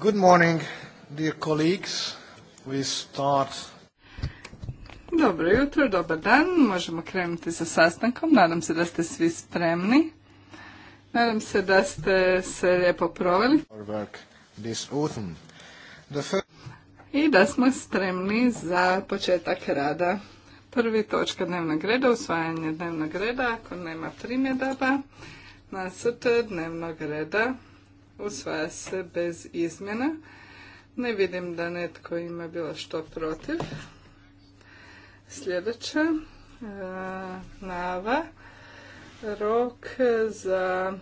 Good morning, dear colleagues. We Dobro jutro, dobar dan. Možemo krenuti sa sastankom. Nadam se da ste svi spremni. Nadam se da ste se lijepo proveli. I da smo spremni za početak rada. Prvi točka dnevnog reda, usvajanje dnevnog reda. Ako nema primjedaba, nasrte dnevnog reda usvaja se bez izmjena. Ne vidim da netko ima bilo što protiv. Sljedeća, e, Nava, rok za e,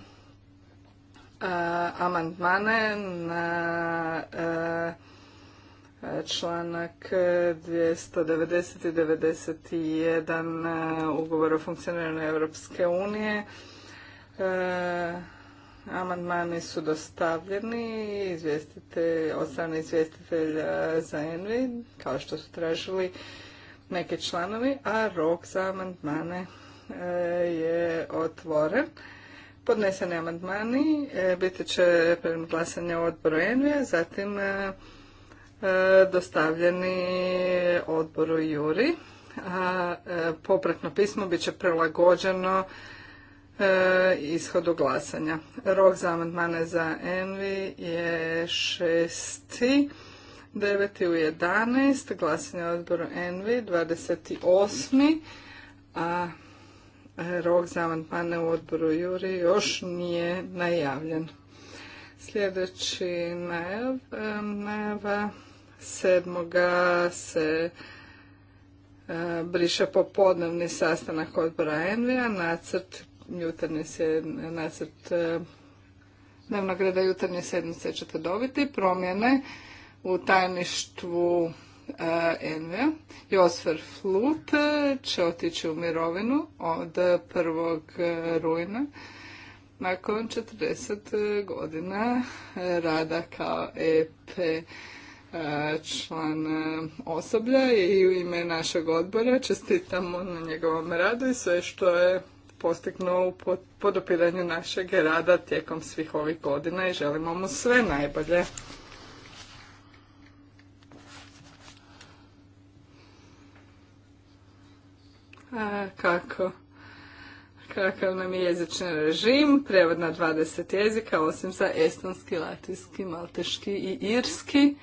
amandmane na e, članak 290 i 91 ugovora o funkcioniranju Europske unije. Amandmani su dostavljeni izvjestite, od strane izvjestitelja za Envi, kao što su tražili neke članovi, a rok za amandmane eh, je otvoren. Podneseni amandmani eh, biti će prema glasanja odboru a zatim eh, dostavljeni odboru Juri. A popratno pismo bit će prilagođeno e, ishodu glasanja. Rok za amandmane za Envi je 6. 9. u 11. Glasanje odboru Envi 28. A e, rok za amandmane u odboru Juri još nije najavljen. Sljedeći najav, e, najava 7. se e, briše popodnevni sastanak odbora Envija, nacrt jutarnje se nacrt e, dnevnog reda jutarnje sedmice ćete dobiti promjene u tajništvu e, NV. Josfer Flut e, će otići u mirovinu od 1. rujna nakon 40 godina rada kao EP član osoblja i u ime našeg odbora čestitamo na njegovom radu i sve što je postignuo u podopiranju našeg rada tijekom svih ovih godina i želimo mu sve najbolje. A, kako? Kakav nam je jezični režim, prevod na 20 jezika, osim za estonski, latinski, malteški i irski.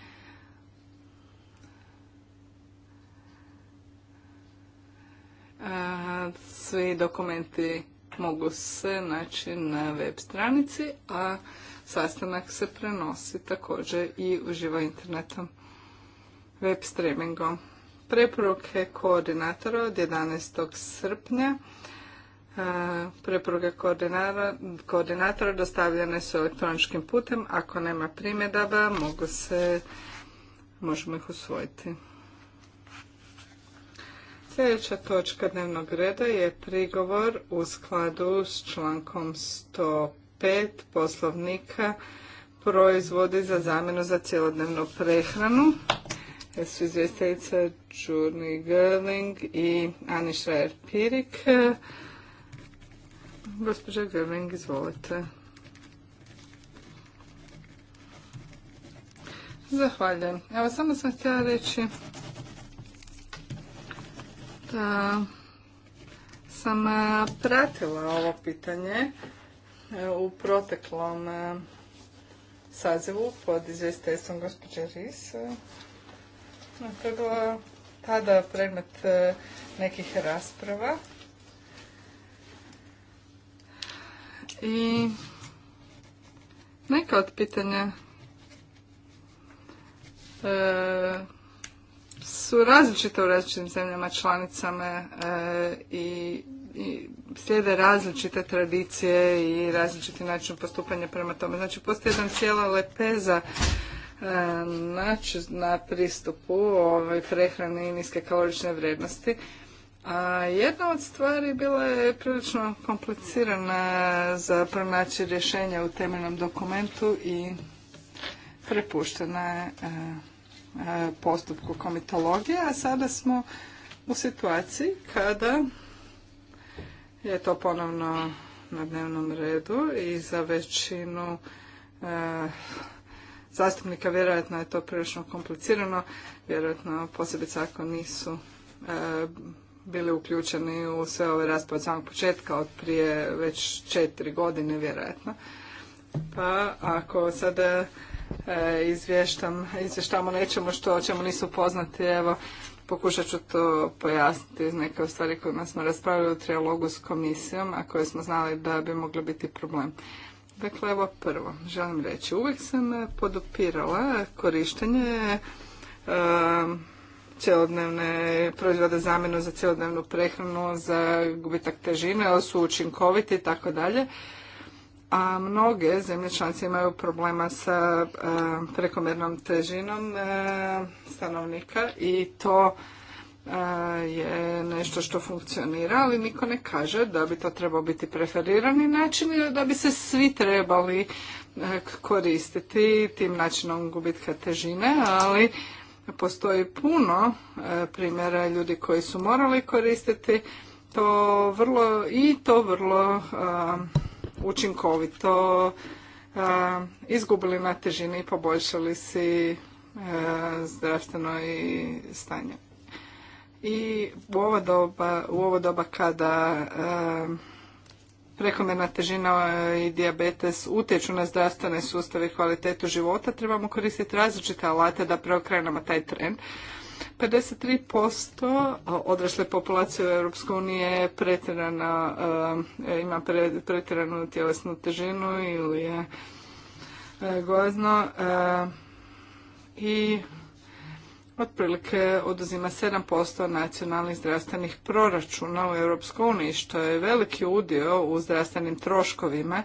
Svi dokumenti mogu se naći na web stranici, a sastanak se prenosi također i uživo internetom, web streamingom. Preporuke koordinatora od 11. srpnja Preporuke koordinatora dostavljene su elektroničkim putem. Ako nema primjedaba, mogu se, možemo ih usvojiti. Sljedeća točka dnevnog reda je prigovor u skladu s člankom 105 poslovnika proizvodi za zamjenu za cjelodnevnu prehranu. E, su izvjestiteljica Džurni Gerling i Ani Šrajer-Pirik. E, gospođa Gerling, izvolite. Zahvaljujem. Evo, samo sam htjela reći sam pratila ovo pitanje e, u proteklom e, sazivu pod izvjestiteljstvom gospođe Ris. E, to je tada predmet nekih rasprava. I neka od pitanja su različite u različitim zemljama članicama e, i slijede različite tradicije i različiti način postupanja prema tome. Znači, postoji jedan cijela lepeza e, na pristupu ovoj prehrani i niske kalorične vrednosti. A jedna od stvari bila je prilično komplicirana za pronaći rješenja u temeljnom dokumentu i prepuštena je e, postupku komitologije, a sada smo u situaciji kada je to ponovno na dnevnom redu i za većinu e, zastupnika vjerojatno je to prilično komplicirano, vjerojatno posebice ako nisu e, bili uključeni u sve ove rasprave od samog početka, od prije već četiri godine vjerojatno. Pa ako sada E, izvještam, nečemu što, o čemu nisu poznati. Evo, pokušat ću to pojasniti iz neke stvari kojima smo raspravili u trialogu s komisijom, a koje smo znali da bi mogli biti problem. Dakle, evo prvo, želim reći, uvijek sam podupirala korištenje e, cjelodnevne proizvode zamjenu za cjelodnevnu prehranu, za gubitak težine, ali su učinkoviti i tako dalje a mnoge zemlje članice imaju problema sa e, prekomernom težinom e, stanovnika i to e, je nešto što funkcionira, ali niko ne kaže da bi to trebao biti preferirani način i da bi se svi trebali koristiti tim načinom gubitka težine, ali postoji puno primjera ljudi koji su morali koristiti to vrlo i to vrlo učinkovito izgubili na težini i poboljšali si zdravstveno i stanje. I u ovo doba, u doba kada prekomjerna težina i dijabetes utječu na zdravstvene sustave i kvalitetu života, trebamo koristiti različite alate da preokrenemo taj trend. 53% odrasle populacije u EU je pretjerana, e, e, ima pretjeranu tjelesnu težinu ili je e, gozno i otprilike oduzima 7% nacionalnih zdravstvenih proračuna u EU, što je veliki udio u zdravstvenim troškovima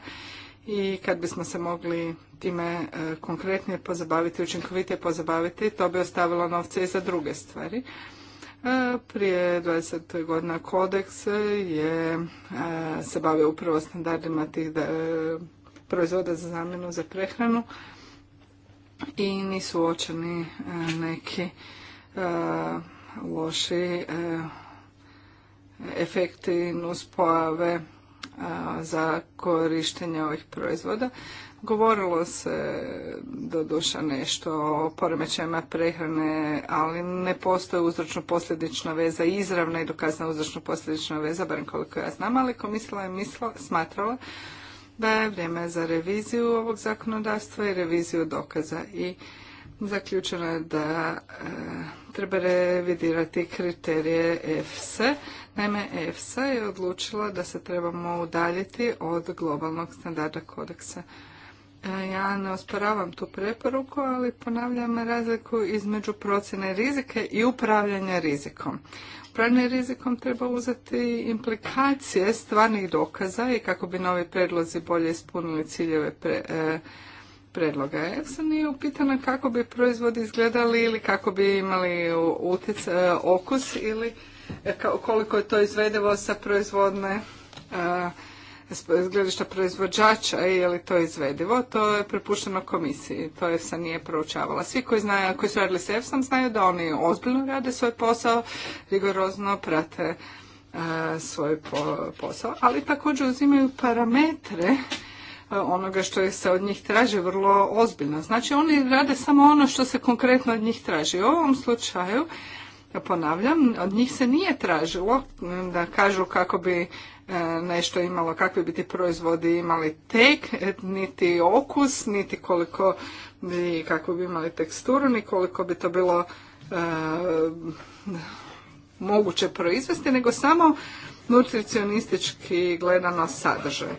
i kad bismo se mogli time e, konkretnije pozabaviti, učinkovitije pozabaviti, to bi ostavilo novce i za druge stvari. E, prije 20 godina kodeks je e, se bavio upravo standardima tih proizvoda za zamjenu za prehranu i nisu uočeni neki loši efekti nuspojave za korištenje ovih proizvoda. Govorilo se duša nešto o poremećajima prehrane, ali ne postoje uzročno-posljedična veza, izravna i dokazna uzročno-posljedična veza, barem koliko ja znam, ali komisija je misla, smatrala da je vrijeme za reviziju ovog zakonodavstva i reviziju dokaza i zaključeno je da e, treba revidirati kriterije EFSE Naime, EFSA je odlučila da se trebamo udaljiti od globalnog standarda kodeksa. E, ja ne osporavam tu preporuku, ali ponavljam razliku između procjene rizike i upravljanja rizikom. Upravljanje rizikom treba uzeti implikacije stvarnih dokaza i kako bi novi predlozi bolje ispunili ciljeve e, predloga. EFSA nije upitana kako bi proizvodi izgledali ili kako bi imali e, okus ili koliko je to izvedivo sa proizvodne eh, s gledišta proizvođača i je li to izvedivo, to je prepušteno komisiji. To se nije proučavala. Svi koji, znaju, koji su radili s EFSA znaju da oni ozbiljno rade svoj posao, rigorozno prate eh, svoj posao, ali također uzimaju parametre eh, onoga što se od njih traži vrlo ozbiljno. Znači oni rade samo ono što se konkretno od njih traži. U ovom slučaju ponavljam, od njih se nije tražilo mm, da kažu kako bi e, nešto imalo, kakvi bi ti proizvodi imali tek, niti okus, niti koliko bi, kako bi imali teksturu, ni koliko bi to bilo e, moguće proizvesti, nego samo nutricionistički gledano sadržaj.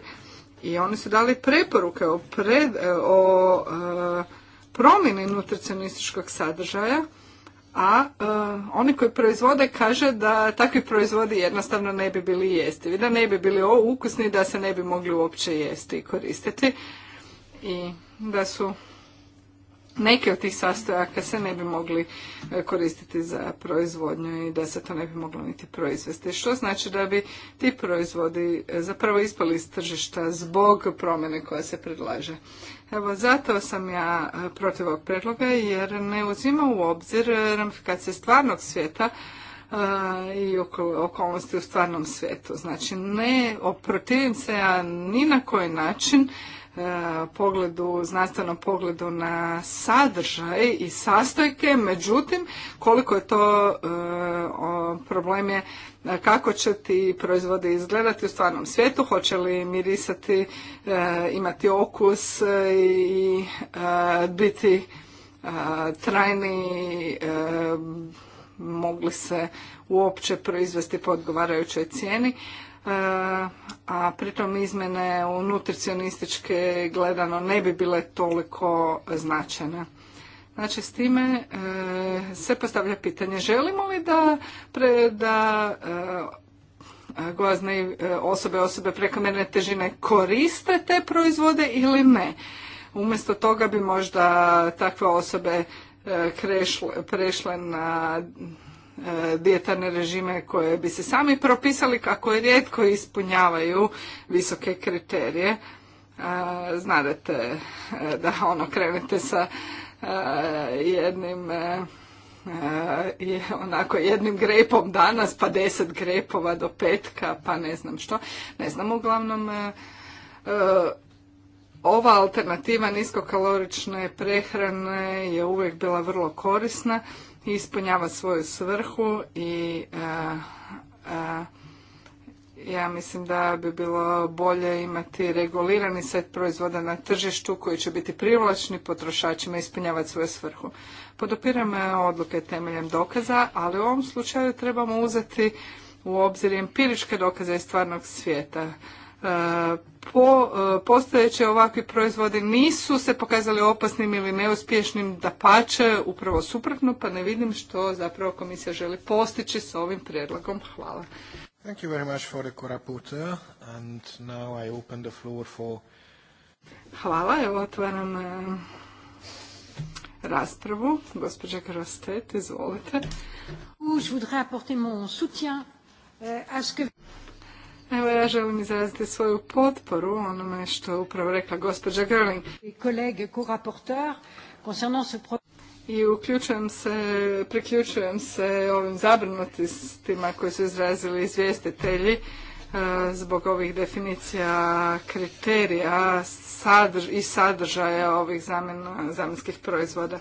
I oni su dali preporuke o, pred, e, o promjeni nutricionističkog sadržaja a e, oni koji proizvode kaže da takvi proizvodi jednostavno ne bi bili jestivi, da ne bi bili ovo ukusni, da se ne bi mogli uopće jesti i koristiti i da su neke od tih sastojaka se ne bi mogli e, koristiti za proizvodnju i da se to ne bi moglo niti proizvesti. Što znači da bi ti proizvodi e, zapravo ispali iz tržišta zbog promjene koja se predlaže. Evo, zato sam ja e, protiv ovog predloga jer ne uzima u obzir ramifikacije stvarnog svijeta i okolnosti u stvarnom svijetu. Znači, ne oprotivim se ja ni na koji način E, pogledu, znanstvenom pogledu na sadržaj i sastojke, međutim koliko je to e, problem je e, kako će ti proizvode izgledati u stvarnom svijetu, hoće li mirisati, imati okus i biti trajni, mogli se uopće proizvesti po odgovarajućoj cijeni a pritom izmjene u nutricionističke gledano ne bi bile toliko značajne. Znači, s time e, se postavlja pitanje želimo li da, pre, da e, gozne e, osobe, osobe prekomjerne težine koriste te proizvode ili ne. Umjesto toga bi možda takve osobe krešle, prešle na dijetarne režime koje bi se sami propisali kako je rijetko ispunjavaju visoke kriterije. Znadete e, da ono krenete sa e, jednim e, onako jednim grepom danas, pa deset grepova do petka, pa ne znam što. Ne znam, uglavnom ova alternativa niskokalorične prehrane je uvijek bila vrlo korisna ispunjava svoju svrhu i e, e, ja mislim da bi bilo bolje imati regulirani set proizvoda na tržištu koji će biti privlačni potrošačima i ispunjavati svoju svrhu. Podopiramo e, odluke temeljem dokaza, ali u ovom slučaju trebamo uzeti u obzir empiričke dokaze iz stvarnog svijeta po, postojeće ovakvi proizvodi nisu se pokazali opasnim ili neuspješnim da pače upravo suprotno pa ne vidim što zapravo komisija želi postići s ovim prijedlogom. Hvala. Thank you very much for the and now I open the floor for... Hvala, evo otvaram e, raspravu. Gospođa Krastet, izvolite. Je voudrais apporter mon soutien e, à ce que Evo ja želim izraziti svoju potporu onome što je upravo rekla gospođa Gerling. Kolege, i uključujem se, priključujem se ovim zabrinutostima koji su izrazili izvjestitelji e, zbog ovih definicija kriterija i sadržaja ovih zamjenskih proizvoda.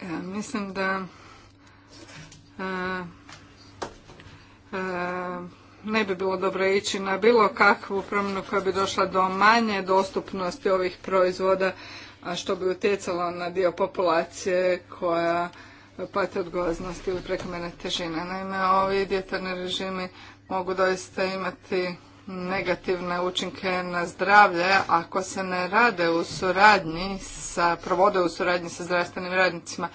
E, mislim da e, ne bi bilo dobro ići na bilo kakvu promjenu koja bi došla do manje dostupnosti ovih proizvoda, a što bi utjecalo na dio populacije koja pati od goznosti ili prekomjerne težine. Naime, ovi djetarni režimi mogu doista imati negativne učinke na zdravlje ako se ne rade u suradnji sa, provode u suradnji sa zdravstvenim radnicima.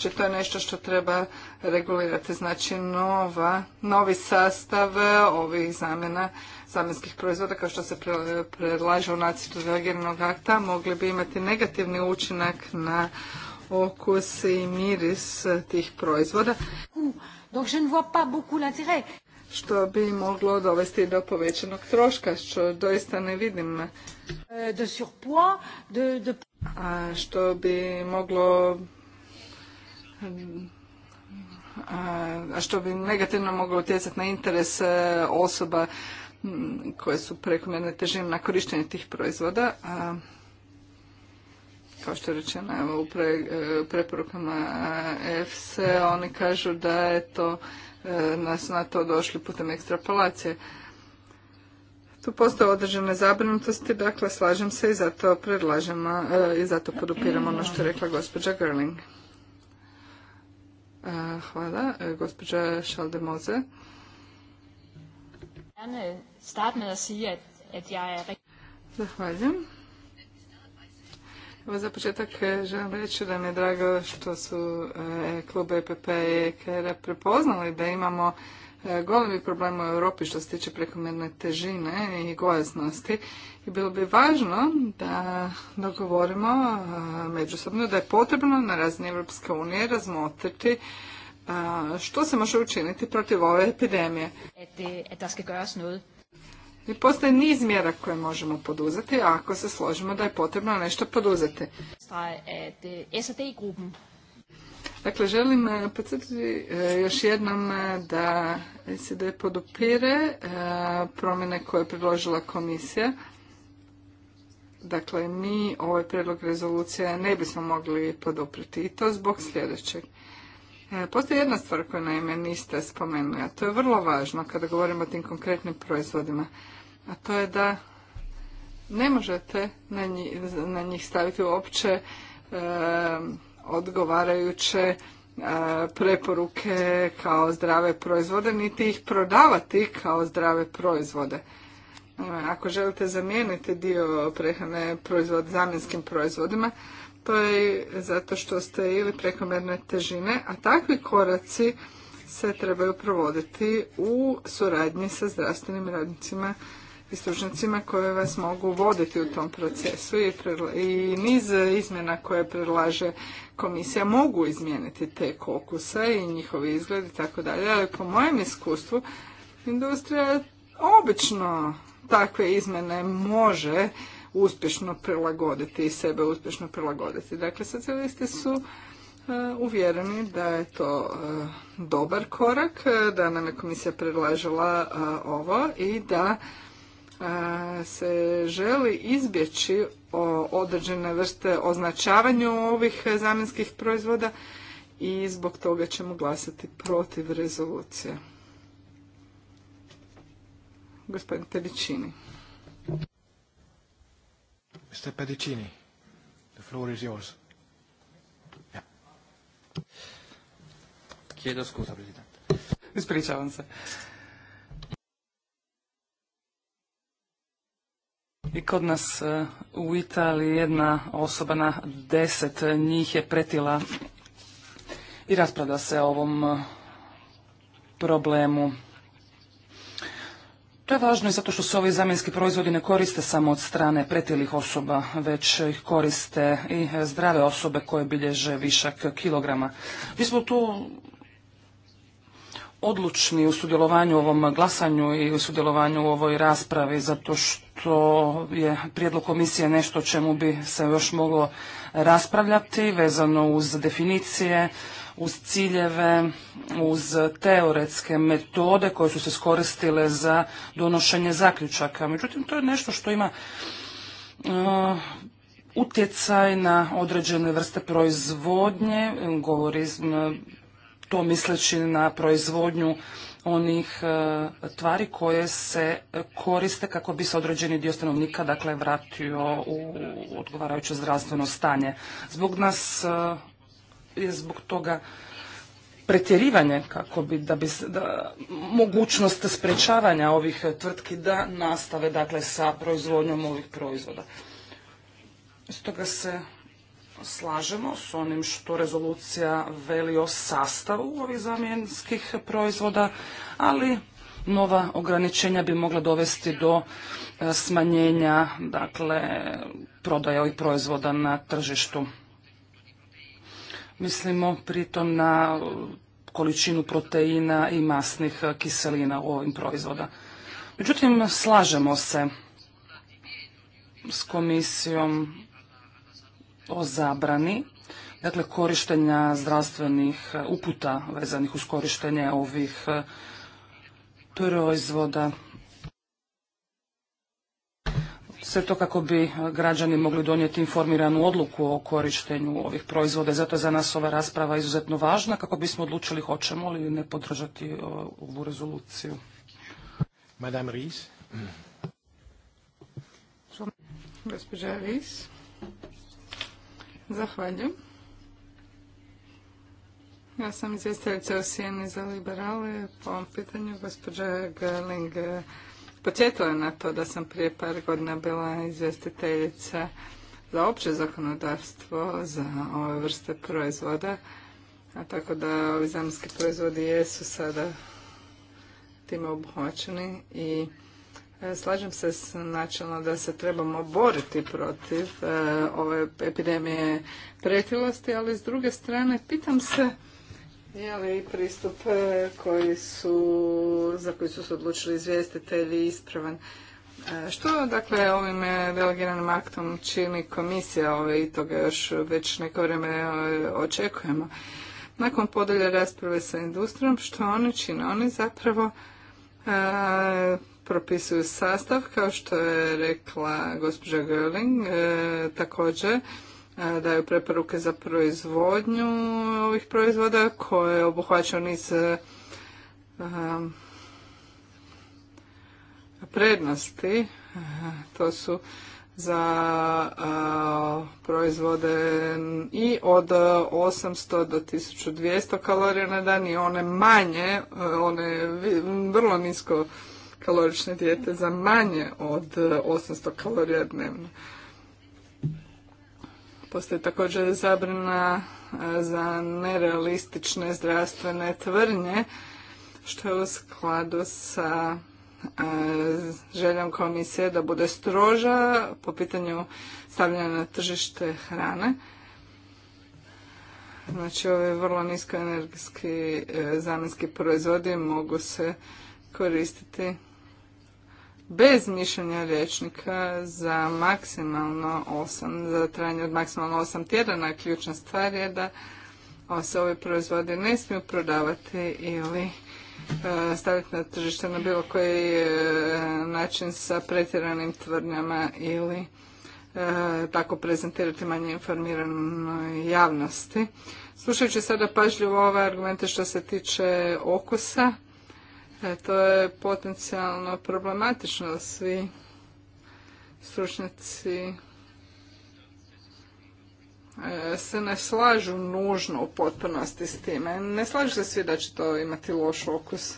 Znači to je nešto što treba regulirati. Znači nova, novi sastav e, ovih zamjena zamjenskih proizvoda kao što se predlaže u nacrtu delegiranog akta mogli bi imati negativni učinak na okus i miris tih proizvoda. Donc je ne vois pas Što bi moglo dovesti do povećanog troška, što doista ne vidim. Euh, de što bi moglo a što bi negativno moglo utjecati na interes e, osoba koje su prekomjerne težine na korištenje tih proizvoda. A, kao što je rečeno evo, u e, preporukama EFC, oni kažu da je to e, nas na to došli putem ekstrapolacije. Tu postoje određene zabrinutosti, dakle slažem se i zato predlažemo i zato podupiramo ono što je rekla gospođa Gerling. Hvala, e, gospođa Moze. Øh, er Zahvaljujem. Evo za početak e, želim reći da mi je drago što su e, klub EPP i EKR prepoznali da imamo E, golemi problem u Europi što se tiče prekomjerne težine i gojaznosti i bilo bi važno da dogovorimo e, međusobno da je potrebno na razini Europske unije razmotriti e, što se može učiniti protiv ove epidemije. I postoje niz mjera koje možemo poduzeti ako se složimo da je potrebno nešto poduzeti. Eh, Dakle, želim eh, podsjetiti eh, još jednom eh, da SED podupire promjene koje je predložila komisija. Dakle, mi ovaj predlog rezolucije ne bismo mogli podupriti i to zbog sljedećeg. Postoji jedna stvar koju naime niste spomenuli, a to je vrlo važno kada govorimo o tim konkretnim proizvodima, a to je da ne možete na njih staviti uopće odgovarajuće e, preporuke kao zdrave proizvode, niti ih prodavati kao zdrave proizvode. Ako želite zamijeniti dio prehrane proizvod zamjenskim proizvodima, to je zato što ste ili prekomjerne težine, a takvi koraci se trebaju provoditi u suradnji sa zdravstvenim radnicima i stručnicima koji vas mogu voditi u tom procesu i, niz izmjena koje predlaže komisija mogu izmijeniti te kokuse i njihovi izgled i tako dalje, ali po mojem iskustvu industrija obično takve izmjene može uspješno prilagoditi i sebe uspješno prilagoditi. Dakle, socijalisti su e, uvjereni da je to e, dobar korak, e, da nam je komisija predlažila ovo i da se želi izbjeći određene vrste označavanju ovih zamjenskih proizvoda i zbog toga ćemo glasati protiv rezolucije. Gospodin Pedicini. Mr. Pedicini, the floor is yours. Chiedo scusa, Presidente. Ispričavam se. I kod nas e, u Italiji jedna osoba na deset njih je pretila i raspravlja se o ovom e, problemu. To je važno i zato što se ovi zamjenski proizvodi ne koriste samo od strane pretilih osoba, već ih koriste i zdrave osobe koje bilježe višak kilograma. Mi smo tu odlučni u sudjelovanju u ovom glasanju i u sudjelovanju u ovoj raspravi, zato što to je prijedlog komisije nešto o čemu bi se još moglo raspravljati vezano uz definicije, uz ciljeve, uz teoretske metode koje su se skoristile za donošenje zaključaka. Međutim, to je nešto što ima e, utjecaj na određene vrste proizvodnje, govori to misleći na proizvodnju onih e, tvari koje se koriste kako bi se određeni dio stanovnika dakle vratio u odgovarajuće zdravstveno stanje. Zbog nas e, je zbog toga pretjerivanje kako bi da bi mogućnost sprečavanja ovih tvrtki da nastave dakle sa proizvodnjom ovih proizvoda. Stoga se slažemo s onim što rezolucija veli o sastavu ovih zamjenskih proizvoda, ali nova ograničenja bi mogla dovesti do e, smanjenja dakle, prodaje ovih proizvoda na tržištu. Mislimo pritom na količinu proteina i masnih kiselina u ovim proizvoda. Međutim, slažemo se s komisijom o zabrani dakle korištenja zdravstvenih e, uputa vezanih uz korištenje ovih e, proizvoda. Sve to kako bi e, građani mogli donijeti informiranu odluku o korištenju ovih proizvoda. Zato je za nas ova rasprava izuzetno važna kako bismo odlučili hoćemo li ne podržati ovu rezoluciju. Madame Ries. Ries. Zahvaljujem. Ja sam izvjestiteljica u Sijeni za liberale. Po ovom pitanju gospođa Gerling podsjetila na to da sam prije par godina bila izvjestiteljica za opće zakonodavstvo za ove vrste proizvoda. A tako da ovi zamski proizvodi jesu sada time obuhvaćeni i E, slažem se s načelno da se trebamo boriti protiv e, ove epidemije pretilosti, ali s druge strane pitam se je li pristup e, koji su, za koji su se odlučili izvjestitelji ispravan. što dakle ovim delegiranim aktom čini komisija ove i toga još već neko vrijeme očekujemo. Nakon podelje rasprave sa industrijom, što oni čine? Oni zapravo propisuju sastav, kao što je rekla gospođa Görling, e, također e, daju preporuke za proizvodnju ovih proizvoda koje obuhvaćaju niz e, prednosti. To su za proizvode i od 800 do 1200 kalorija na dan i one manje, one vrlo nisko kalorične dijete za manje od 800 e, kalorija dnevno. Postoji također zabrana e, za nerealistične zdravstvene tvrnje, što je u skladu sa e, željom komisije da bude stroža po pitanju stavljanja na tržište hrane. Znači ovi vrlo niskoenergijski zamjenski proizvodi mogu se koristiti bez mišljenja rječnika za maksimalno 8, za trajanje od maksimalno 8 tjedana. Ključna stvar je da se ove proizvode ne smiju prodavati ili e, staviti na tržište na bilo koji e, način sa pretjeranim tvrdnjama ili e, tako prezentirati manje informiranoj javnosti. Slušajući sada pažljivo ove argumente što se tiče okusa, E, to je potencijalno problematično. da Svi stručnjaci e, se ne slažu nužno u potpunosti s time. Ne slažu se svi da će to imati loš okus.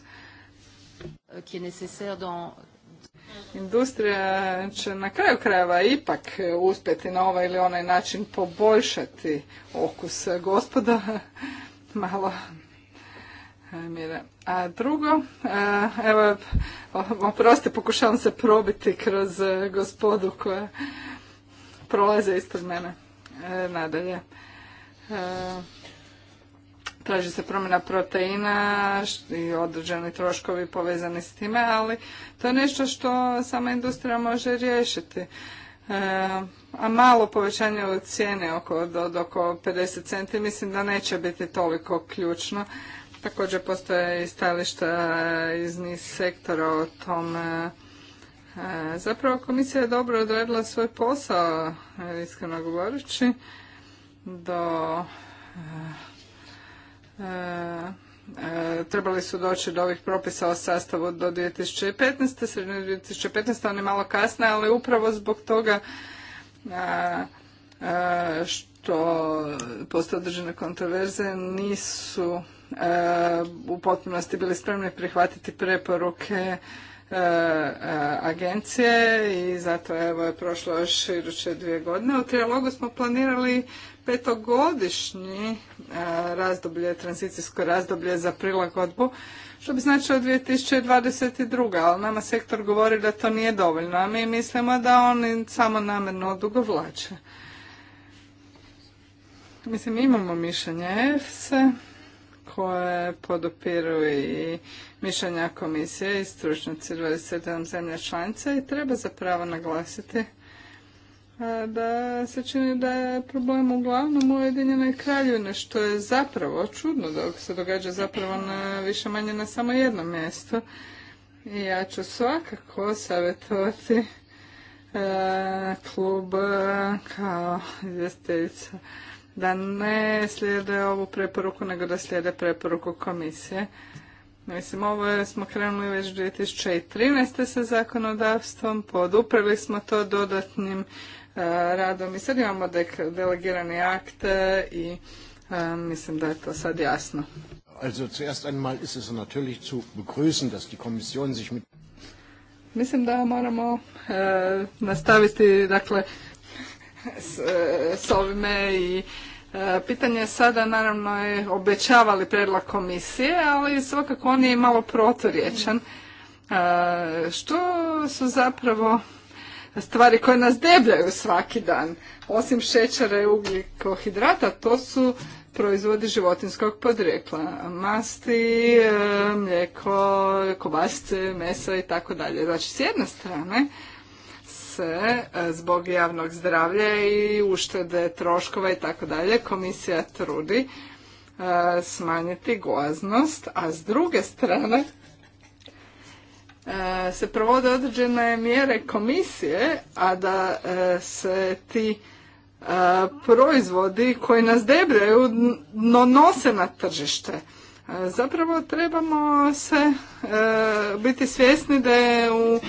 Industrija će na kraju krajeva ipak uspjeti na ovaj ili onaj način poboljšati okus gospoda. Malo mire. A drugo, e, evo, oprosti, pokušavam se probiti kroz e, gospodu koja prolaze ispred mene e, nadalje. Traži se promjena proteina i određeni troškovi povezani s time, ali to je nešto što sama industrija može riješiti. A malo povećanje cijene od oko 50 centi mislim da neće biti toliko ključno Također postoje i stajališta iz niz sektora o tom. E, zapravo komisija je dobro odredila svoj posao, iskreno govoreći, do e, e, trebali su doći do ovih propisa o sastavu do 2015. Srednje 2015. oni malo kasne, ali upravo zbog toga što postoje određene kontroverze nisu u potpunosti bili spremni prihvatiti preporuke e, e, agencije i zato evo je prošlo još iduće dvije godine. U trijalogu smo planirali petogodišnji e, razdoblje, tranzicijsko razdoblje za prilagodbu, što bi značilo 2022. Ali nama sektor govori da to nije dovoljno, a mi mislimo da oni samo namjerno odugovlače. Mislim, imamo mišljenje se koje podupiru i mišljenja komisije i stručnici 27 zemlja članica i treba zapravo naglasiti e, da se čini da je problem uglavnom u Ujedinjenoj kraljevini, što je zapravo čudno dok se događa zapravo na, više manje na samo jedno mjesto I ja ću svakako savjetovati e, klub e, kao izvjestiteljica da ne slijede ovu preporuku, nego da slijede preporuku komisije. Mislim, ovo smo krenuli već 2013. sa zakonodavstvom, poduprli smo to dodatnim e, radom i sad imamo delegirani akte i e, mislim da je to sad jasno. Also zuerst einmal ist es natürlich zu begrüßen, dass die Kommission sich mit Mislim da moramo e, nastaviti, dakle, E, s, ovime i e, Pitanje sada naravno je obećavali predlog komisije, ali svakako on je malo proturječan. E, što su zapravo stvari koje nas debljaju svaki dan, osim šećera i ugljikohidrata, to su proizvodi životinskog podrijekla, masti, mlijeko, kobasice, mesa i tako dalje. Znači, s jedne strane, se e, zbog javnog zdravlja i uštede troškova i tako dalje komisija trudi e, smanjiti goznost, a s druge strane e, se provode određene mjere komisije, a da se ti proizvodi koji nas debljaju no nose na tržište. Zapravo trebamo se biti svjesni da je u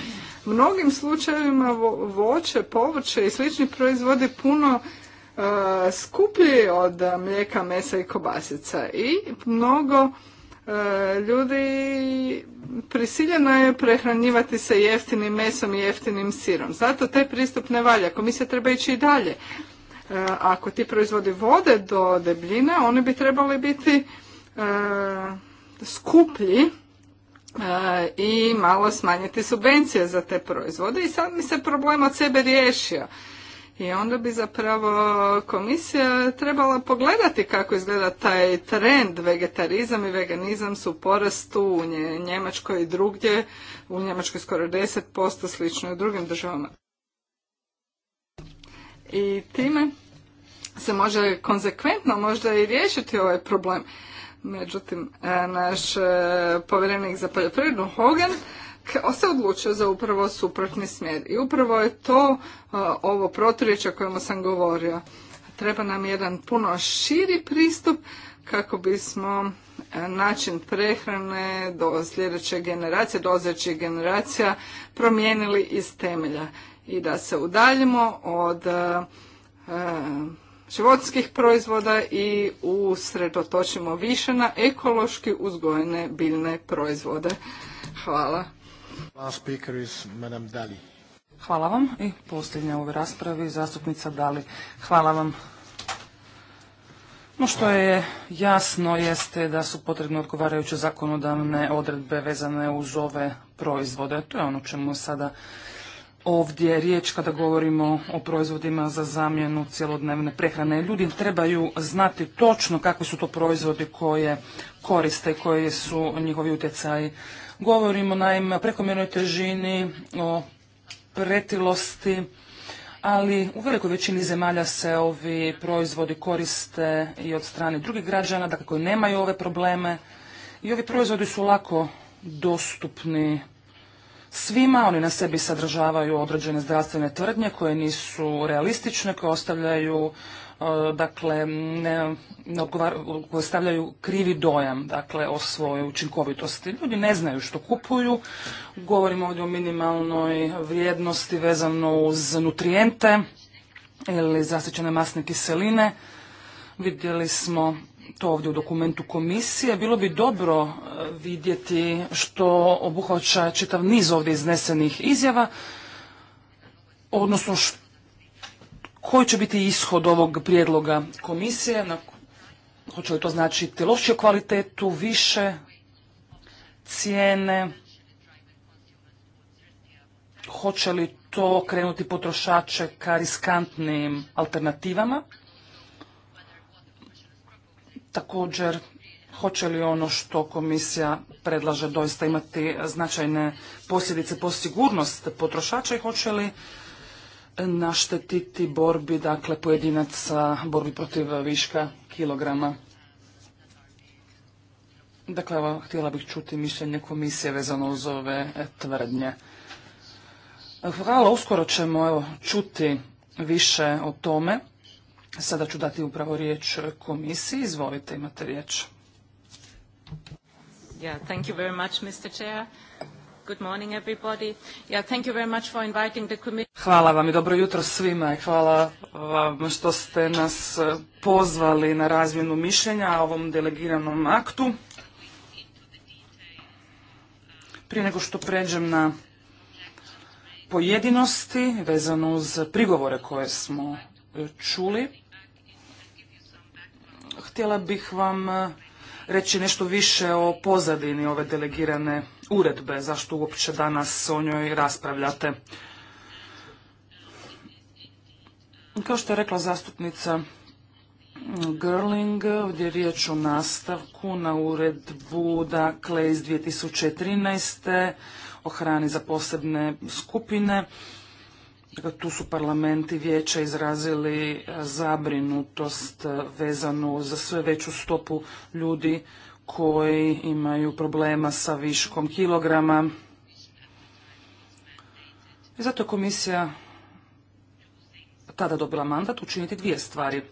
mnogim slučajevima voće, povrće i slični proizvodi puno e, skuplji od mlijeka, mesa i kobasica i mnogo e, ljudi prisiljeno je prehranjivati se jeftinim mesom i jeftinim sirom. Zato taj pristup ne valja. Komisija treba ići i dalje. E, ako ti proizvodi vode do debljine, oni bi trebali biti skuplji E, i malo smanjiti subvencije za te proizvode i sad mi se problem od sebe riješio. I onda bi zapravo komisija trebala pogledati kako izgleda taj trend. Vegetarizam i veganizam su u porastu u Njemačkoj i drugdje. U Njemačkoj skoro 10%, slično i u drugim državama. I time se može konzekventno možda i riješiti ovaj problem. Međutim, e, naš e, povjerenik za poljoprivrednu Hogan se odlučio za upravo suprotni smjer. I upravo je to e, ovo proturječe o kojemu sam govorio. Treba nam jedan puno širi pristup kako bismo način prehrane do sljedeće generacije, dolazećih generacija promijenili iz temelja i da se udaljimo od životskih proizvoda i usredotočimo više na ekološki uzgojene biljne proizvode. Hvala. Hvala vam i posljednja u ovoj raspravi zastupnica Dali. Hvala vam. No što je jasno jeste da su potrebne odgovarajuće zakonodavne odredbe vezane uz ove proizvode. To je ono čemu sada ovdje riječ kada govorimo o proizvodima za zamjenu cjelodnevne prehrane. Ljudi trebaju znati točno kakvi su to proizvodi koje koriste i koji su njihovi utjecaji. Govorimo naime o prekomjernoj težini, o pretilosti, ali u velikoj većini zemalja se ovi proizvodi koriste i od strane drugih građana, dakle koji nemaju ove probleme. I ovi proizvodi su lako dostupni svima, oni na sebi sadržavaju određene zdravstvene tvrdnje koje nisu realistične, koje ostavljaju e, dakle, ne, ne krivi dojam dakle, o svojoj učinkovitosti. Ljudi ne znaju što kupuju, govorimo ovdje o minimalnoj vrijednosti vezano uz nutrijente ili zasićene masne kiseline. Vidjeli smo to ovdje u dokumentu komisije, bilo bi dobro e, vidjeti što obuhvaća čitav niz ovdje iznesenih izjava, odnosno koji će biti ishod ovog prijedloga komisije, hoće li to značiti lošiju kvalitetu, više cijene, hoće li to krenuti potrošače ka riskantnim alternativama također hoće li ono što komisija predlaže doista imati značajne posljedice po sigurnost potrošača i hoće li naštetiti borbi, dakle pojedinaca, borbi protiv viška kilograma. Dakle, evo, htjela bih čuti mišljenje komisije vezano uz ove tvrdnje. Hvala, uskoro ćemo evo, čuti više o tome. Sada ću dati upravo riječ komisiji. Izvolite, imate riječ. Yeah, Hvala vam i dobro jutro svima i hvala vam što ste nas eh, pozvali na razmjenu mišljenja o ovom delegiranom aktu. Prije nego što pređem na pojedinosti vezano uz prigovore koje smo eh, čuli, htjela bih vam e, reći nešto više o pozadini ove delegirane uredbe, zašto uopće danas o njoj raspravljate. Kao što je rekla zastupnica Girling, ovdje je riječ o nastavku na uredbu, dakle, iz 2013. o hrani za posebne skupine tu su parlamenti vijeća izrazili e, zabrinutost e, vezanu za sve veću stopu ljudi koji imaju problema sa viškom kilograma. I zato je komisija tada dobila mandat učiniti dvije stvari.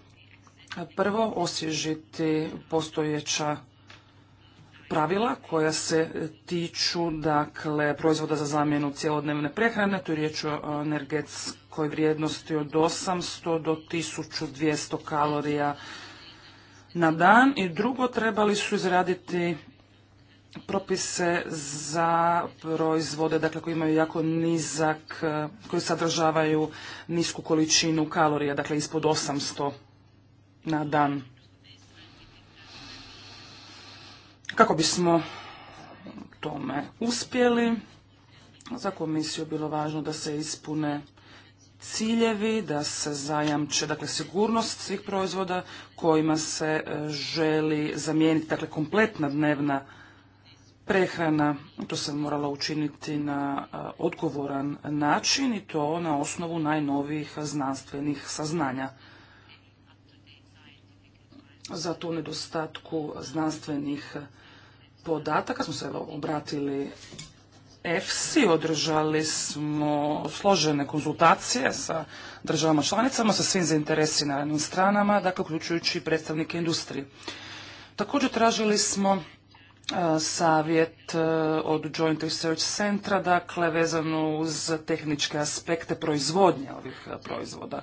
Prvo, osježiti postojeća pravila koja se tiču dakle, proizvoda za zamjenu cjelodnevne prehrane, to je riječ o energetskoj vrijednosti od 800 do 1200 kalorija na dan i drugo trebali su izraditi propise za proizvode dakle, koji imaju jako nizak, e, koji sadržavaju nisku količinu kalorija, dakle ispod 800 na dan. Kako bismo tome uspjeli, za komisiju je bilo važno da se ispune ciljevi, da se zajamče dakle, sigurnost svih proizvoda kojima se e, želi zamijeniti dakle, kompletna dnevna prehrana. To se moralo učiniti na e, odgovoran način i to na osnovu najnovijih znanstvenih saznanja. Zato u nedostatku znanstvenih podataka smo se obratili EFSI, održali smo složene konzultacije sa državama članicama, sa svim zainteresiranim stranama, dakle uključujući predstavnike industrije. Također tražili smo e, savjet e, od Joint Research Centra, dakle vezano uz tehničke aspekte proizvodnje ovih e, proizvoda.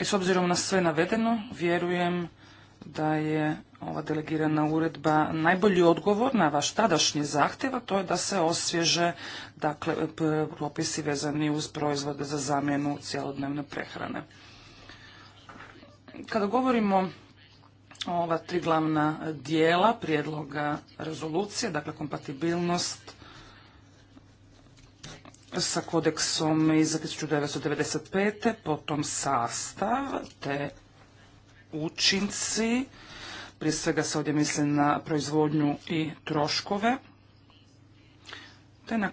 I s obzirom na sve navedeno, vjerujem da je ova delegirana uredba najbolji odgovor na vaš tadašnji zahtjev, a to je da se osvježe dakle, propisi vezani uz proizvode za zamjenu cjelodnevne prehrane. Kada govorimo o ova tri glavna dijela prijedloga rezolucije, dakle kompatibilnost, sa kodeksom iz 1995. potom sastav te učinci. Prije svega se ovdje misli na proizvodnju i troškove. Te na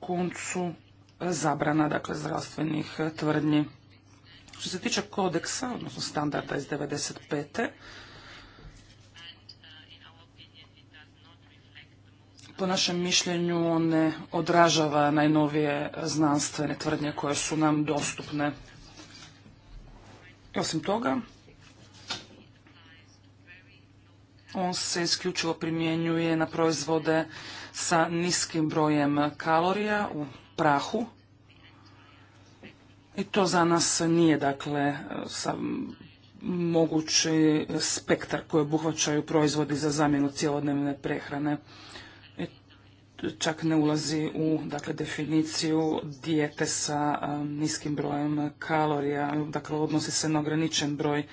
koncu zabrana dakle, zdravstvenih tvrdnji. Što se tiče kodeksa, odnosno standarda iz 1995. po našem mišljenju ne odražava najnovije znanstvene tvrdnje koje su nam dostupne. Osim toga, on se isključivo primjenjuje na proizvode sa niskim brojem kalorija u prahu. I to za nas nije dakle sam mogući spektar koji obuhvaćaju proizvodi za zamjenu cjelodnevne prehrane čak ne ulazi u dakle, definiciju dijete sa niskim brojem kalorija, dakle odnosi se na ograničen broj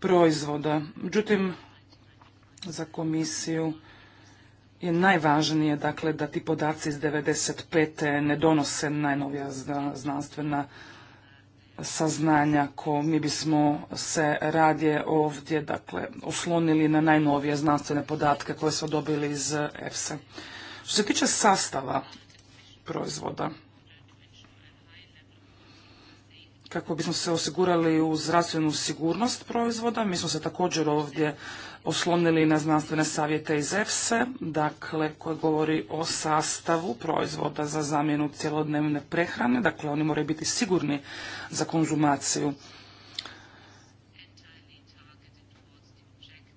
proizvoda. Međutim, za komisiju je najvažnije dakle, da ti podaci iz 95. ne donose najnovija znanstvena saznanja ko mi bismo se radije ovdje dakle, oslonili na najnovije znanstvene podatke koje smo dobili iz EFSA. Što se tiče sastava proizvoda, kako bismo se osigurali u zdravstvenu sigurnost proizvoda. Mi smo se također ovdje oslonili na znanstvene savjete iz EFSE, dakle, koji govori o sastavu proizvoda za zamjenu cjelodnevne prehrane, dakle, oni moraju biti sigurni za konzumaciju.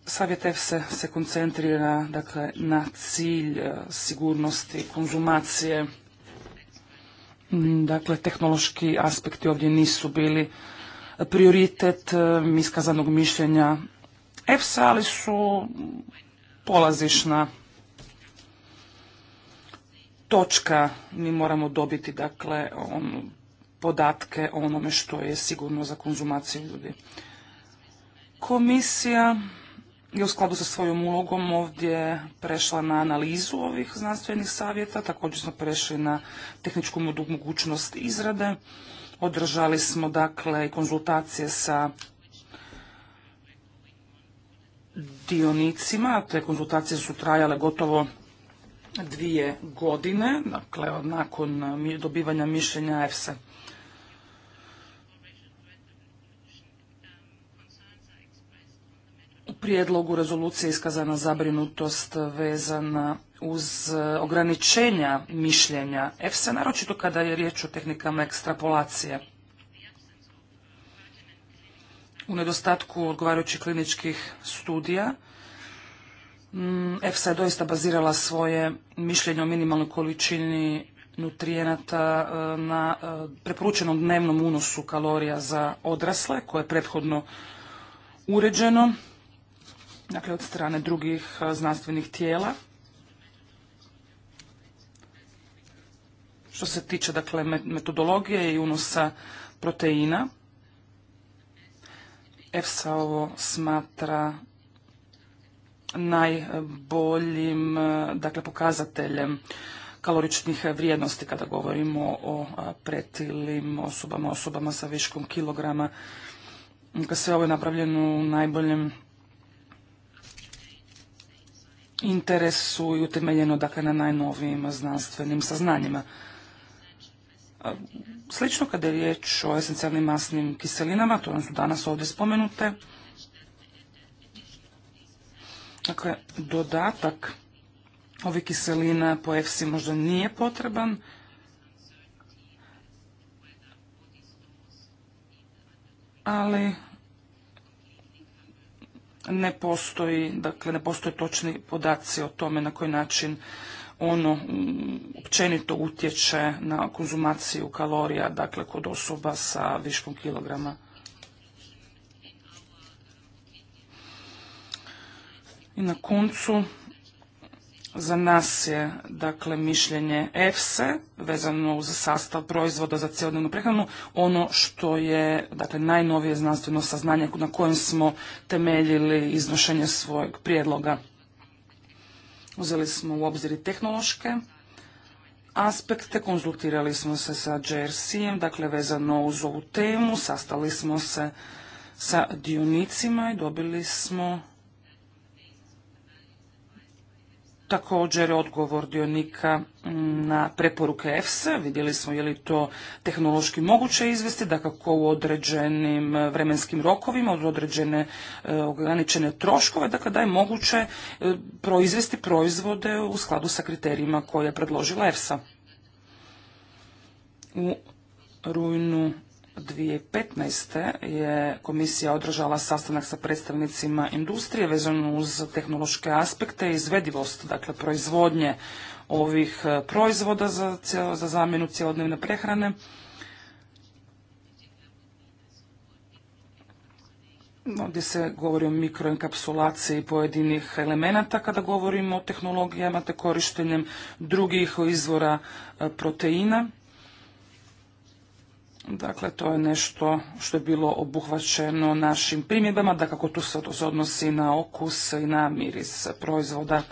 Savjet EFSA se koncentrira dakle, na cilj e, sigurnosti konzumacije. Mm, dakle, tehnološki aspekti ovdje nisu bili prioritet e, iskazanog mišljenja EFSA, ali su polazišna točka. Mi moramo dobiti dakle, on, podatke o onome što je sigurno za konzumaciju ljudi. Komisija i u skladu sa svojom ulogom ovdje prešla na analizu ovih znanstvenih savjeta, također smo prešli na tehničku mogućnost izrade. Održali smo dakle i konzultacije sa dionicima, te konzultacije su trajale gotovo dvije godine, dakle nakon dobivanja mišljenja EFSA. prijedlogu rezolucije iskazana zabrinutost vezana uz e, ograničenja mišljenja EFSA, naročito kada je riječ o tehnikama ekstrapolacije. U nedostatku odgovarajućih kliničkih studija, mm, EFSA je doista bazirala svoje mišljenje o minimalnoj količini nutrijenata e, na e, preporučenom dnevnom unosu kalorija za odrasle, koje je prethodno uređeno dakle od strane drugih e, znanstvenih tijela. Što se tiče dakle metodologije i unosa proteina, EFSA ovo smatra najboljim e, dakle pokazateljem kaloričnih vrijednosti kada govorimo o e, pretilim osobama, osobama sa viškom kilograma. Dakle, sve ovo je napravljeno u najboljem interesu i utemeljeno dakle, na najnovijim znanstvenim saznanjima. Slično kada je riječ o esencijalnim masnim kiselinama, to su danas ovdje spomenute. Dakle, dodatak ovih kiselina po EFSI možda nije potreban, ali ne postoji, dakle ne postoje točni podaci o tome na koji način ono mm, općenito utječe na konzumaciju kalorija, dakle kod osoba sa viškom kilograma. I na koncu za nas je dakle mišljenje EFSE vezano uz sastav proizvoda za cjelodnevnu prehranu ono što je dakle najnovije znanstveno saznanje na kojem smo temeljili iznošenje svojeg prijedloga. Uzeli smo u obzir i tehnološke aspekte, konzultirali smo se sa JRC-em, dakle vezano uz ovu temu, sastali smo se sa dionicima i dobili smo također odgovor dionika na preporuke EFSA. Vidjeli smo je li to tehnološki moguće izvesti, da kako u određenim vremenskim rokovima, od određene e, ograničene troškove, dakle da je moguće e, proizvesti proizvode u skladu sa kriterijima koje je predložila EFSA. U rujnu 2015. je komisija održala sastanak sa predstavnicima industrije vezano uz tehnološke aspekte i izvedivost, dakle proizvodnje ovih e, proizvoda za, za zamjenu cjelodnevne prehrane. Ovdje se govori o mikroenkapsulaciji pojedinih elemenata kada govorimo o tehnologijama te korištenjem drugih izvora e, proteina. Dakle, to je nešto što je bilo obuhvaćeno našim primjedbama, da kako tu se odnosi na okus i na miris proizvoda.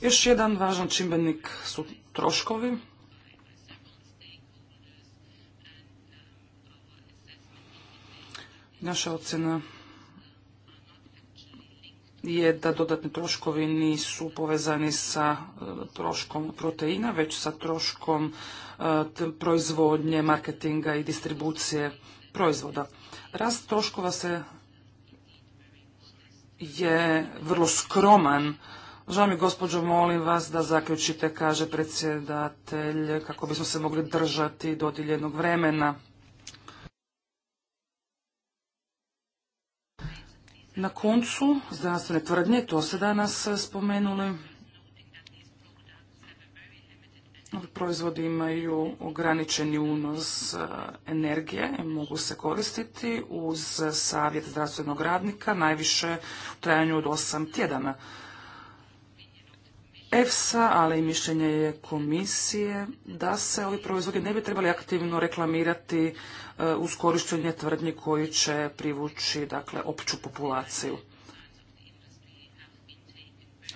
Još jedan važan čimbenik su troškovi. Naša ocjena je da dodatni troškovi nisu povezani sa e, troškom proteina, već sa troškom e, proizvodnje, marketinga i distribucije proizvoda. Rast troškova se je vrlo skroman. Žao mi gospođo, molim vas da zaključite, kaže predsjedatelj, kako bismo se mogli držati dodijeljenog vremena. Na koncu, znanstvene tvrdnje, to ste danas e, spomenuli. proizvodi imaju ograničeni unos e, energije i mogu se koristiti uz savjet zdravstvenog radnika najviše u trajanju od 8 tjedana. EFSA, ali i mišljenje je komisije da se ovi proizvodi ne bi trebali aktivno reklamirati e, uz korištenje tvrdnji koji će privući dakle, opću populaciju.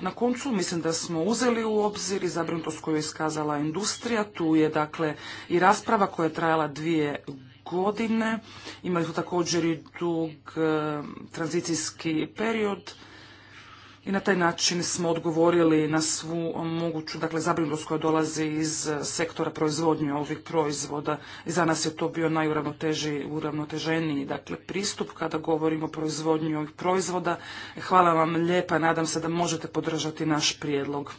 Na koncu mislim da smo uzeli u obzir i zabrinutost koju je iskazala industrija. Tu je dakle i rasprava koja je trajala dvije godine. Imali smo također i dug e, tranzicijski period i na taj način smo odgovorili na svu moguću dakle, zabrinutost koja dolazi iz e, sektora proizvodnje ovih proizvoda. I za nas je to bio najuravnoteženiji dakle, pristup kada govorimo o proizvodnji ovih proizvoda. E, hvala vam lijepa, nadam se da možete podržati naš prijedlog.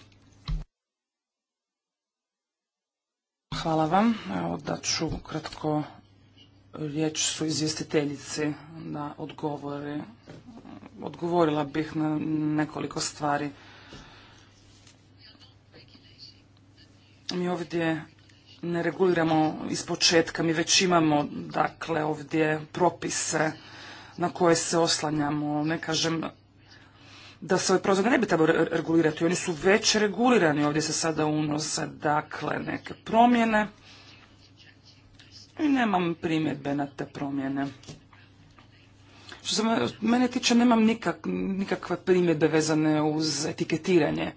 Hvala vam. Evo da ću kratko riječ su izvjestiteljici da odgovore odgovorila bih na nekoliko stvari. Mi ovdje ne reguliramo ispočetka, mi već imamo dakle ovdje propise na koje se oslanjamo, ne kažem da se ove ovaj prozor ne bi trebalo regulirati, oni su već regulirani, ovdje se sada unose dakle neke promjene i nemam primjedbe na te promjene. Što se mene tiče, nemam nikak, nikakve primjedbe vezane uz etiketiranje,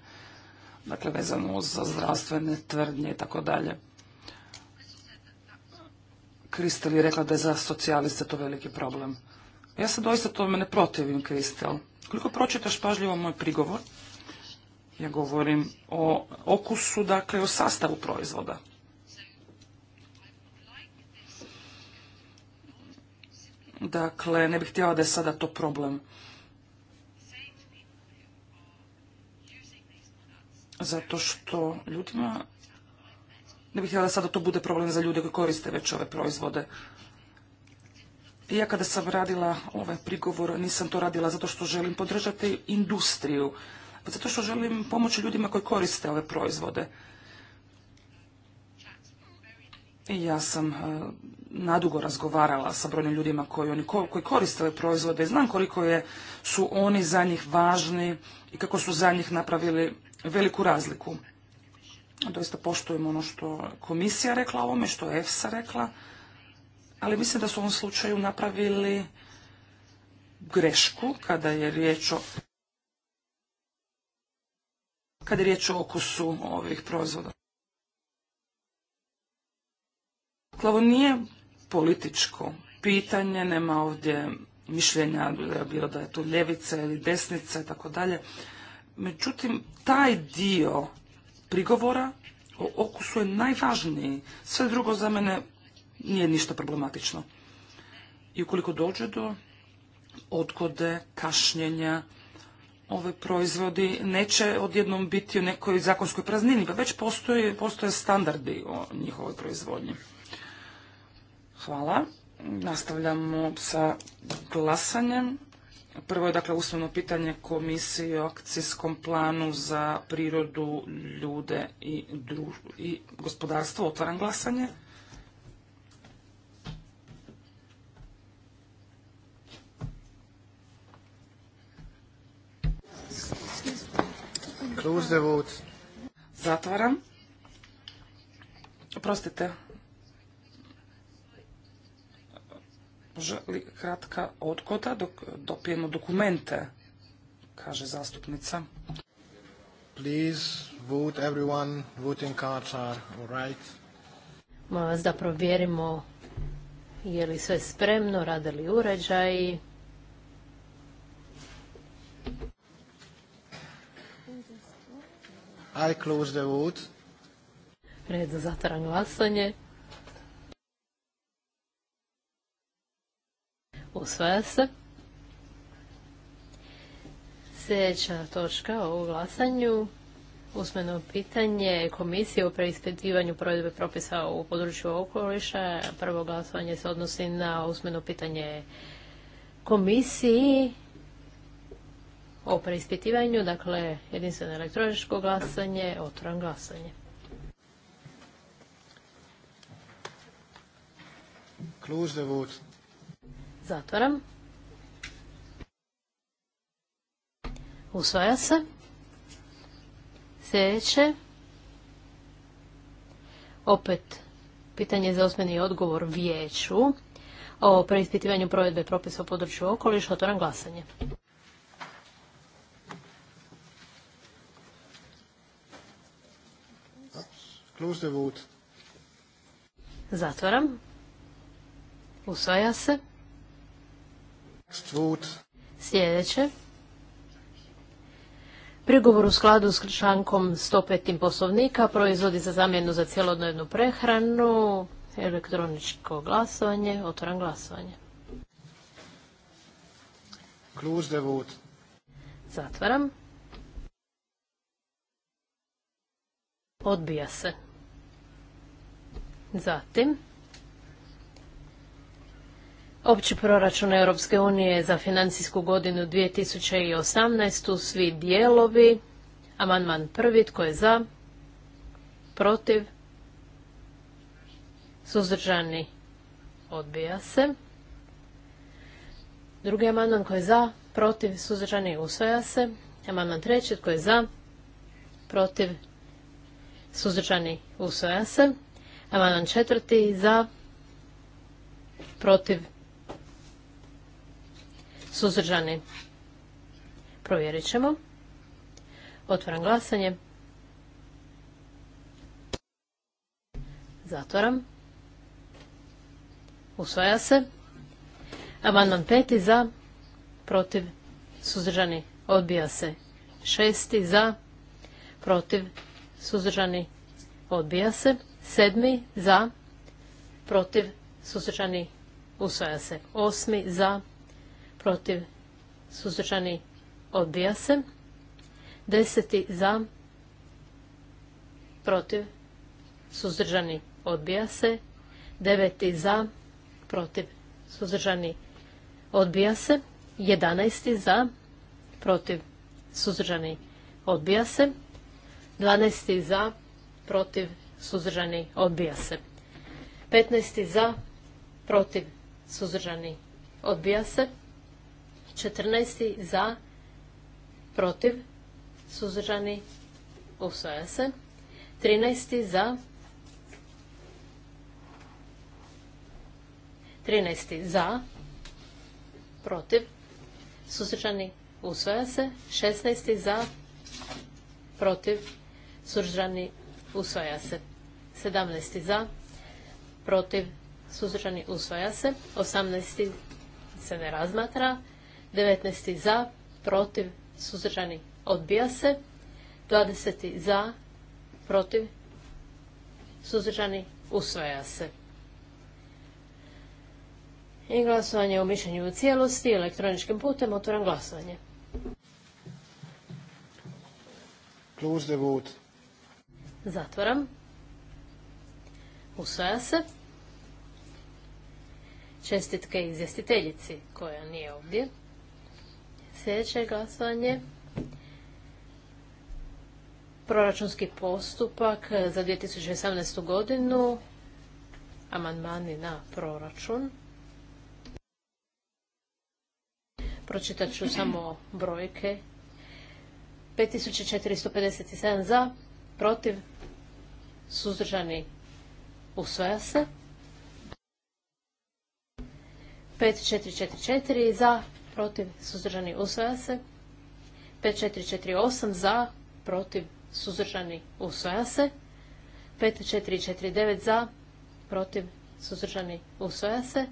dakle vezano uz zdravstvene tvrdnje i tako dalje. Kristel je rekla da je za socijaliste to veliki problem. Ja se doista tome ne protivim, Kristel. Koliko pročitaš pažljivo moj prigovor, ja govorim o okusu, dakle o sastavu proizvoda. Dakle, ne bih htjela da je sada to problem. Zato što ljudima... Ne bih htjela da sada to bude problem za ljude koji koriste već ove proizvode. I ja kada sam radila ovaj prigovor, nisam to radila zato što želim podržati industriju, pa zato što želim pomoći ljudima koji koriste ove proizvode. Ja sam e, nadugo razgovarala sa brojnim ljudima koji, oni, koji koriste ove proizvode i znam koliko je, su oni za njih važni i kako su za njih napravili veliku razliku. Doista poštujem ono što komisija rekla ovome, što je EFSA rekla, ali mislim da su u ovom slučaju napravili grešku kada je riječ o kada je riječ o okusu ovih proizvoda. Dakle, ovo nije političko pitanje, nema ovdje mišljenja bilo da je to ljevica ili desnica i tako dalje. Međutim, taj dio prigovora o okusu je najvažniji. Sve drugo za mene nije ništa problematično. I ukoliko dođe do odgode, kašnjenja, ove proizvodi neće odjednom biti u nekoj zakonskoj praznini, pa već postoje standardi o njihovoj proizvodnji. Hvala. Nastavljamo sa glasanjem. Prvo je dakle usmeno pitanje komisiji o akcijskom planu za prirodu, ljude i, i gospodarstvo. Otvaram glasanje. Zatvaram. Oprostite, želi kratka odgoda dok dopijemo dokumente, kaže zastupnica. Please vote everyone, voting cards are all right. Molim vas da provjerimo je li sve spremno, rade li uređaj. I the vote. Red za zatvaram glasanje. Usvaja se. Sljedeća točka o glasanju. Usmeno pitanje komisije o preispitivanju provedbe propisa u području okoliša. Prvo glasovanje se odnosi na usmeno pitanje komisiji o preispitivanju, dakle jedinstveno elektroničko glasanje, otvoran glasanje. Close Zatvaram. Usvaja se. Sljedeće. Opet pitanje za osmeni odgovor vijeću o preispitivanju provedbe propisa o području okoliša. Otvaram glasanje. Zatvaram. Usvaja se. Sljedeće. Prigovor u skladu s člankom 105. poslovnika, proizvodi za zamjenu za cjelodnevnu prehranu, elektroničko glasovanje, otvoran glasovanje. Zatvaram. Odbija se. Zatim, Opći proračun Europske unije za financijsku godinu 2018. Svi dijelovi. Amanman prvi. Tko je za? Protiv? Suzdržani? Odbija se. Drugi Amanman, tko je za? Protiv? Suzdržani? Usvaja se. Amanman treći. Tko je za? Protiv? Suzdržani? Usvaja se. Amanman četvrti. Za? Protiv? Suzdržani? Provjerit ćemo. Otvaram glasanje. Zatvaram. Usvaja se. Amandman peti za, protiv, suzdržani, odbija se. Šesti za, protiv, suzdržani, odbija se. Sedmi za, protiv, suzdržani, usvaja se. Osmi za, protiv, suzdržani, odbija se. Deseti za, protiv, suzdržani, odbija se. Deveti za, protiv, suzdržani, odbija se. Jedanesti za, protiv, suzdržani, odbija se. Dvanesti za, protiv, suzdržani, odbija se. 15. za, protiv, suzdržani, odbija se. 14. za, protiv, suzdržani, usvaja se. 13. za, 13. za, protiv, suzdržani, usvaja se. 16. za, protiv, suzdržani, usvaja se. 17. za, protiv, suzdržani, usvaja se. 18. se ne razmatra. 19. za, protiv, suzdržani, odbija se. 20. za, protiv, suzdržani, usvaja se. I glasovanje o mišljenju u cijelosti elektroničkim putem. Otvoram glasovanje. Close Zatvoram. Usvaja se. Čestitke izvjestiteljici koja nije ovdje. Sljedeće glasovanje. Proračunski postupak za 2018. godinu. Amandmani na proračun. Pročitat ću samo brojke. 5457 za, protiv, suzdržani, usvoja se. 5444 za, protiv, suzdržani, usvaja se. 5448 za, protiv, suzdržani, usvaja se. 5449 za, protiv, suzdržani, usvaja se.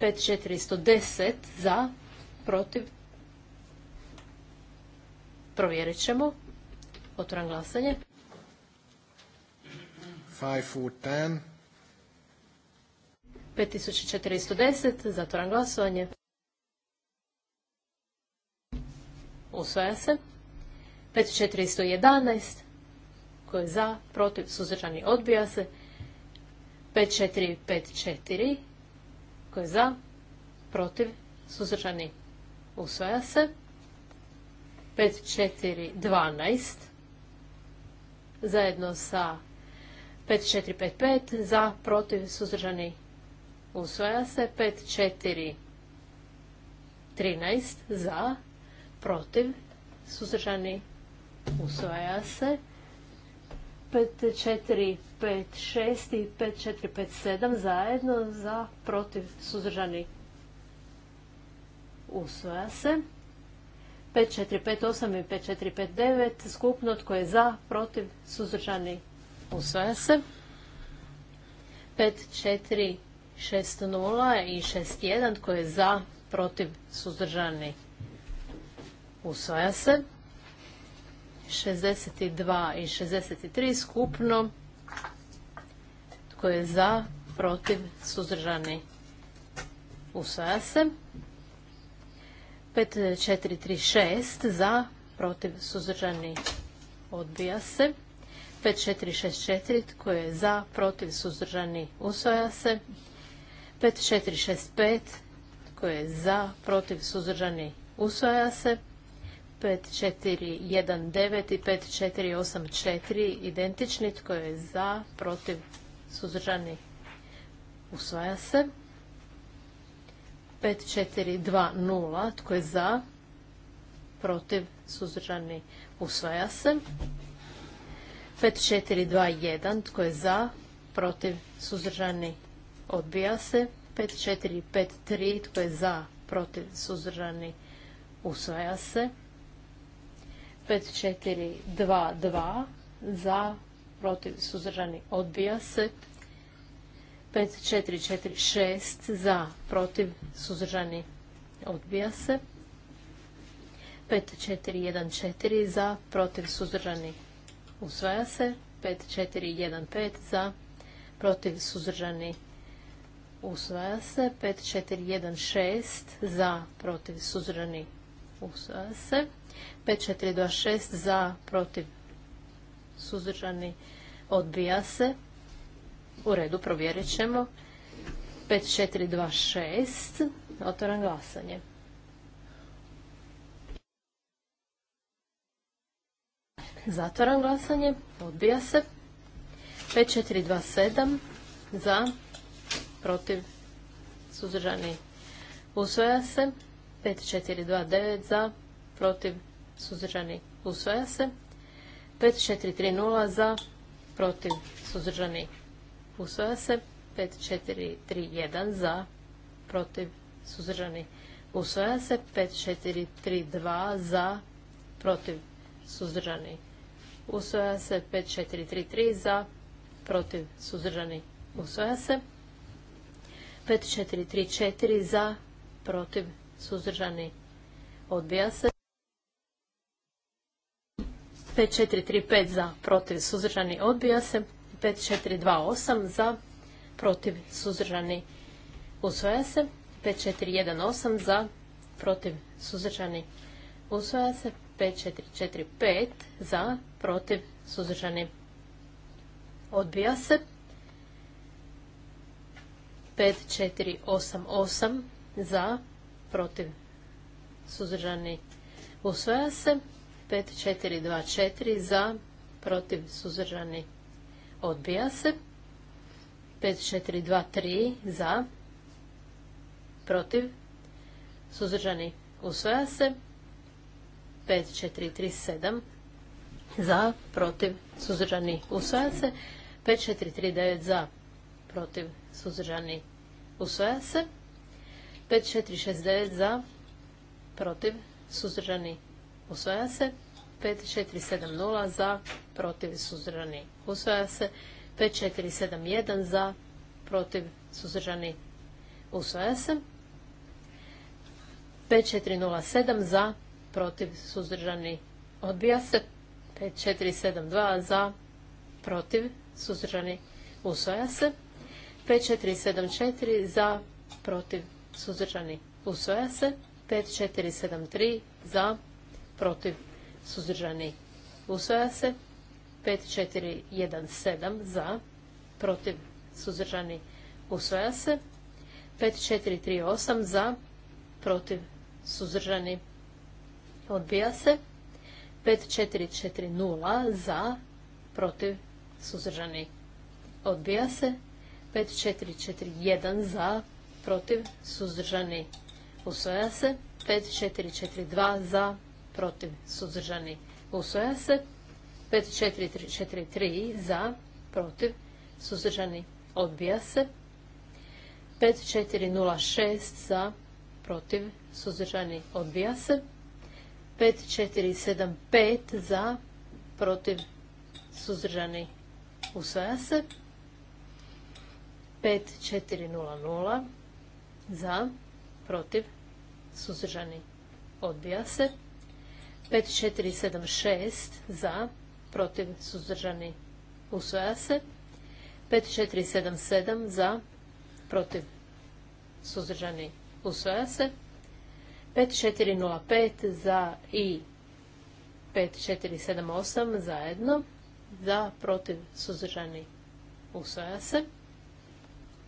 5410 za, protiv, provjerit ćemo. Otvoram glasanje. 5410. 5410, zatvoram glasovanje. usvaja se. 5411, koji je za, protiv, suzdržani, odbija se. 5454, koji je za, protiv, suzdržani, usvaja se. 5412, zajedno sa 5455, za, protiv, suzdržani, usvaja se. 5413, za, protiv, suzdržani, usvaja se. 5456 i 5457 zajedno za protiv suzdržani usvoja se. 5458 i 5459 skupno tko je za protiv suzdržani usvoja se. 5460 i 61 tko je za protiv suzdržani usvoja usvaja se. 62 i 63 skupno. Tko je za, protiv, suzdržani, usvaja se. 5436 za, protiv, suzdržani, odbija se. 5464 tko je za, protiv, suzdržani, usvaja se. 5465 tko je za, protiv, suzdržani, usvaja se. 5419 i 5484 identični. Tko je za, protiv, suzdržani, usvaja se. 5420. Tko je za, protiv, suzdržani, usvaja se. 5421. Tko je za, protiv, suzdržani, odbija se. 5453. Tko je za, protiv, suzdržani, usvaja se. 5422 za, protiv suzdržani odbija se. 5446 za, protiv suzdržani odbija se. 5414 za, protiv suzdržani usvaja se. 5415 za, protiv suzdržani usvaja se. 5416 za, protiv suzdržani usvaja se. 5426 za, protiv, suzdržani, odbija se. U redu, provjerit ćemo. 5426, otvoram glasanje. Zatvaram glasanje, odbija se. 5427 za, protiv, suzdržani, usvoja se. 5429 za, protiv, suzdržani, usvaja se. 5430 za, protiv, suzdržani, usvaja se. 5431 za, protiv, suzdržani, usvaja se. 5432 za, protiv, suzdržani, usvaja se. 5433 za, protiv, suzdržani, usvaja se. 5434 za, protiv, suzdržani, odbija se. 5435 za, protiv, suzdržani, odbija se. 5428 za, protiv, suzdržani, usvoja se. 5418 za, protiv, suzdržani, usvoja se. 5445 za, protiv, suzdržani, odbija se. 5488 za, protiv, suzdržani, usvoja se. 5424 za, protiv, suzdržani, odbija se. 5423 za, protiv, suzdržani, usvaja se. 5437 za, protiv, suzdržani, usvaja se. 5439 za, protiv, suzdržani, usvaja se. 5469 za, protiv, suzdržani, Usvaja se. 5470 za, protiv suzdržani. Usvaja se. 5471 za, protiv suzdržani. Usvaja se. 5407 za, protiv suzdržani. Odbija se. 5472 za, protiv suzdržani. Usvaja se. 5474 za, protiv suzdržani. Usvaja se. 5473 za, protiv, suzdržani, usvaja se. 5417 za, protiv, suzdržani, usvaja se. 5438 za, protiv, suzdržani, odbija se. 5440 za, protiv, suzdržani, odbija se. 5441 za, protiv, suzdržani, usvaja se. 5442 za, protiv, suzdržani, usvoja se. 5443 za, protiv, suzdržani, odbija se. 5406 za, protiv, suzdržani, odbija se. 5475 za, protiv, suzdržani, usvoja se. 5400 za, protiv, suzdržani, odbija se. 5476 za, protiv, suzdržani, usvaja se. 5477 za, protiv, suzdržani, usvaja se. 5405 za i 5478 zajedno, za, protiv, suzdržani, usvaja se.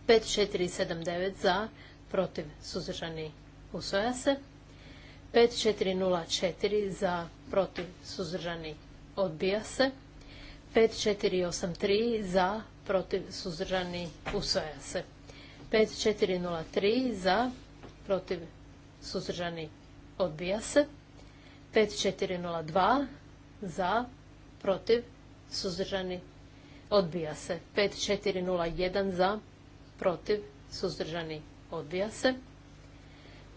5479 za, protiv, suzdržani, usvaja se. 5404 za protiv suzdržani odbija se. 5483 za protiv suzdržani usvaja se. 5403 za protiv suzdržani odbija se. 5402 za protiv suzdržani odbija se. 5401 za protiv suzdržani odbija se.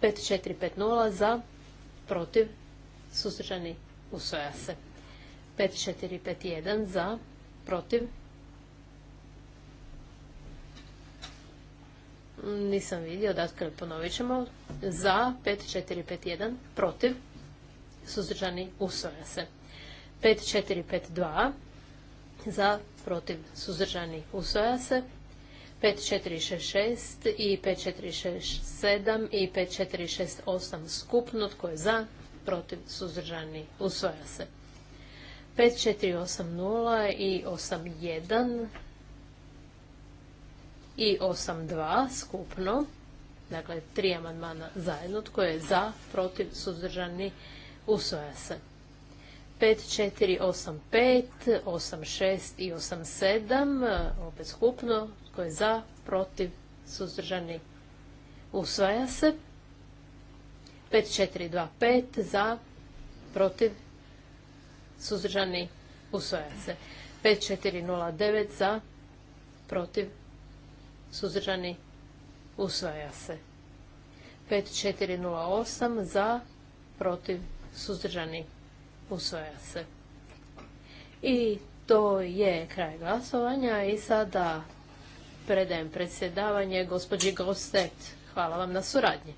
5450 za protiv, suzdržani, usvaja se. 5451 za, protiv. Nisam vidio, dakle ponovit ćemo. Za, 5451, protiv, suzdržani, usvaja se. 5452 za, protiv, suzdržani, usvaja se. 5466 i 5467 i 5468 skupno. Tko je za? Protiv? Suzdržani? Usvaja se. 5480 i 81 i 82 skupno. Dakle, tri amandmana zajedno. Tko je za? Protiv? Suzdržani? Usvaja se. 5485, 86 i 87, opet skupno, tko je za, protiv, suzdržani, usvaja se. 5425 za, protiv, suzdržani, usvaja se. 5409 za, protiv, suzdržani, usvaja se. 5408 za, protiv, suzdržani, usvaja se. I to je kraj glasovanja i sada Predajem predsjedavanje gospođi Gostet. Hvala vam na suradnji.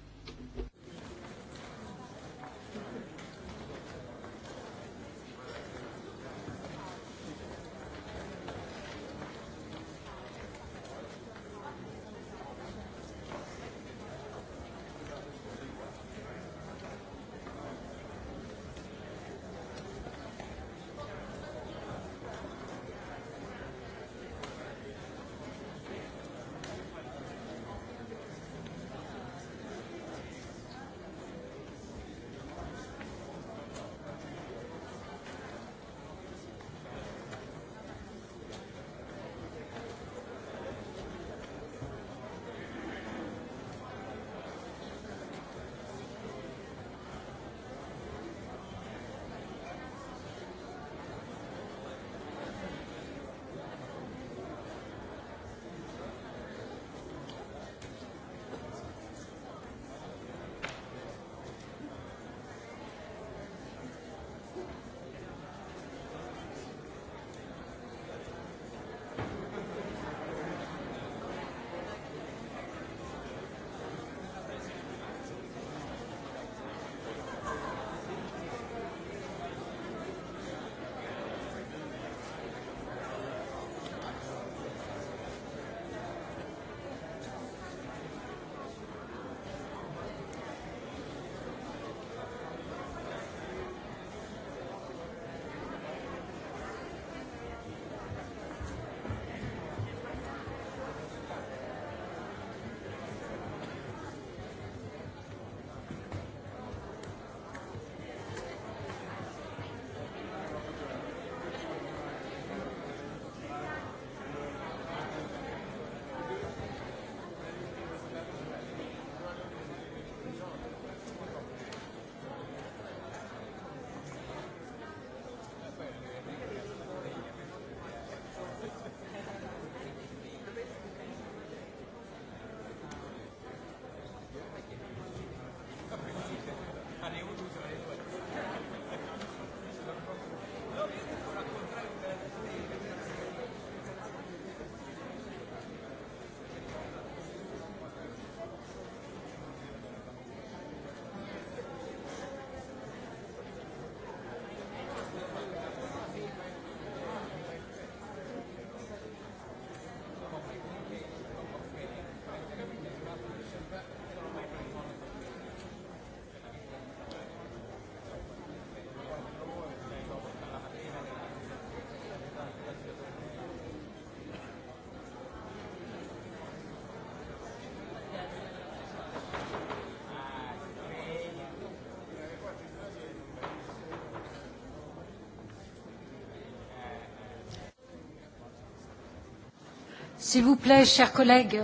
S'il vous plaît, chers je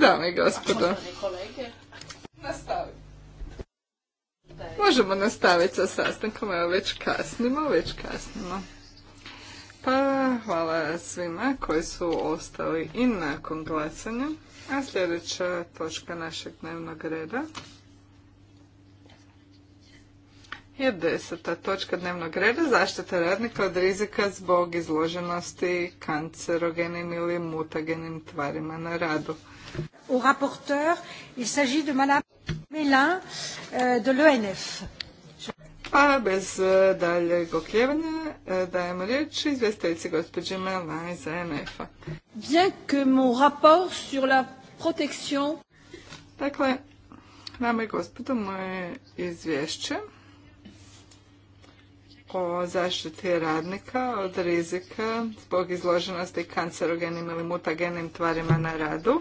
Dame i gospodo. Možemo nastaviti sa sastankom, evo već kasnimo, već kasnimo. Pa hvala svima koji su ostali i nakon glasanja. A sljedeća točka našeg dnevnog reda je deseta točka dnevnog reda zaštita radnika od rizika zbog izloženosti kancerogenim ili mutagenim tvarima na radu. u rapporteur, il s'agit de madame Melin euh, de l'ONF. Pa bez euh, daljeg okljevanja euh, dajem riječ izvjestiteljici gospođe Melin iz ONF-a. Bien que mon rapport sur la protection... Dakle, nama i gospodo moje izvješće o zaštiti radnika od rizika zbog izloženosti kancerogenim ili mutagenim tvarima na radu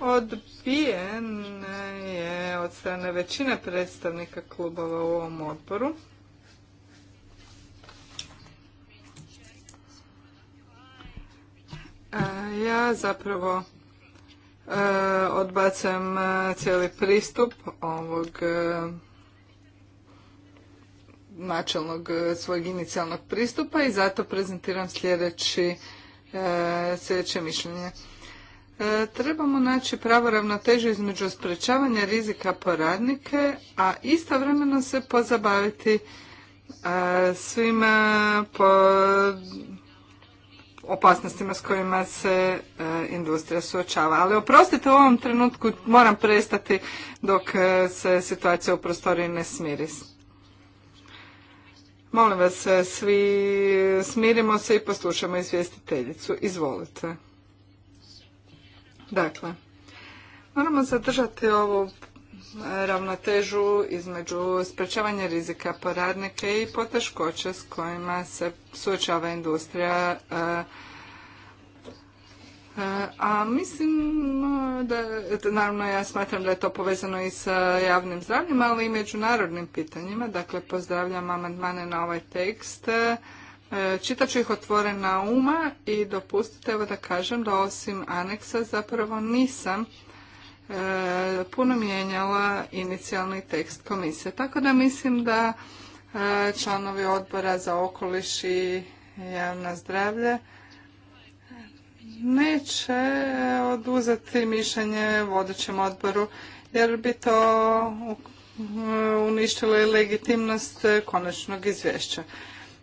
odbijen je od strane većine predstavnika klubova u ovom odboru. E, ja zapravo e, odbacujem e, cijeli pristup ovog načelnog e, svojeg inicijalnog pristupa i zato prezentiram sljedeći, e, sljedeće mišljenje. E, trebamo naći pravo ravnotežu između sprečavanja rizika po radnike, a istovremeno se pozabaviti svim opasnostima s kojima se industrija suočava. Ali oprostite, u ovom trenutku moram prestati dok se situacija u prostoriji ne smiri. Molim vas, e, svi smirimo se i poslušamo izvjestiteljicu. Izvolite. Dakle, moramo zadržati ovu e, ravnotežu između sprečavanja rizika po radnike i poteškoća s kojima se suočava industrija e, E, a mislim da, naravno ja smatram da je to povezano i sa javnim zdravljem, ali i međunarodnim pitanjima. Dakle, pozdravljam amandmane na ovaj tekst. E, čitat ću ih otvorena uma i dopustite evo da kažem da osim aneksa zapravo nisam e, puno mijenjala inicijalni tekst komisije. Tako da mislim da članovi odbora za okoliš i javna zdravlje neće e, oduzeti mišljenje vodećem odboru jer bi to e, uništilo i legitimnost e, konačnog izvješća.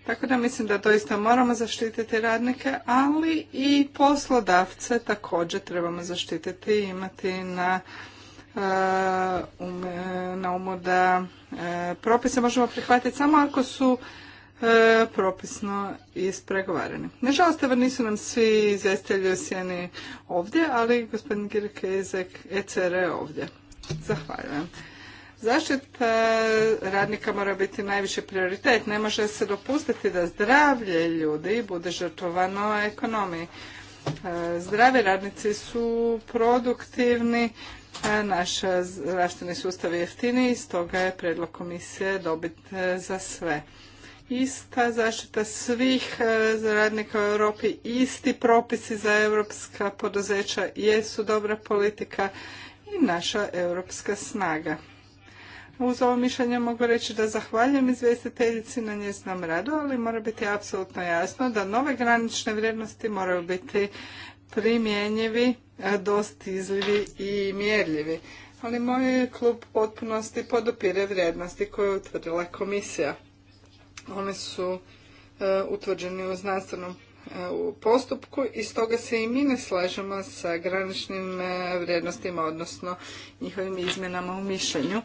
Tako da mislim da doista moramo zaštititi radnike, ali i poslodavce također trebamo zaštititi i imati na na umu da propise možemo prihvatiti samo ako su e, propisno ispregovarani. Nažalost, evo nisu nam svi izvjestitelji osjeni ovdje, ali gospodin Girke iz ECR je ovdje. Zahvaljujem. Zaštita radnika mora biti najviši prioritet. Ne može se dopustiti da zdravlje ljudi bude žrtvovano ekonomiji. E, zdravi radnici su produktivni, e, naš zdravstveni sustav je jeftiniji, stoga je predlog komisije dobit e, za sve ista zaštita svih e, radnika u Europi, isti propisi za europska poduzeća jesu dobra politika i naša europska snaga. Uz ovo mišljenje mogu reći da zahvaljujem izvjestiteljici na njeznom radu, ali mora biti apsolutno jasno da nove granične vrijednosti moraju biti primjenjivi, dostizljivi i mjerljivi. Ali moj klub potpunosti podupire vrijednosti koje je utvrdila komisija. Oni su e, utvrđeni u znanstvenom e, postupku i stoga se i mi ne slažemo sa graničnim e, vrijednostima, odnosno njihovim izmjenama u mišljenju.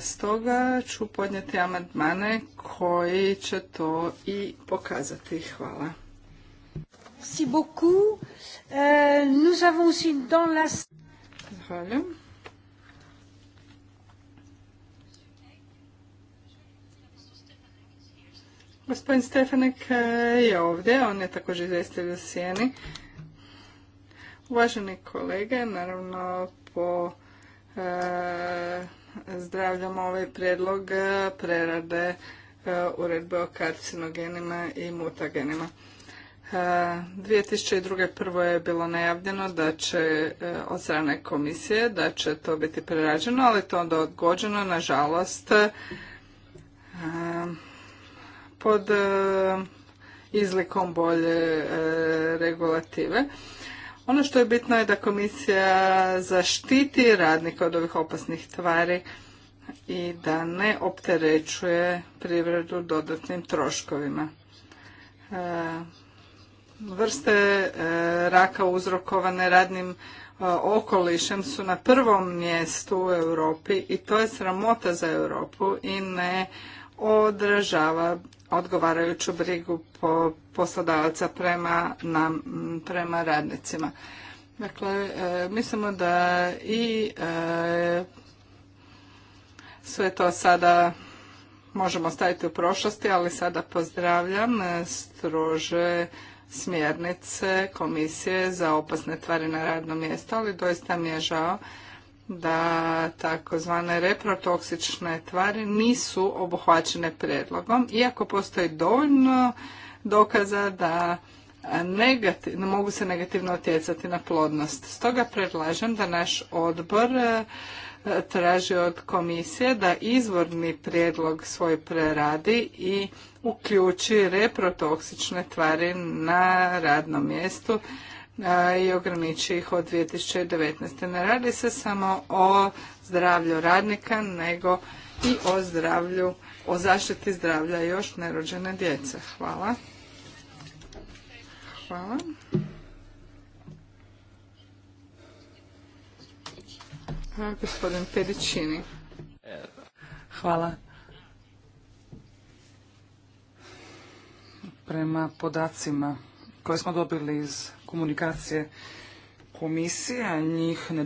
Stoga ću podnijeti amandmane koji će to i pokazati. Hvala. Merci beaucoup. Euh, nous avons Gospodin Stefanek e, je ovdje, on je također izvestio u sjeni. Uvaženi kolege, naravno po e, zdravljamo ovaj prijedlog e, prerade uredbe o karcinogenima i mutagenima. 2002. prvo je bilo najavljeno da će od strane komisije da će to biti prerađeno, ali to onda odgođeno, nažalost, pod e, izlikom bolje e, regulative. Ono što je bitno je da komisija zaštiti radnika od ovih opasnih tvari i da ne opterećuje privredu dodatnim troškovima. E, vrste raka uzrokovane radnim okolišem su na prvom mjestu u Europi i to je sramota za Europu i ne održava odgovarajuću brigu po poslodavaca prema, nam, prema radnicima. Dakle, e, mislimo da i e, sve to sada možemo staviti u prošlosti, ali sada pozdravljam strože smjernice komisije za opasne tvari na radnom mjestu, ali doista mi je žao da takozvane reprotoksične tvari nisu obuhvaćene predlogom, iako postoji dovoljno dokaza da mogu se negativno utjecati na plodnost. Stoga predlažem da naš odbor e, traži od komisije da izvorni prijedlog svoj preradi i uključi reprotoksične tvari na radnom mjestu i ograniči ih od 2019. Ne radi se samo o zdravlju radnika, nego i o zdravlju, o zaštiti zdravlja još nerođene djece. Hvala. Hvala. gospodin Pedićini. Hvala. Prema podacima koje smo dobili iz komunikacije a njih ne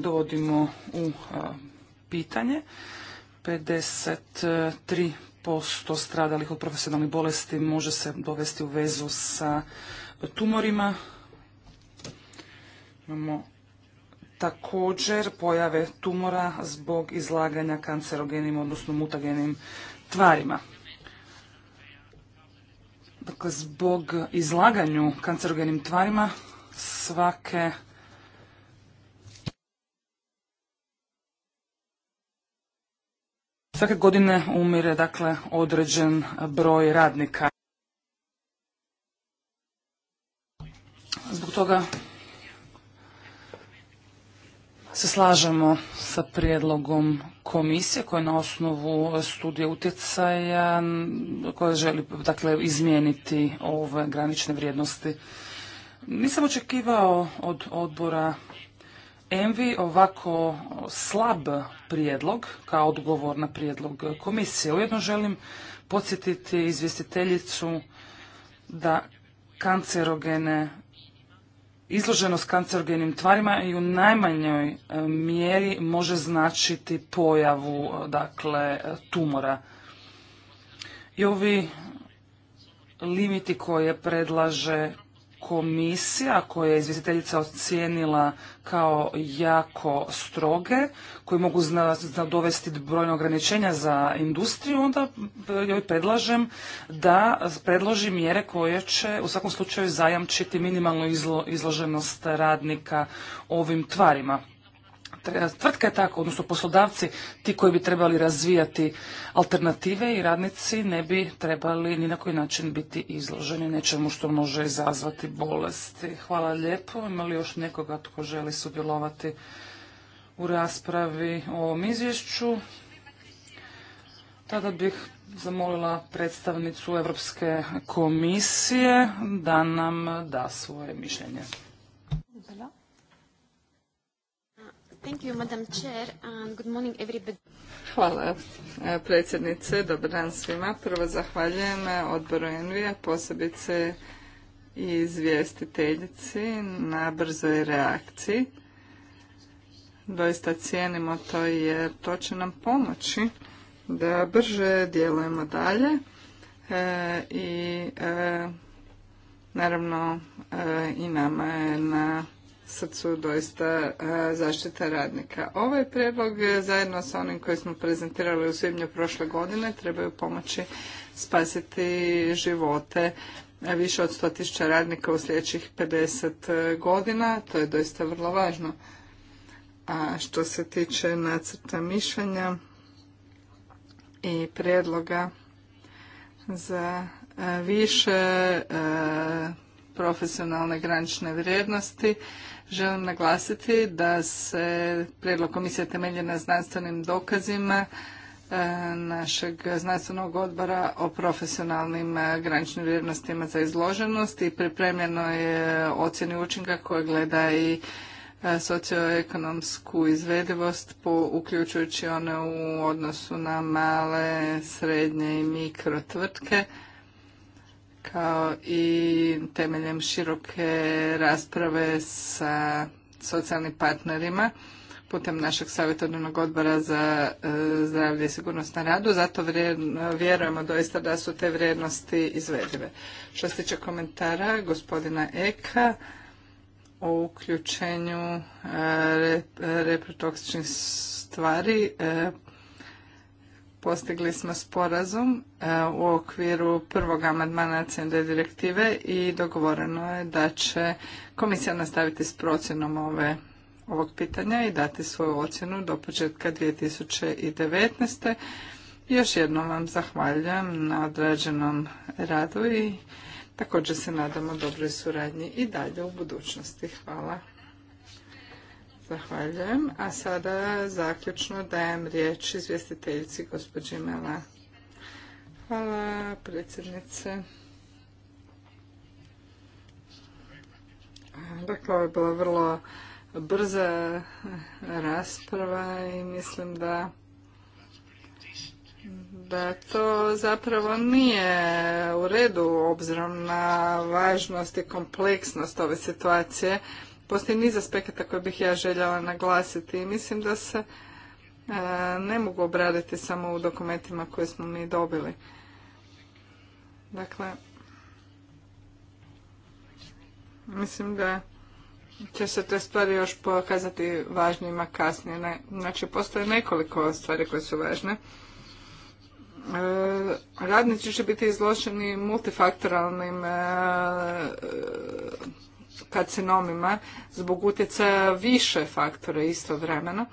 dovodimo u pitanje. 53% stradalih od profesionalnih bolesti može se dovesti u vezu sa tumorima. Imamo također pojave tumora zbog izlaganja kancerogenim, odnosno mutagenim tvarima. Dakle, zbog izlaganju kancerogenim tvarima svake Svake godine umire dakle određen broj radnika. Zbog toga se slažemo sa prijedlogom komisije koja na osnovu studije utjecaja koja želi dakle izmijeniti ove granične vrijednosti. Nisam očekivao od odbora Envi ovako slab prijedlog kao odgovor na prijedlog komisije. Ujedno želim podsjetiti izvjestiteljicu da kancerogene izloženost kancerogenim tvarima i u najmanjoj e, mjeri može značiti pojavu e, dakle, tumora. I ovi limiti koje predlaže komisija koje je izvjestiteljica ocijenila kao jako stroge, koji mogu dovesti do dovesti ograničenja za industriju, onda joj predlažem da predloži mjere koje će u svakom slučaju zajamčiti minimalnu izloženost radnika ovim tvarima tvrtka je tako, odnosno poslodavci ti koji bi trebali razvijati alternative i radnici ne bi trebali ni na koji način biti izloženi nečemu što može izazvati bolesti. Hvala lijepo. Ima li još nekoga tko želi sudjelovati u raspravi o ovom izvješću? Tada bih zamolila predstavnicu Europske komisije da nam da svoje mišljenje. Hvala. Hvala e, predsjednice, dobar dan svima. Prvo zahvaljujem e, odboru Envija, posebice i izvjestiteljici na brzoj reakciji. Doista cijenimo to jer to će nam pomoći da brže djelujemo dalje e, i naravno i nama je na srcu doista e, zaštita radnika. Ovaj predlog e, zajedno sa onim koji smo prezentirali u svibnju prošle godine trebaju pomoći spasiti živote e, više od 100.000 radnika u sljedećih 50 godina. To je doista vrlo važno. A što se tiče nacrta mišljenja i predloga za više profesionalne granične vrijednosti, želim naglasiti da se prijedlog komisije temelji na znanstvenim dokazima e, našeg znanstvenog odbora o profesionalnim e, graničnim vrijednostima za izloženost i pripremljeno je ocjeni učinka koja gleda i e, socioekonomsku izvedivost po, uključujući one u odnosu na male, srednje i mikro tvrtke kao i temeljem široke rasprave sa socijalnim partnerima putem našeg savjetodavnog odbora za e, zdravlje i sigurnost na radu. Zato vjerujemo doista da su te vrijednosti izvedive. Što se tiče komentara gospodina Eka o uključenju e, reprotoksičnih stvari, e, postigli smo sporazum e, u okviru prvog amandmana CND direktive i dogovoreno je da će komisija nastaviti s procjenom ove ovog pitanja i dati svoju ocjenu do početka 2019. Još jednom vam zahvaljujem na određenom radu i također se nadamo dobroj suradnji i dalje u budućnosti. Hvala. Zahvaljujem. A sada zaključno dajem riječ izvjestiteljici gospođi Mela. Hvala predsjednice. Dakle, ovo je bila vrlo brza rasprava i mislim da da to zapravo nije u redu obzirom na važnost i kompleksnost ove situacije Postoji niz aspekata koje bih ja željela naglasiti i mislim da se e, ne mogu obraditi samo u dokumentima koje smo mi dobili. Dakle, mislim da će se te stvari još pokazati važnijima kasnije. Znači, postoje nekoliko stvari koje su važne. E, radnici će biti izloženi multifaktoralnim e, karcinomima zbog utjecaja više faktora istovremeno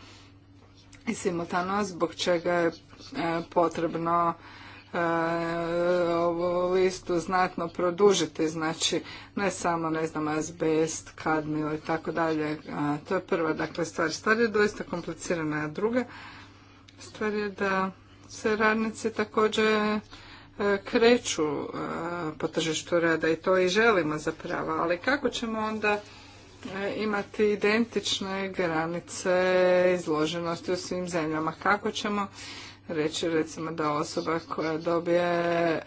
i simultano zbog čega je e, potrebno e, ovu listu znatno produžiti, znači ne samo, ne znam, azbest, kadmio i tako dalje. To je prva dakle, stvar. Stvar je doista komplicirana, a druga stvar je da se radnici također E, kreću e, po tržištu rada i to i želimo zapravo, ali kako ćemo onda e, imati identične granice izloženosti u svim zemljama? Kako ćemo reći recimo da osoba koja dobije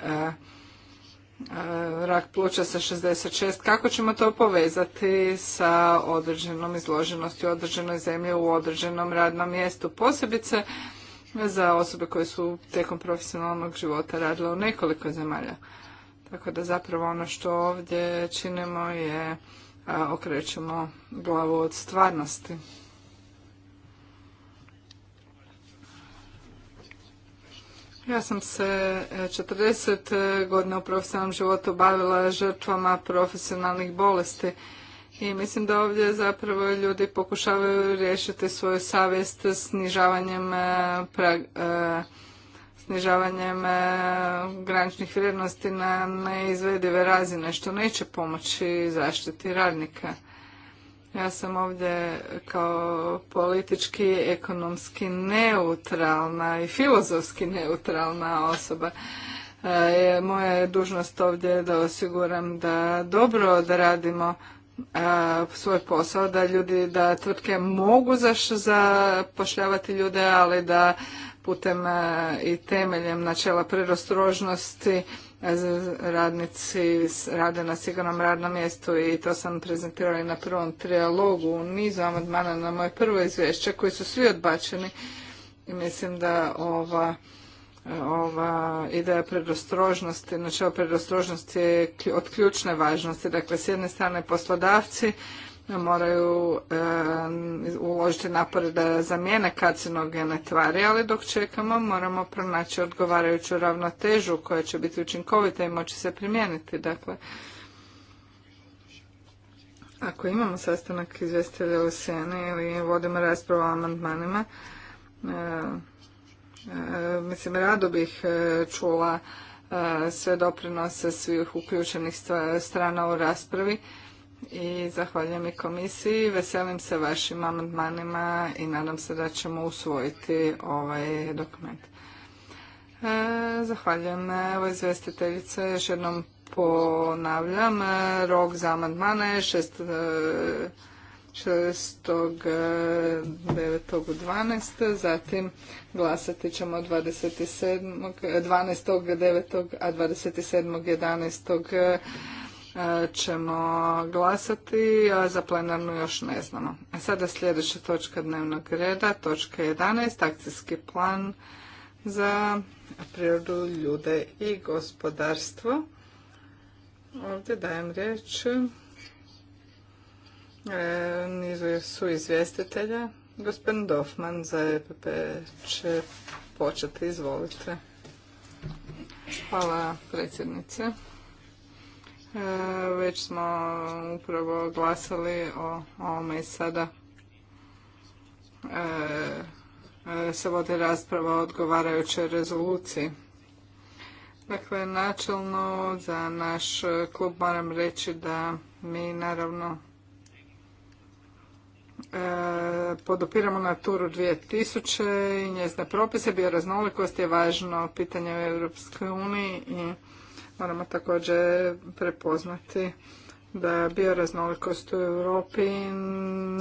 rak pluća sa 66, kako ćemo to povezati sa određenom izloženosti u određenoj zemlji u određenom radnom mjestu? Posebice za osobe koje su tijekom profesionalnog života radile u nekoliko zemalja. Tako da zapravo ono što ovdje činimo je a, okrećemo glavu od stvarnosti. Ja sam se 40 e, godina u profesionalnom životu bavila žrtvama profesionalnih bolesti i mislim da ovdje zapravo ljudi pokušavaju riješiti svoju savjest snižavanjem e, pra, e, snižavanjem e, graničnih vrijednosti na neizvedive razine, što neće pomoći zaštiti radnika. Ja sam ovdje kao politički, ekonomski neutralna i filozofski neutralna osoba. E, moja je dužnost ovdje da osiguram da dobro da radimo svoj posao da ljudi da tvrtke mogu zaš zapošljavati ljude ali da putem i temeljem načela prerostrožnosti radnici rade na sigurnom radnom mjestu i to sam prezentirala i na prvom trialogu u nizu amandmana na moje prvo izvješće koji su svi odbačeni i mislim da ova ova ideja predostrožnosti, načelo predostrožnosti je od ključne važnosti. Dakle, s jedne strane poslodavci moraju eh, uložiti napore da zamijene kacinogene tvari, ali dok čekamo moramo pronaći odgovarajuću ravnotežu koja će biti učinkovita i moći se primijeniti. Dakle, ako imamo sastanak izvjestitelja u sjeni ili vodimo raspravu o amandmanima, e, E, mislim, rado bih e, čula e, sve doprinose svih uključenih strana u raspravi i zahvaljujem i komisiji. Veselim se vašim amandmanima i nadam se da ćemo usvojiti ovaj dokument. Zahvaljujem. Evo izvestiteljice, još jednom ponavljam, rok za amandmane je 6. 6.9. E, u 12. Zatim glasati ćemo 27. 12.9. E, a 27.11 e, ćemo glasati, a za plenarnu još ne znamo. A sada sljedeća točka dnevnog reda, točka 11, akcijski plan za prirodu, ljude i gospodarstvo. Ovdje dajem riječ E, nizu su izvjestitelja. Gospodin Dofman za EPP će početi, izvolite. Hvala predsjednice. E, već smo upravo glasali o ovome i sada e, se vodi rasprava o odgovarajućoj rezoluciji. Dakle, načelno za naš klub moram reći da mi naravno E, podopiramo Naturu 2000 i njezne propise. Bioraznolikost je važno pitanje u Europskoj uniji i moramo također prepoznati da bioraznolikost u Europi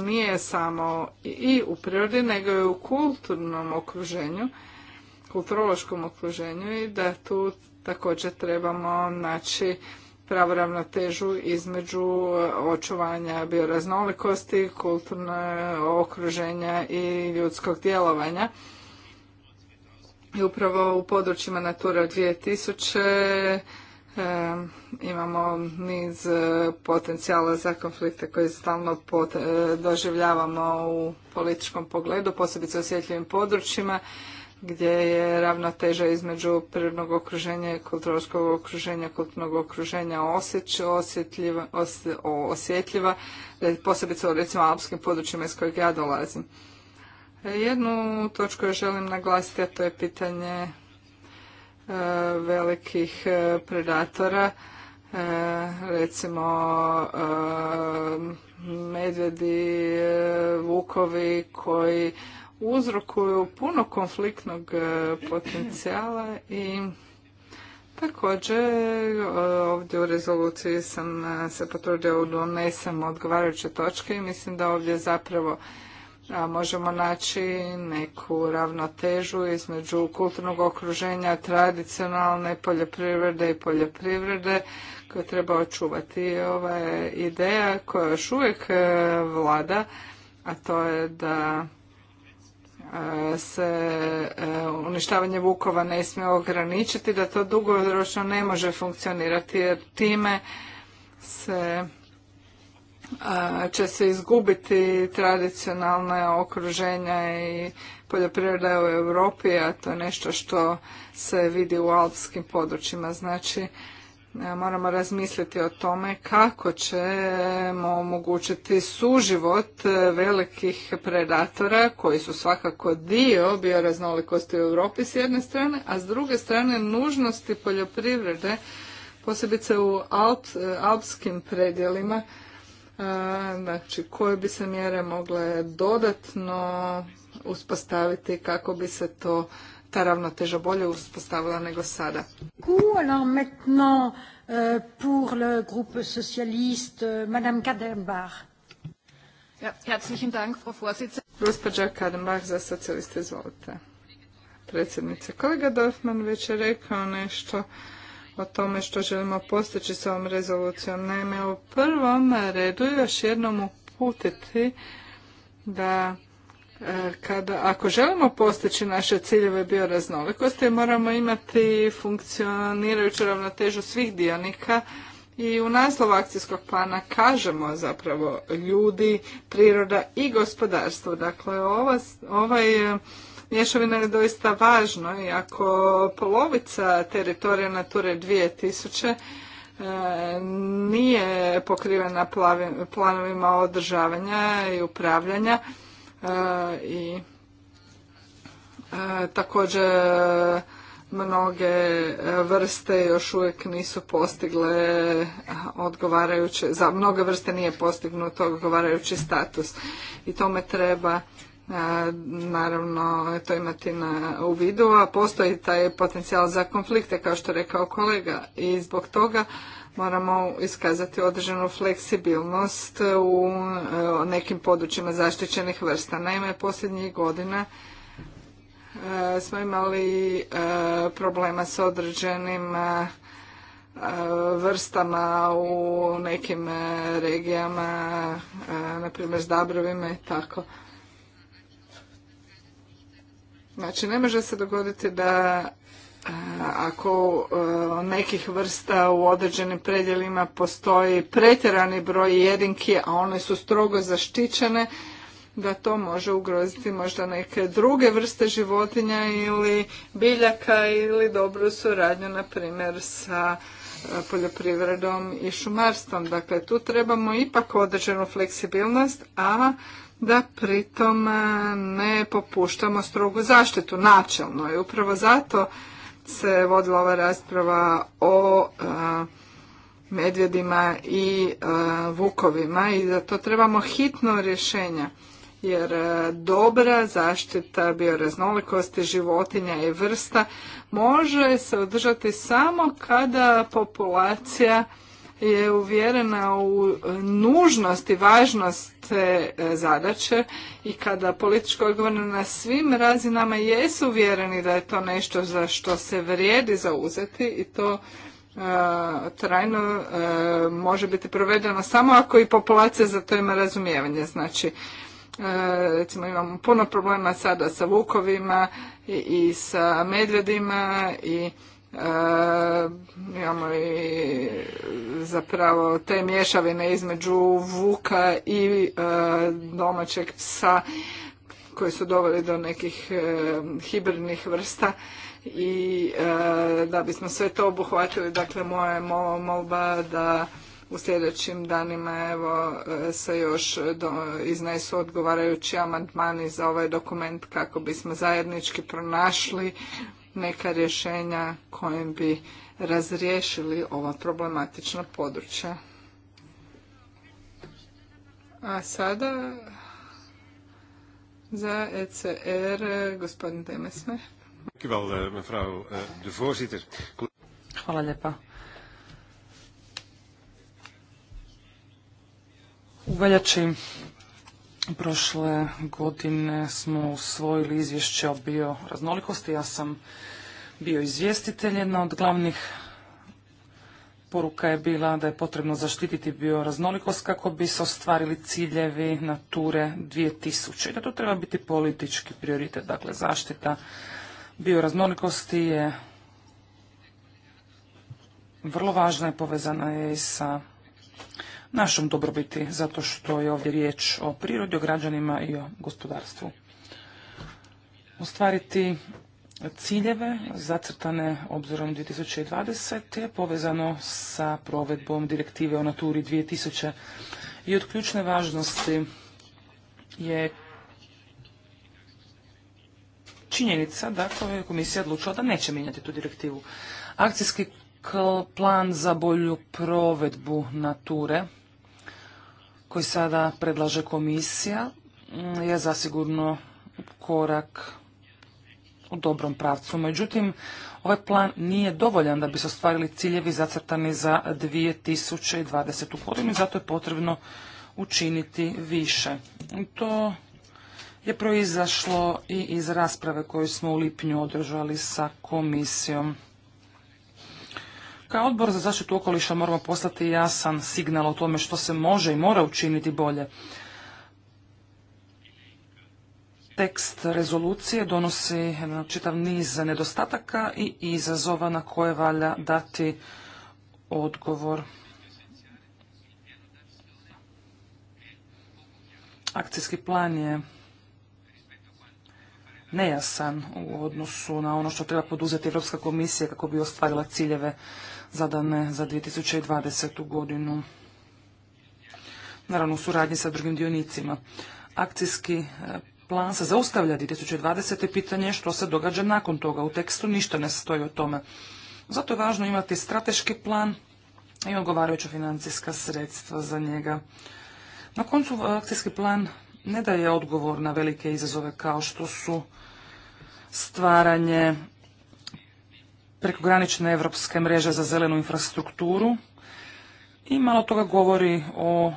nije samo i u prirodi, nego i u kulturnom okruženju, kulturološkom okruženju i da tu također trebamo naći pravu ravnotežu između očuvanja bioraznolikosti, kulturne okruženja i ljudskog djelovanja. I upravo u područjima Natura 2000 imamo niz potencijala za konflikte koje stalno doživljavamo u političkom pogledu, posebice osjetljivim područjima gdje je ravnoteža između prirodnog okruženja i kulturološkog okruženja, kulturnog okruženja osjeć, osjetljiva, osjetljiva, e, posebice u recimo alpskim područjima iz kojeg ja dolazim. E, jednu točku koju želim naglasiti, a to je pitanje e, velikih predatora, recimo medvedi, vukovi koji uzrokuju puno konfliktnog e, potencijala i također e, ovdje u rezoluciji sam e, se potrudio da unesem odgovarajuće točke i mislim da ovdje zapravo možemo naći neku ravnotežu između kulturnog okruženja, tradicionalne poljoprivrede i poljoprivrede koje treba očuvati. Ova je ideja koja još uvijek vlada, a to je da se e, uništavanje vukova ne smije ograničiti, da to dugoročno ne može funkcionirati jer time se e, će se izgubiti tradicionalne okruženja i poljoprivreda u Europi, a to je nešto što se vidi u alpskim područjima. Znači, E, moramo razmisliti o tome kako ćemo omogućiti suživot e, velikih predatora koji su svakako dio bioraznolikosti u Europi s jedne strane, a s druge strane nužnosti poljoprivrede, posebice u e, alpskim predjelima, znači koje bi se mjere mogle dodatno uspostaviti kako bi se to ta ravnoteža bolje uspostavila nego sada. Alors maintenant euh, pour le groupe socialiste, euh, Madame Kadenbach. Ja, herzlichen Dank, Frau Vorsitzende. Gospođa za socijaliste, izvolite. Predsjednice, kolega Dorfman već je rekao nešto o tome što želimo postići s ovom rezolucijom. Naime, u prvom redu još jednom uputiti da kada, ako želimo postići naše ciljeve bioraznolikosti, moramo imati funkcionirajuću ravnotežu svih dionika i u naslovu akcijskog plana kažemo zapravo ljudi, priroda i gospodarstvo. Dakle, ova, ovaj e, mješavina je doista važno i ako polovica teritorija Nature 2000 e, nije pokrivena planovima održavanja i upravljanja, i e, također mnoge vrste još uvijek nisu postigle odgovarajuće, za mnoge vrste nije postignut odgovarajući status i tome treba e, naravno to imati na, u vidu, a postoji taj potencijal za konflikte kao što je rekao kolega i zbog toga moramo iskazati određenu fleksibilnost u e, nekim područjima zaštićenih vrsta. Naime, posljednjih godina e, smo imali e, problema s određenim vrstama u nekim regijama, na primjer s dabrovima i tako. Znači, ne može se dogoditi da ako e, nekih vrsta u određenim predjelima postoji pretjerani broj jedinki, a one su strogo zaštićene, da to može ugroziti možda neke druge vrste životinja ili biljaka ili dobru suradnju, na primjer, sa e, poljoprivredom i šumarstvom. Dakle, tu trebamo ipak određenu fleksibilnost, a da pritom e, ne popuštamo strogu zaštitu. Načelno i upravo zato se vodila ova rasprava o medvjedima i vukovima i da to trebamo hitno rješenja jer dobra zaštita bioraznolikosti životinja i vrsta može se održati samo kada populacija je uvjerena u nužnost i važnost te e, zadaće i kada političko odgovorni na svim razinama jesu uvjereni da je to nešto za što se vrijedi zauzeti i to e, trajno e, može biti provedeno samo ako i populacija za to ima razumijevanje. Znači, recimo imamo puno problema sada sa vukovima i, i sa medvjedima i E, imamo i zapravo te mješavine između vuka i e, domaćeg psa koji su doveli do nekih e, hibridnih vrsta i da bismo sve to obuhvatili, dakle moja je molba da u sljedećim danima evo se još iznesu odgovarajući amandmani za ovaj dokument kako bismo zajednički pronašli neka rješenja kojim bi razriješili ova problematična područja. A sada za ECR gospodin Demesme. Eh, eh, Hvala lijepa. U veljači Prošle godine smo usvojili izvješće o bioraznolikosti. Ja sam bio izvjestitelj. Jedna od glavnih poruka je bila da je potrebno zaštititi bioraznolikost kako bi se ostvarili ciljevi Nature 2000. I da to treba biti politički prioritet. Dakle, zaštita bioraznolikosti je vrlo važna i povezana je i sa našom dobrobiti, zato što je ovdje riječ o prirodi, o građanima i o gospodarstvu. Ostvariti ciljeve zacrtane obzorom 2020 je povezano sa provedbom direktive o naturi 2000 i od ključne važnosti je činjenica da je komisija odlučila da neće mijenjati tu direktivu. Akcijski plan za bolju provedbu nature koji sada predlaže komisija mm, je zasigurno korak u dobrom pravcu. Međutim, ovaj plan nije dovoljan da bi se ostvarili ciljevi zacrtani za 2020. godinu i zato je potrebno učiniti više. To je proizašlo i iz rasprave koju smo u lipnju održali sa komisijom. Kao odbor za zaštitu okoliša moramo poslati jasan signal o tome što se može i mora učiniti bolje. Tekst rezolucije donosi čitav niz nedostataka i izazova na koje valja dati odgovor. Akcijski plan je nejasan u odnosu na ono što treba poduzeti Europska komisija kako bi ostvarila ciljeve zadane za 2020. godinu. Naravno u suradnji sa drugim dionicima. Akcijski e, plan se zaustavlja 2020. pitanje što se događa nakon toga. U tekstu ništa ne stoji o tome. Zato je važno imati strateški plan i odgovarajuća financijska sredstva za njega. Na koncu e, akcijski plan ne daje odgovor na velike izazove kao što su stvaranje prekogranične evropske mreže za zelenu infrastrukturu i malo toga govori o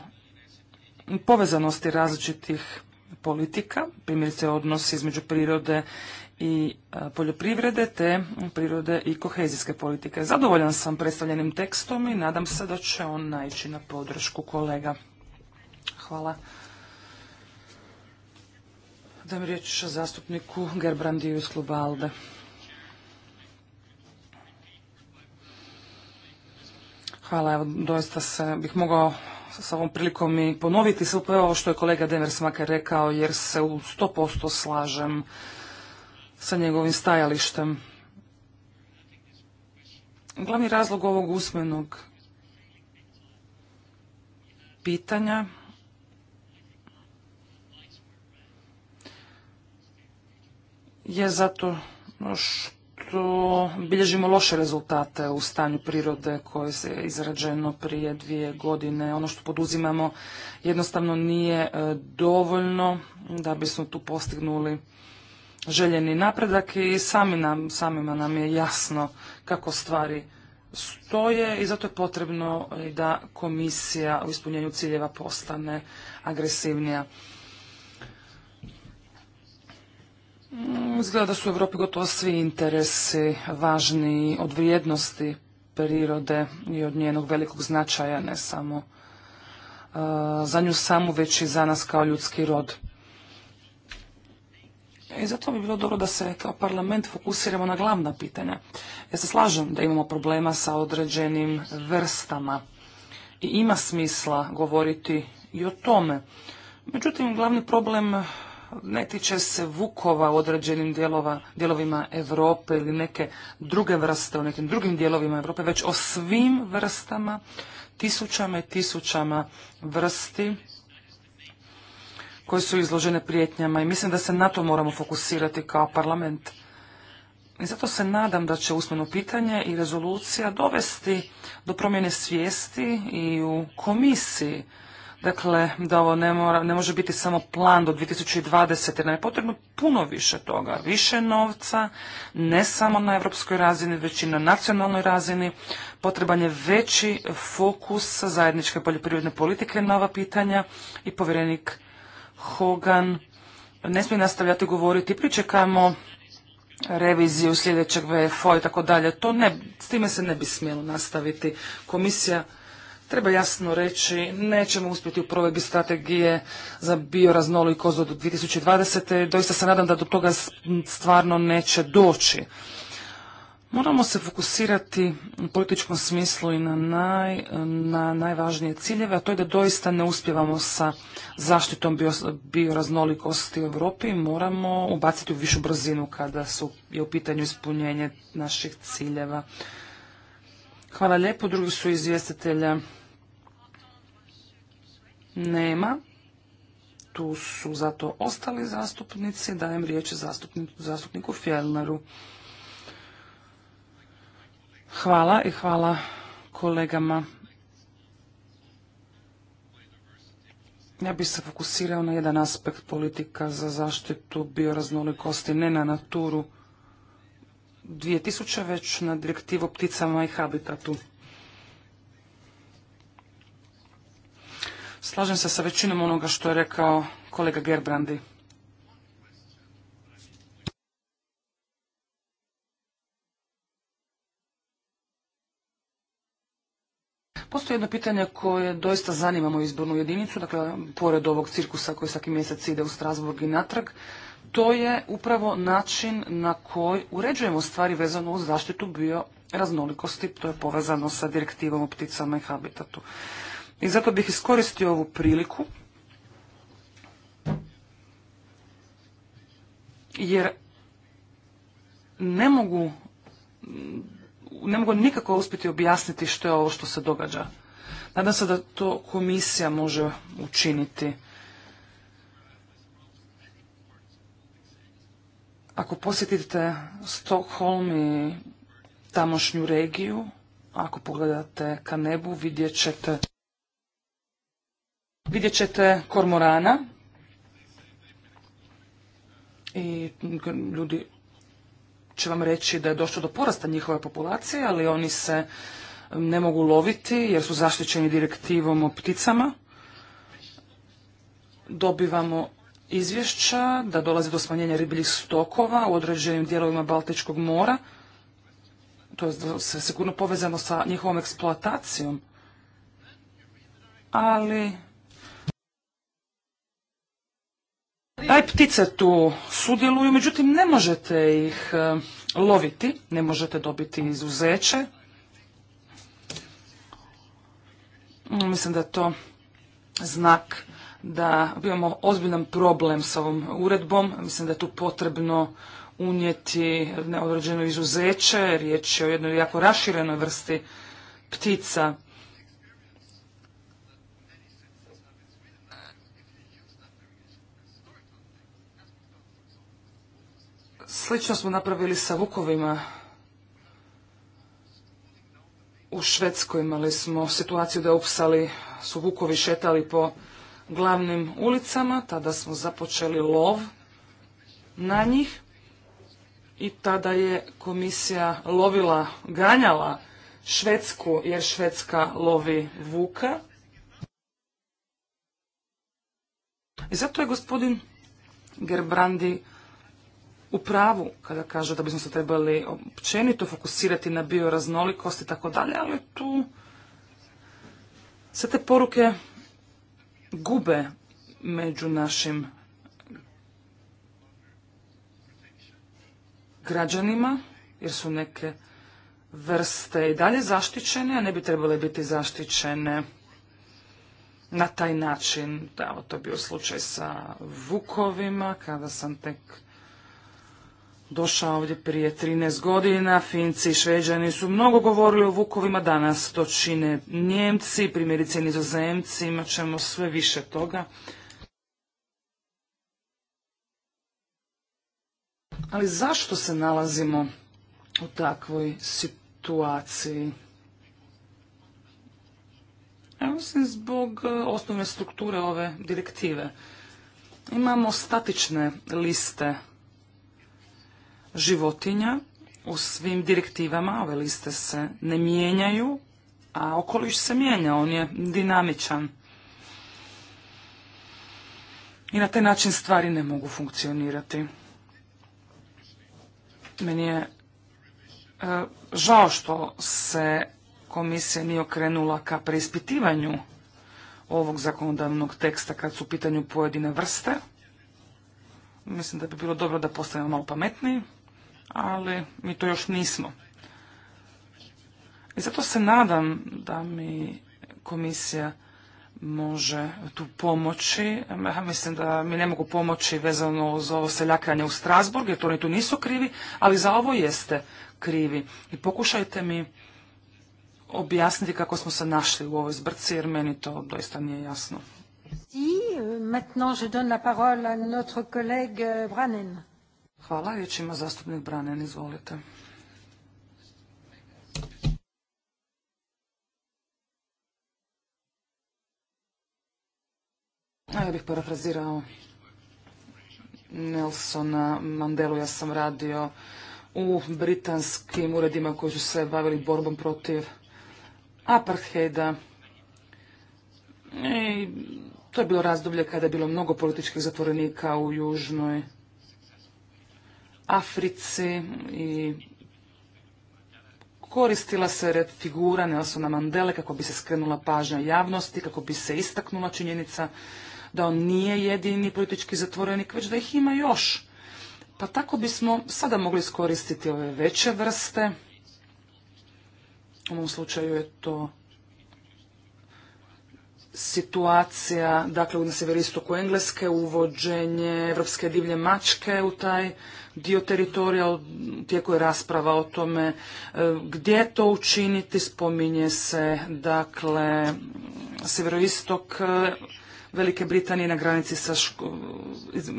povezanosti različitih politika, primjerice odnos između prirode i poljoprivrede te prirode i kohezijske politike. Zadovoljan sam predstavljenim tekstom i nadam se da će on naići na podršku kolega. Hvala. Dam riječ zastupniku Gerbrandiju iz kluba Alde. Hvala, evo doista se bih mogao s ovom prilikom i ponoviti sve upravo ovo što je kolega Demer rekao jer se u posto slažem sa njegovim stajalištem. Glavni razlog ovog usmenog pitanja je zato bilježimo loše rezultate u stanju prirode koje je izrađeno prije dvije godine. Ono što poduzimamo jednostavno nije e, dovoljno da bismo tu postignuli željeni napredak i sami nam, samima nam je jasno kako stvari stoje i zato je potrebno da komisija u ispunjenju ciljeva postane agresivnija. Mm, Izgleda da su u Europi gotovo svi interesi važni od vrijednosti prirode i od njenog velikog značaja, ne samo e, za nju samu, već i za nas kao ljudski rod. I zato bi bilo dobro da se kao parlament fokusiramo na glavna pitanja. Ja se slažem da imamo problema sa određenim vrstama i ima smisla govoriti i o tome. Međutim, glavni problem ne tiče se vukova u određenim dijelova, dijelovima Europe ili neke druge vrste u nekim drugim dijelovima Europe, već o svim vrstama, tisućama i tisućama vrsti koje su izložene prijetnjama i mislim da se na to moramo fokusirati kao parlament. I zato se nadam da će usmeno pitanje i rezolucija dovesti do promjene svijesti i u komisiji Dakle, da ovo ne, mora, ne može biti samo plan do 2020. Nam je potrebno puno više toga. Više novca, ne samo na europskoj razini, već i na nacionalnoj razini. Potreban je veći fokus zajedničke poljoprivredne politike na ova pitanja i povjerenik Hogan ne smije nastavljati govoriti. Pričekamo reviziju sljedećeg VFO i tako dalje. To ne, s time se ne bi smjelo nastaviti. Komisija Treba jasno reći, nećemo uspjeti u provedbi strategije za bioraznolikost od 2020. Doista se nadam da do toga stvarno neće doći. Moramo se fokusirati u političkom smislu i na, naj, na najvažnije ciljeve, a to je da doista ne uspjevamo sa zaštitom bioraznolikosti u Europi. Moramo ubaciti u višu brzinu kada su, je u pitanju ispunjenje naših ciljeva. Hvala lijepo. Drugi su izvjestitelja. Nema. Tu su zato ostali zastupnici. Dajem riječ zastupniku, zastupniku Fjellneru. Hvala i hvala kolegama. Ja bih se fokusirao na jedan aspekt politika za zaštitu bioraznolikosti, ne na naturu. 2000, već na direktivu o pticama i habitatu. Slažem se sa većinom onoga što je rekao kolega Gerbrandi. Postoji jedno pitanje koje doista zanimamo izbornu jedinicu, dakle, pored ovog cirkusa koji svaki mjesec ide u Strasburg i natrag, to je upravo način na koji uređujemo stvari vezano uz zaštitu bioraznolikosti, to je povezano sa direktivom o pticama i habitatu. I zato bih iskoristio ovu priliku, jer ne mogu, ne mogu nikako uspjeti objasniti što je ovo što se događa. Nadam se da to komisija može učiniti. Ako posjetite Stockholm i tamošnju regiju, ako pogledate ka nebu, vidjet ćete, vidjet ćete kormorana i ljudi će vam reći da je došlo do porasta njihove populacije, ali oni se ne mogu loviti jer su zaštićeni direktivom o pticama. Dobivamo izvješća da dolazi do smanjenja ribljih stokova u određenim dijelovima Baltičkog mora. To je se sigurno povezano sa njihovom eksploatacijom. Ali... Taj ptice tu sudjeluju, međutim ne možete ih e, loviti, ne možete dobiti izuzeće. Mislim da je to znak da imamo ozbiljan problem s ovom uredbom. Mislim da je tu potrebno unijeti neodređeno izuzeće. Riječ je o jednoj jako raširenoj vrsti ptica. Slično smo napravili sa vukovima. U Švedskoj imali smo situaciju da upsali su vukovi šetali po glavnim ulicama, tada smo započeli lov na njih i tada je komisija lovila, ganjala Švedsku jer Švedska lovi vuka. I zato je gospodin Gerbrandi u pravu kada kaže da bismo se trebali općenito fokusirati na bioraznolikost i tako dalje, ali tu sve te poruke gube među našim građanima, jer su neke vrste i dalje zaštićene, a ne bi trebale biti zaštićene na taj način. Da, to je bio slučaj sa vukovima, kada sam tek došao ovdje prije 13 godina. Finci i Šveđani su mnogo govorili o vukovima, danas to čine Njemci, primjerice Nizozemci, imat ćemo sve više toga. Ali zašto se nalazimo u takvoj situaciji? Ja mislim zbog e, osnovne strukture ove direktive. Imamo statične liste životinja u svim direktivama, ove liste se ne mijenjaju, a okoliš se mijenja, on je dinamičan. I na taj način stvari ne mogu funkcionirati. Meni je e, žao što se komisija nije okrenula ka preispitivanju ovog zakonodavnog teksta kad su u pitanju pojedine vrste. Mislim da bi bilo dobro da postanemo malo pametniji ali mi to još nismo. I zato se nadam da mi komisija može tu pomoći. Ja mislim da mi ne mogu pomoći vezano za ovo seljakanje u Strasburg, jer to oni tu nisu krivi, ali za ovo jeste krivi. I pokušajte mi objasniti kako smo se našli u ovoj zbrci, jer meni to doista nije jasno. Euh, maintenant, je donne la parole à notre collègue euh, Branen. Hvala. Riječ ima zastupnik Branen. Izvolite. Ja bih parafrazirao Nelsona Mandelu. Ja sam radio u britanskim uredima koji su se bavili borbom protiv apartheida. to je bilo razdoblje kada je bilo mnogo političkih zatvorenika u Južnoj Africi i koristila se red figura Nelsona Mandele kako bi se skrenula pažnja javnosti, kako bi se istaknula činjenica da on nije jedini politički zatvorenik, već da ih ima još. Pa tako bismo sada mogli iskoristiti ove veće vrste. U ovom slučaju je to situacija, dakle na severistoku Engleske, uvođenje evropske divlje mačke u taj dio teritorija, tijeku je rasprava o tome e, gdje to učiniti, spominje se dakle severoistok e, Velike Britanije na granici sa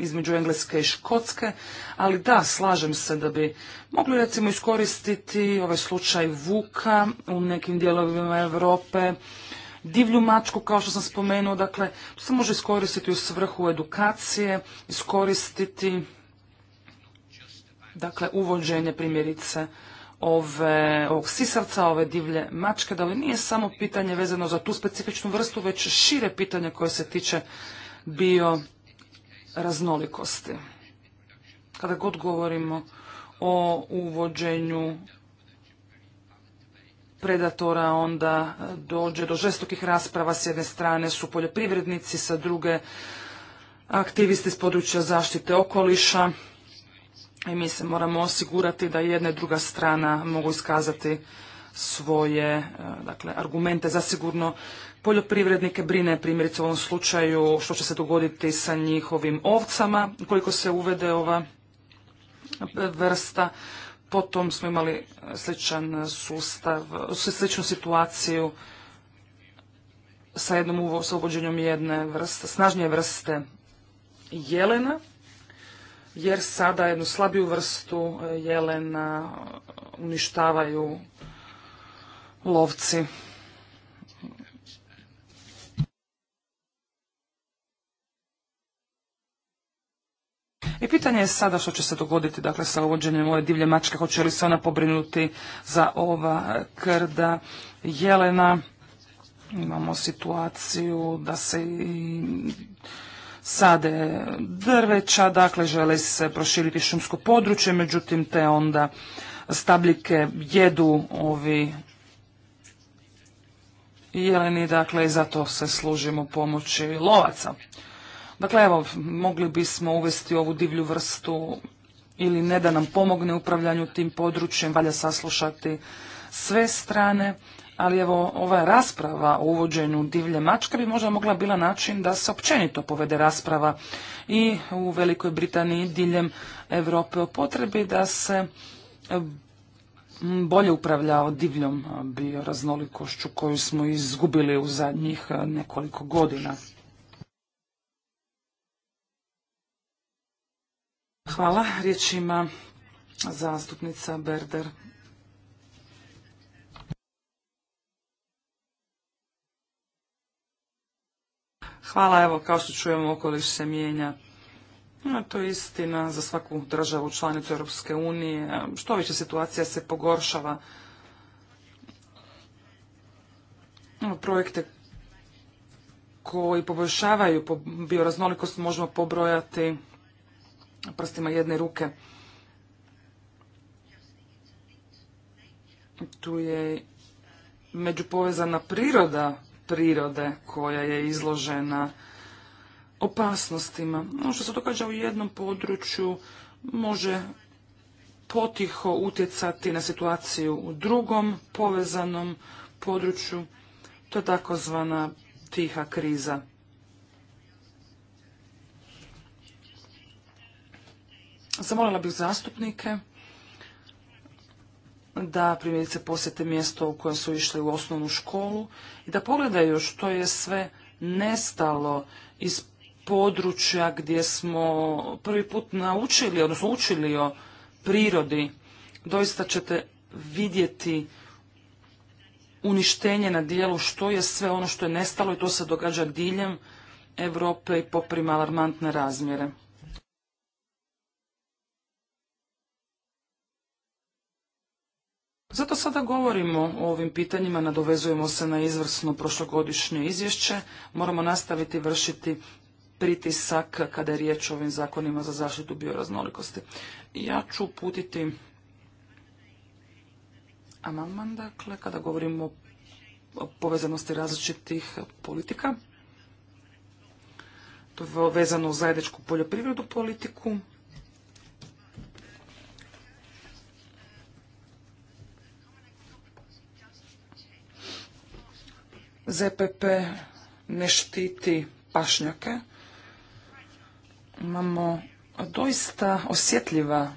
između Engleske i Škotske, ali da, slažem se da bi mogli recimo iskoristiti ovaj slučaj Vuka u nekim dijelovima Europe, divlju mačku, kao što sam spomenuo, dakle, to se može iskoristiti u svrhu edukacije, iskoristiti, dakle, uvođenje primjerice ove, ovog sisavca, ove divlje mačke, da li nije samo pitanje vezano za tu specifičnu vrstu, već šire pitanje koje se tiče bio raznolikosti. Kada god govorimo o uvođenju predatora, onda e, dođe do žestokih rasprava. S jedne strane su poljoprivrednici, sa druge aktivisti iz područja zaštite okoliša. I mi se moramo osigurati da jedna i druga strana mogu iskazati svoje e, dakle, argumente. Zasigurno poljoprivrednike brine primjerice u ovom slučaju što će se dogoditi sa njihovim ovcama koliko se uvede ova vrsta Potom smo imali e, sličan sustav, sličnu situaciju sa jednom uvođenjem jedne vrste, snažnije vrste jelena, jer sada jednu slabiju vrstu e, jelena uništavaju lovci. I pitanje je sada što će se dogoditi dakle, sa uvođenjem ove divlje mačke, hoće li se ona pobrinuti za ova krda jelena. Imamo situaciju da se sade drveća, dakle žele se proširiti šumsko područje, međutim te onda stabljike jedu ovi jeleni, dakle i zato se služimo pomoći lovaca. Dakle, evo, mogli bismo uvesti ovu divlju vrstu ili ne da nam pomogne upravljanju tim područjem, valja saslušati sve strane, ali evo ova rasprava o uvođenju divlje mačke bi možda mogla bila način da se općenito povede rasprava i u Velikoj Britaniji i diljem Europe o potrebi da se ehm, bolje o divljom bioraznolikošću koju smo izgubili u zadnjih ehm, nekoliko godina. Hvala. riječima zastupnica Berder. Hvala, evo, kao što čujemo, okoliš se mijenja. No, to je istina za svaku državu, članicu Europske unije. Što više situacija se pogoršava. Projekte koji poboljšavaju bioraznolikost možemo pobrojati prstima jedne ruke. Tu je međupovezana priroda prirode koja je izložena opasnostima. Ono što se događa u jednom području može potiho utjecati na situaciju u drugom povezanom području. To je takozvana tiha kriza. Zamolila bih zastupnike da primjerice posjete mjesto u kojem su išli u osnovnu školu i da pogledaju što je sve nestalo iz područja gdje smo prvi put naučili, odnosno učili o prirodi. Doista ćete vidjeti uništenje na dijelu što je sve ono što je nestalo i to se događa diljem Europe i poprima alarmantne razmjere. Zato sada govorimo o ovim pitanjima, nadovezujemo se na izvrsno prošlogodišnje izvješće, moramo nastaviti vršiti pritisak kada je riječ o ovim zakonima za zaštitu bioraznolikosti. Ja ću uputiti amandman, dakle, kada govorimo o povezanosti različitih politika, to je vezano uz zajedničku poljoprivrednu politiku, ZPP ne štiti pašnjake. Imamo doista osjetljiva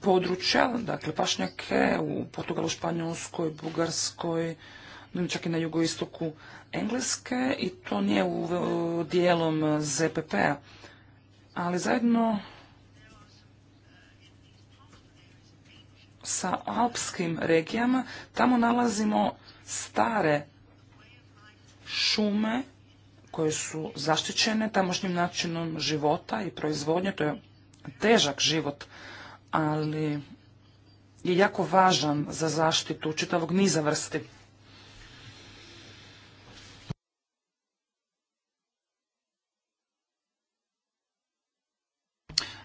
područja, dakle pašnjake u Portugalu, Španjolskoj, Bugarskoj, čak i na jugoistoku Engleske i to nije u dijelom ZPP-a. Ali zajedno sa alpskim regijama tamo nalazimo stare šume koje su zaštićene tamošnjim načinom života i proizvodnje. To je težak život, ali je jako važan za zaštitu čitavog niza vrsti.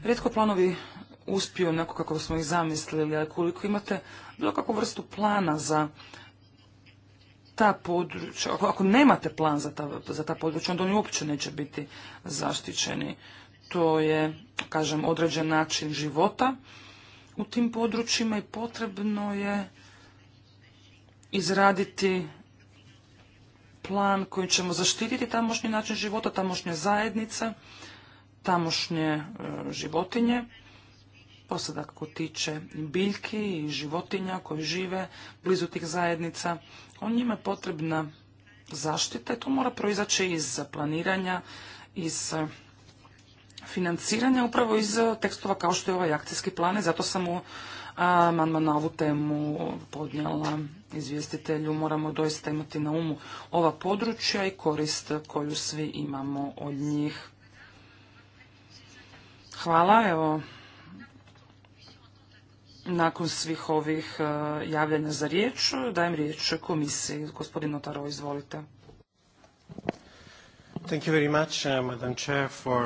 Rijetko planovi uspiju onako kako smo ih zamislili, ali koliko imate bilo kakvu vrstu plana za ta područja, ako, nemate plan za ta, za ta područja, onda oni uopće neće biti zaštićeni. To je, kažem, određen način života u tim područjima i potrebno je izraditi plan kojim ćemo zaštititi tamošnji način života, tamošnje zajednice, tamošnje e, životinje kako tiče biljki i životinja koji žive blizu tih zajednica. On njima je potrebna zaštita i to mora proizaći iz planiranja, iz e, financiranja, upravo iz e, tekstova kao što je ovaj akcijski plan i zato sam mu amandman na ovu temu podnijela izvjestitelju. Moramo doista imati na umu ova područja i korist koju svi imamo od njih. Hvala, evo nakon svih ovih e, javljanja za riječ, dajem riječ komisiji. Gospodin Notaro, izvolite. Thank uh,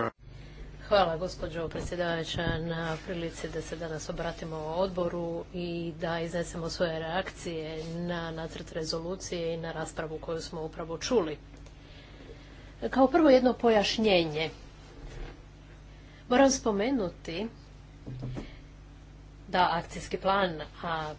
Hvala gospođo predsjedavajuća na prilici da se danas obratimo u odboru i da iznesemo svoje reakcije na nacrt rezolucije i na raspravu koju smo upravo čuli. Kao prvo jedno pojašnjenje. Moram spomenuti da akcijski plan, a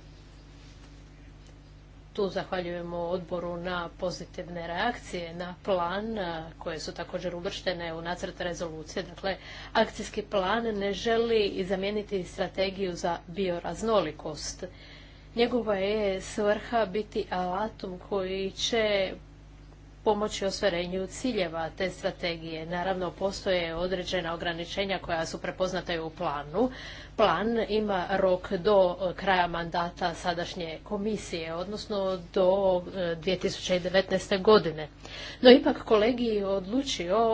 tu zahvaljujemo odboru na pozitivne reakcije na plan koje su također uvrštene u nacrt rezolucije. Dakle, akcijski plan ne želi zamijeniti strategiju za bioraznolikost. Njegova je svrha biti alatom koji će pomoći ostvarenju ciljeva te strategije. Naravno, postoje određena ograničenja koja su prepoznata u planu. Plan ima rok do kraja mandata sadašnje komisije, odnosno do 2019. E, godine. No ipak kolegi je odlučio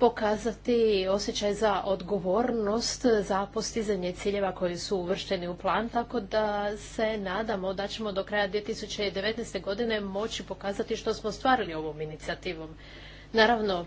pokazati osjećaj za odgovornost za postizanje ciljeva koji su uvršteni u plan, tako da se nadamo da ćemo do kraja 2019. godine moći pokazati što smo stvarili ovom inicijativom. Naravno,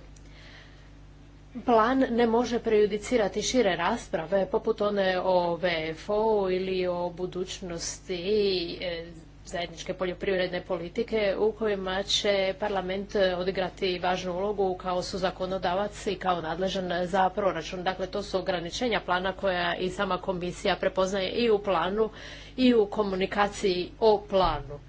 plan ne može prejudicirati šire rasprave, poput one o VFO ili o budućnosti e, zajedničke poljoprivredne politike u kojima će parlament e, odigrati važnu ulogu kao su zakonodavac i kao nadležan za proračun. Dakle, to su ograničenja plana koja i sama komisija prepoznaje i u planu i u komunikaciji o planu.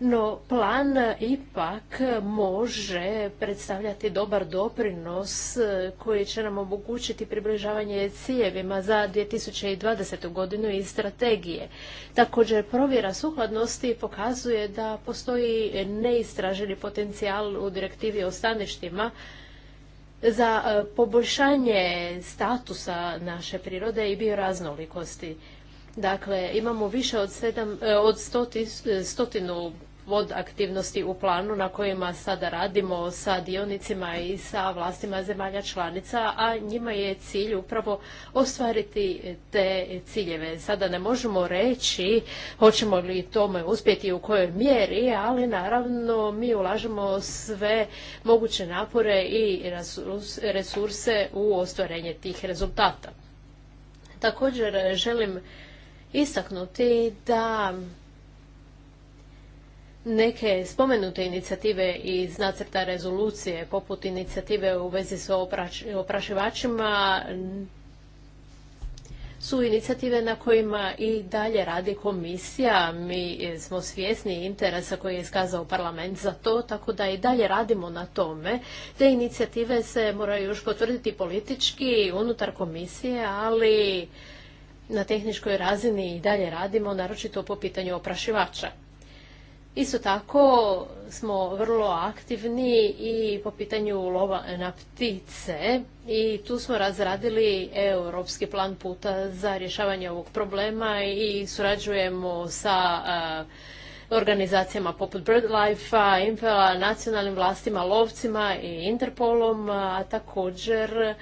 No, plan ipak može predstavljati dobar doprinos e, koji će nam omogućiti približavanje ciljevima za 2020. godinu i strategije. Također, provjera sukladnosti pokazuje da postoji neistraženi potencijal u direktivi o staništima za e, poboljšanje statusa naše prirode i bioraznolikosti. Dakle, imamo više od, sedam, e, od e, stotinu vod aktivnosti u planu na kojima sada radimo sa dionicima i sa vlastima zemalja članica, a njima je cilj upravo ostvariti te ciljeve. Sada ne možemo reći hoćemo li tome uspjeti u kojoj mjeri, ali naravno mi ulažemo sve moguće napore i resurse u ostvarenje tih rezultata. Također želim istaknuti da neke spomenute inicijative iz nacrta rezolucije, poput inicijative u vezi sa oprašivačima, su inicijative na kojima i dalje radi komisija. Mi smo svjesni interesa koji je iskazao parlament za to, tako da i dalje radimo na tome. Te inicijative se moraju još potvrditi politički unutar komisije, ali na tehničkoj razini i dalje radimo, naročito po pitanju oprašivača. Isto tako smo vrlo aktivni i po pitanju lova na ptice i tu smo razradili europski plan puta za rješavanje ovog problema i surađujemo sa eh, organizacijama poput birdlife nacionalnim vlastima, lovcima i Interpolom, a također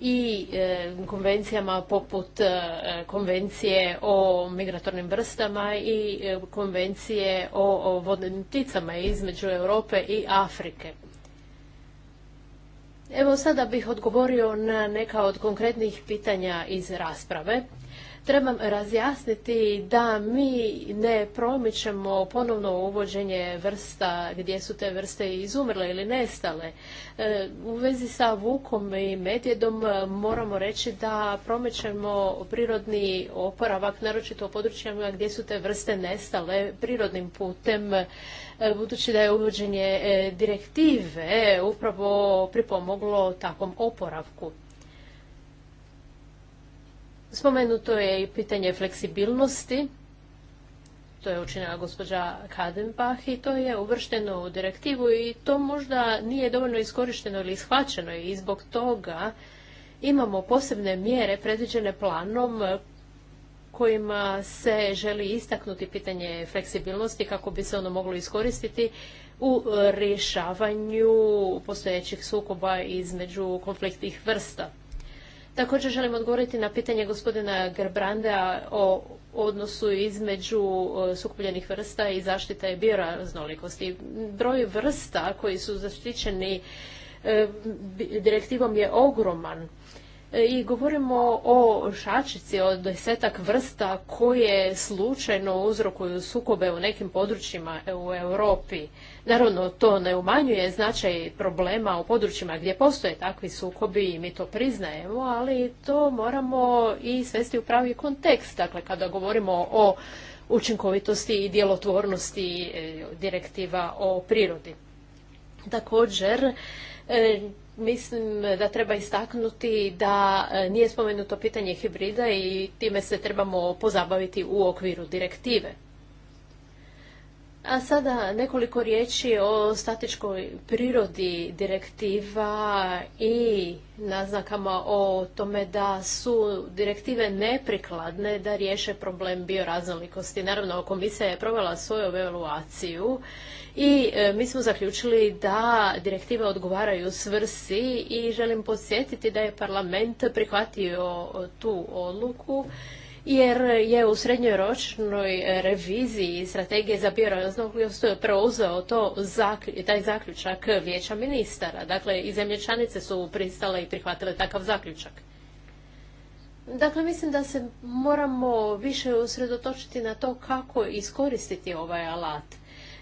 i e, konvencijama poput e, konvencije o migratornim vrstama i e, konvencije o vodnim pticama između Europe i Afrike. Evo sada bih odgovorio na neka od konkretnih pitanja iz rasprave. Trebam razjasniti da mi ne promičemo ponovno uvođenje vrsta gdje su te vrste izumrle ili nestale. E, u vezi sa vukom i Medjedom e, moramo reći da promičemo prirodni oporavak, naročito u područjima gdje su te vrste nestale prirodnim putem, e, budući da je uvođenje direktive upravo pripomoglo takvom oporavku. Spomenuto je i pitanje fleksibilnosti, to je učinila gospođa Kadenbach i to je uvršteno u direktivu i to možda nije dovoljno iskorišteno ili ishvaćeno i zbog toga imamo posebne mjere predviđene planom kojima se želi istaknuti pitanje fleksibilnosti kako bi se ono moglo iskoristiti u rješavanju postojećih sukoba između konfliktnih vrsta. Također želim odgovoriti na pitanje gospodina Gerbranda o odnosu između e, sukupljenih vrsta i zaštite bioraznolikosti. Broj vrsta koji su zaštićeni e, direktivom je ogroman E, i govorimo o šačici o desetak vrsta koje slučajno uzrokuju sukobe u nekim područjima u Europi. Naravno, to ne umanjuje značaj problema u područjima gdje postoje takvi sukobi i mi to priznajemo, ali to moramo i svesti u pravi kontekst. Dakle, kada govorimo o učinkovitosti i djelotvornosti e, direktiva o prirodi. Također, e, mislim da treba istaknuti da e, nije spomenuto pitanje hibrida i time se trebamo pozabaviti u okviru direktive. A sada nekoliko riječi o statičkoj prirodi direktiva i naznakama o tome da su direktive neprikladne da riješe problem bioraznolikosti. Naravno, komisija je provela svoju evaluaciju i e, mi smo zaključili da direktive odgovaraju svrsi i želim podsjetiti da je parlament prihvatio tu odluku jer je u srednjoročnoj e, reviziji strategije za bioraznolikost preuzeo to, taj zaključak vijeća ministara. Dakle, i zemlje članice su pristale i prihvatile takav zaključak. Dakle, mislim da se moramo više usredotočiti na to kako iskoristiti ovaj alat.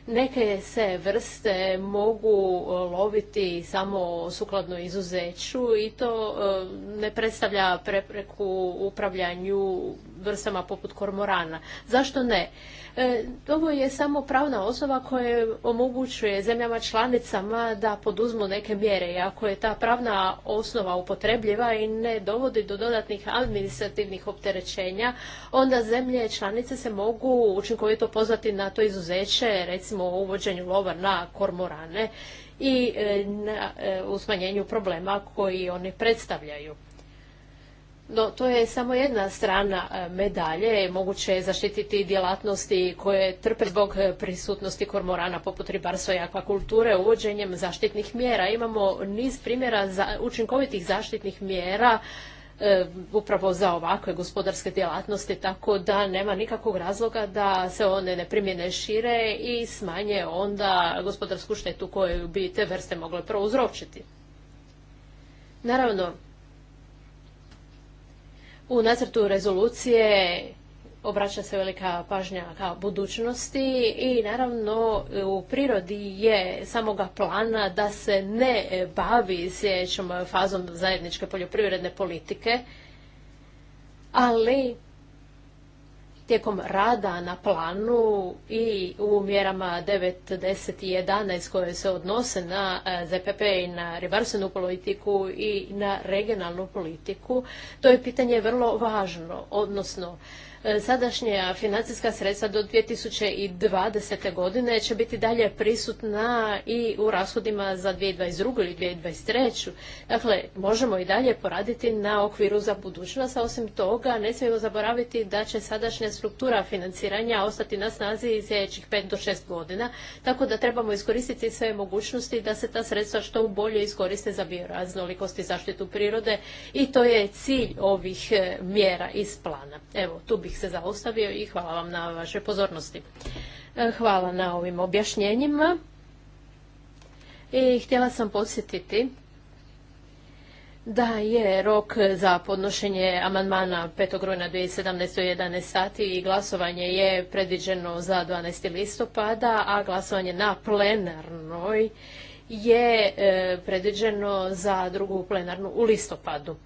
Neke se vrste mogu e, loviti samo sukladno izuzeću i to e, ne predstavlja prepreku upravljanju vrstama poput kormorana. Zašto ne? E, ovo je samo pravna osoba koja omogućuje zemljama članicama da poduzmu neke mjere. I ako je ta pravna osnova upotrebljiva i ne dovodi do dodatnih administrativnih opterećenja, onda zemlje članice se mogu učinkovito pozvati na to izuzeće, recimo o uvođenju lova na kormorane i e, e, u smanjenju problema koji oni predstavljaju. No, to je samo jedna strana e, medalje. Moguće je zaštititi djelatnosti koje trpe zbog e, prisutnosti kormorana poput ribarstva i akvakulture uvođenjem zaštitnih mjera. Imamo niz primjera za učinkovitih zaštitnih mjera e, upravo za ovakve gospodarske djelatnosti, tako da nema nikakvog razloga da se one ne primjene šire i smanje onda gospodarsku štetu koju bi te vrste mogle prouzročiti. Naravno, u nacrtu rezolucije obraća se velika pažnja kao budućnosti i naravno u prirodi je samoga plana da se ne bavi sljedećom fazom zajedničke poljoprivredne politike, ali tijekom rada na planu i u mjerama 9, 10 i 11 koje se odnose na e, ZPP i na ribarstvenu politiku i na regionalnu politiku, to je pitanje vrlo važno, odnosno E, sadašnja financijska sredstva do 2020. godine će biti dalje prisutna i u rashodima za 2022. ili 2023. Dakle, možemo i dalje poraditi na okviru za budućnost, a osim toga ne smijemo zaboraviti da će sadašnja struktura financiranja ostati na snazi iz sljedećih 5 do 6 godina, tako da trebamo iskoristiti sve mogućnosti da se ta sredstva što bolje iskoriste za bioraznolikost i zaštitu prirode i to je cilj ovih e, mjera iz plana. Evo, tu bi bih se zaustavio i hvala vam na vašoj pozornosti. E, hvala na ovim objašnjenjima. I htjela sam podsjetiti da je rok za podnošenje amandmana 5. rujna 2017. u 11 sati i glasovanje je predviđeno za 12. listopada, a glasovanje na plenarnoj je e, predviđeno za drugu plenarnu u listopadu.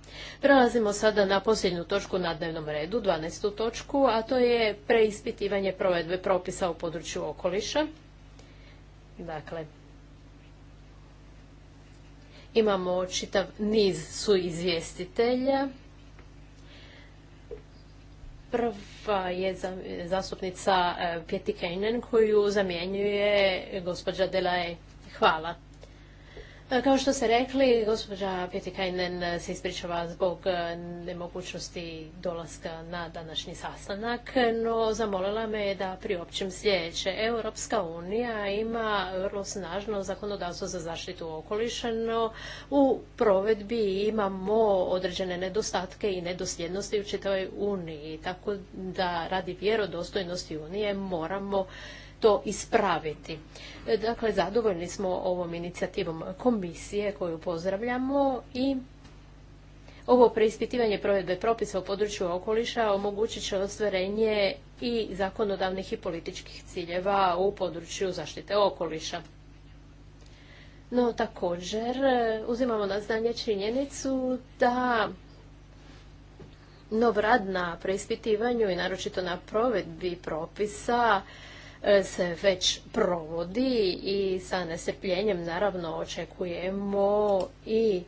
Prelazimo sada na posljednju točku na dnevnom redu, 12. točku, a to je preispitivanje provedbe propisa u području okoliša. Dakle, imamo čitav niz suizvjestitelja. Prva je zastupnica e, Pjeti Kejnen koju zamjenjuje gospođa Delaje. Hvala. E, kao što ste rekli, gospođa Pjetikajnen se ispričava zbog e, nemogućnosti dolaska na današnji sastanak, no zamolila me da priopćim sljedeće. Europska unija ima vrlo snažno zakonodavstvo za zaštitu okoliša, no u provedbi imamo određene nedostatke i nedosljednosti u čitavoj uniji, tako da radi vjerodostojnosti unije moramo to ispraviti. E, dakle, zadovoljni smo ovom inicijativom komisije koju pozdravljamo i ovo preispitivanje provedbe propisa u području okoliša omogućit će ostvarenje i zakonodavnih i političkih ciljeva u području zaštite okoliša. No također e, uzimamo na znanje činjenicu da nov rad na preispitivanju i naročito na provedbi propisa E, se već provodi i sa nesrpljenjem, naravno očekujemo i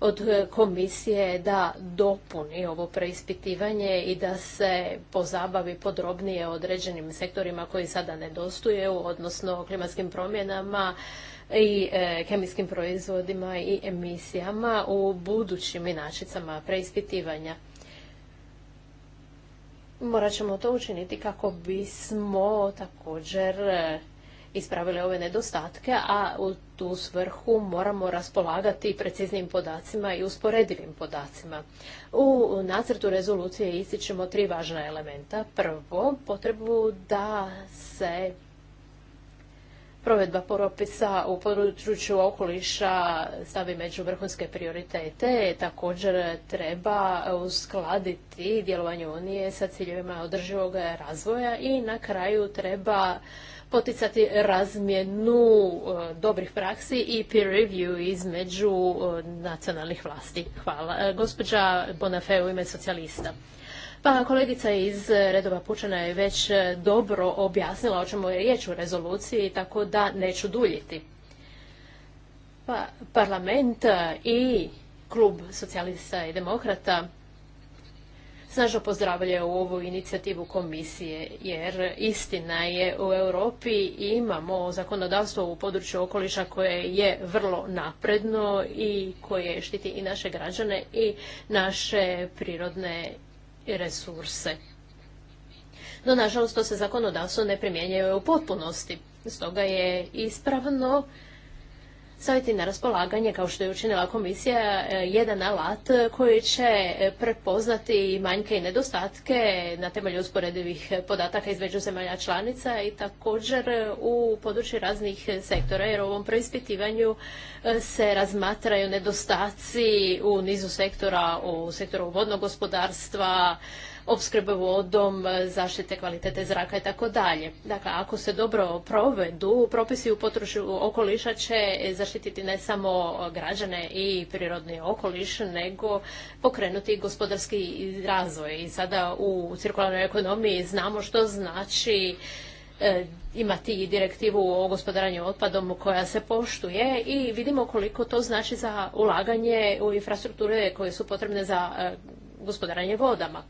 od komisije da dopuni ovo preispitivanje i da se pozabavi podrobnije određenim sektorima koji sada nedostuje, odnosno klimatskim promjenama i e, kemijskim proizvodima i emisijama u budućim inačicama preispitivanja. Morat ćemo to učiniti kako bismo također e, ispravili ove nedostatke, a u tu svrhu moramo raspolagati preciznim podacima i usporedivim podacima. U nacrtu rezolucije ističemo tri važna elementa. Prvo, potrebu da se provedba propisa u području okoliša stavi među vrhunske prioritete, također treba uskladiti djelovanje Unije sa ciljevima održivog razvoja i na kraju treba poticati razmjenu e, dobrih praksi i peer review između e, nacionalnih vlasti. Hvala. E, gospođa Bonafeo u ime socijalista. Pa kolegica iz redova Pučana je već e, dobro objasnila o čemu je riječ u rezoluciji, tako da neću duljiti. Pa, parlament e, i klub socijalista i demokrata snažno pozdravljaju ovu inicijativu komisije, jer istina je u Europi imamo zakonodavstvo u području okoliša koje je vrlo napredno i koje štiti i naše građane i naše prirodne resurse. No, nažalost, to se zakonodavstvo ne primjenjuje u potpunosti. Stoga je ispravno staviti na raspolaganje, kao što je učinila komisija, e, jedan alat koji će e, prepoznati manjke i nedostatke na temelju usporedivih e, podataka između zemalja članica i također u području raznih sektora, jer u ovom preispitivanju se razmatraju nedostaci u nizu sektora, u sektoru vodnog gospodarstva, opskrbe vodom, e, zaštite kvalitete zraka i tako dalje. Dakle, ako se dobro provedu, propisi u potrošu okoliša će zaštititi ne samo građane i prirodni okoliš, nego pokrenuti gospodarski razvoj. I sada u cirkularnoj ekonomiji znamo što znači e, imati direktivu o gospodaranju otpadom koja se poštuje i vidimo koliko to znači za ulaganje u infrastrukture koje su potrebne za e, gospodaranje vodama.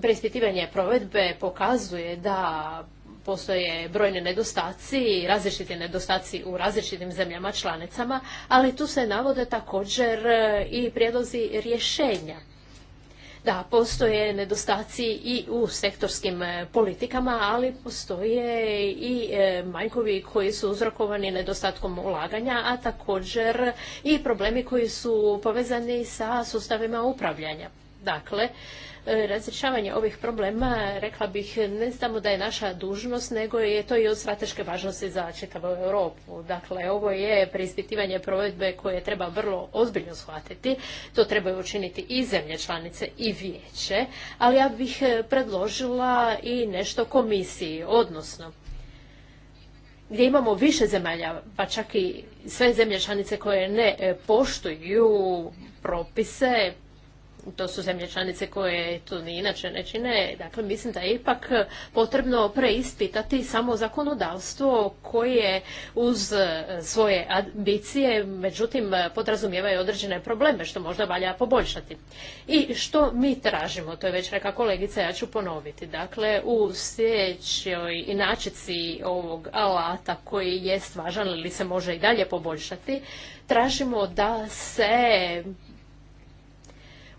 preispitivanje provedbe pokazuje da postoje brojne nedostaci, različiti nedostaci u različitim zemljama članicama, ali tu se navode također e, i prijedlozi rješenja. Da, postoje nedostaci i u sektorskim e, politikama, ali postoje i e, manjkovi koji su uzrokovani nedostatkom ulaganja, a također i problemi koji su povezani sa sustavima upravljanja. Dakle, E, razrješavanje ovih problema, rekla bih, ne samo da je naša dužnost, nego je to i od strateške važnosti za čitavu Europu. Dakle, ovo je preispitivanje provedbe koje treba vrlo ozbiljno shvatiti. To trebaju učiniti i zemlje članice i vijeće, ali ja bih e, predložila i nešto komisiji, odnosno gdje imamo više zemalja, pa čak i sve zemlje članice koje ne e, poštuju propise, to su zemlje članice koje to ni inače ne čine. Dakle, mislim da je ipak potrebno preispitati samo zakonodavstvo koje uz svoje ambicije, međutim, podrazumijevaju određene probleme što možda valja poboljšati. I što mi tražimo, to je već reka kolegica, ja ću ponoviti. Dakle, u sljedećoj inačici ovog alata koji je važan ili se može i dalje poboljšati, tražimo da se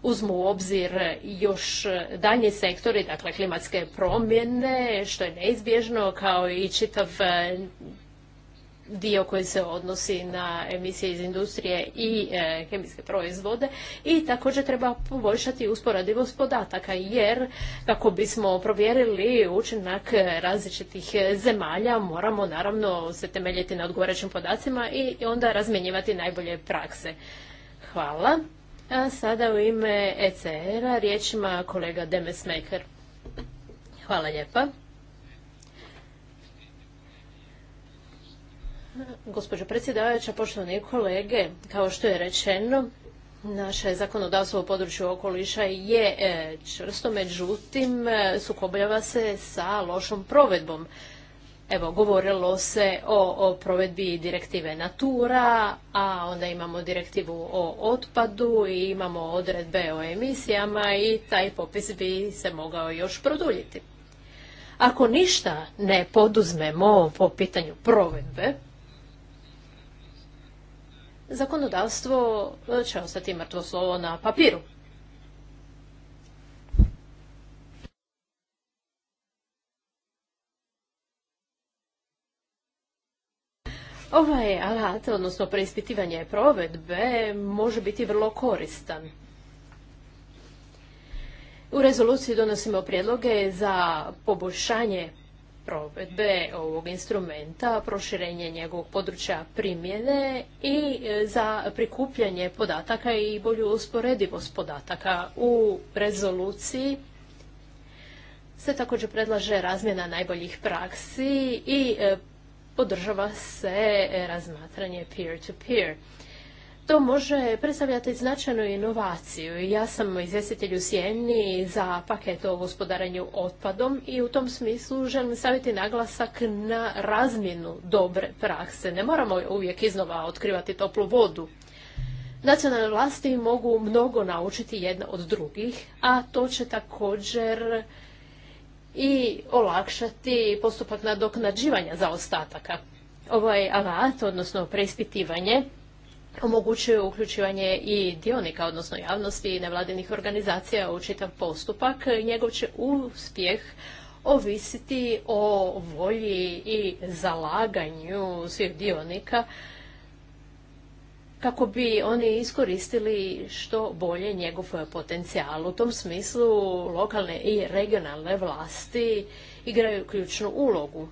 uzmu u obzir još dalje sektori, dakle klimatske promjene, što je neizbježno, kao i čitav e, dio koji se odnosi na emisije iz industrije i e, kemijske proizvode i također treba poboljšati usporedivost podataka jer kako bismo provjerili učinak različitih zemalja moramo naravno se temeljiti na odgovarajućim podacima i onda razmjenjivati najbolje prakse. Hvala. A sada u ime ECR-a riječima kolega Demesmaker. Hvala lijepa. Gospođo predsjedavajuća, poštovani kolege, kao što je rečeno, naše zakonodavstvo u području okoliša je e, čvrsto, međutim e, sukobljava se sa lošom provedbom. Evo, govorilo se o, provedbi direktive Natura, a onda imamo direktivu o otpadu i imamo odredbe o emisijama i taj popis bi se mogao još produljiti. Ako ništa ne poduzmemo po pitanju provedbe, zakonodavstvo će ostati mrtvo slovo na papiru. Ovaj alat, odnosno preispitivanje provedbe, može biti vrlo koristan. U rezoluciji donosimo prijedloge za poboljšanje provedbe ovog instrumenta, proširenje njegovog područja primjene i e, za prikupljanje podataka i bolju usporedivost podataka. U rezoluciji se također predlaže razmjena najboljih praksi i e, podržava se razmatranje peer-to-peer. To može predstavljati značajnu inovaciju. Ja sam izvjestitelj u za paket o gospodaranju otpadom i u tom smislu želim staviti naglasak na razmjenu dobre prakse. Ne moramo uvijek iznova otkrivati toplu vodu. Nacionalne vlasti mogu mnogo naučiti jedna od drugih, a to će također i olakšati postupak nadoknađivanja zaostataka. Ovaj alat, odnosno preispitivanje, omogućuje uključivanje i dionika, odnosno javnosti i nevladinih organizacija u čitav postupak. Njegov će uspjeh ovisiti o volji i zalaganju svih dionika kako bi oni iskoristili što bolje njegov e, potencijal. U tom smislu lokalne i regionalne vlasti igraju ključnu ulogu.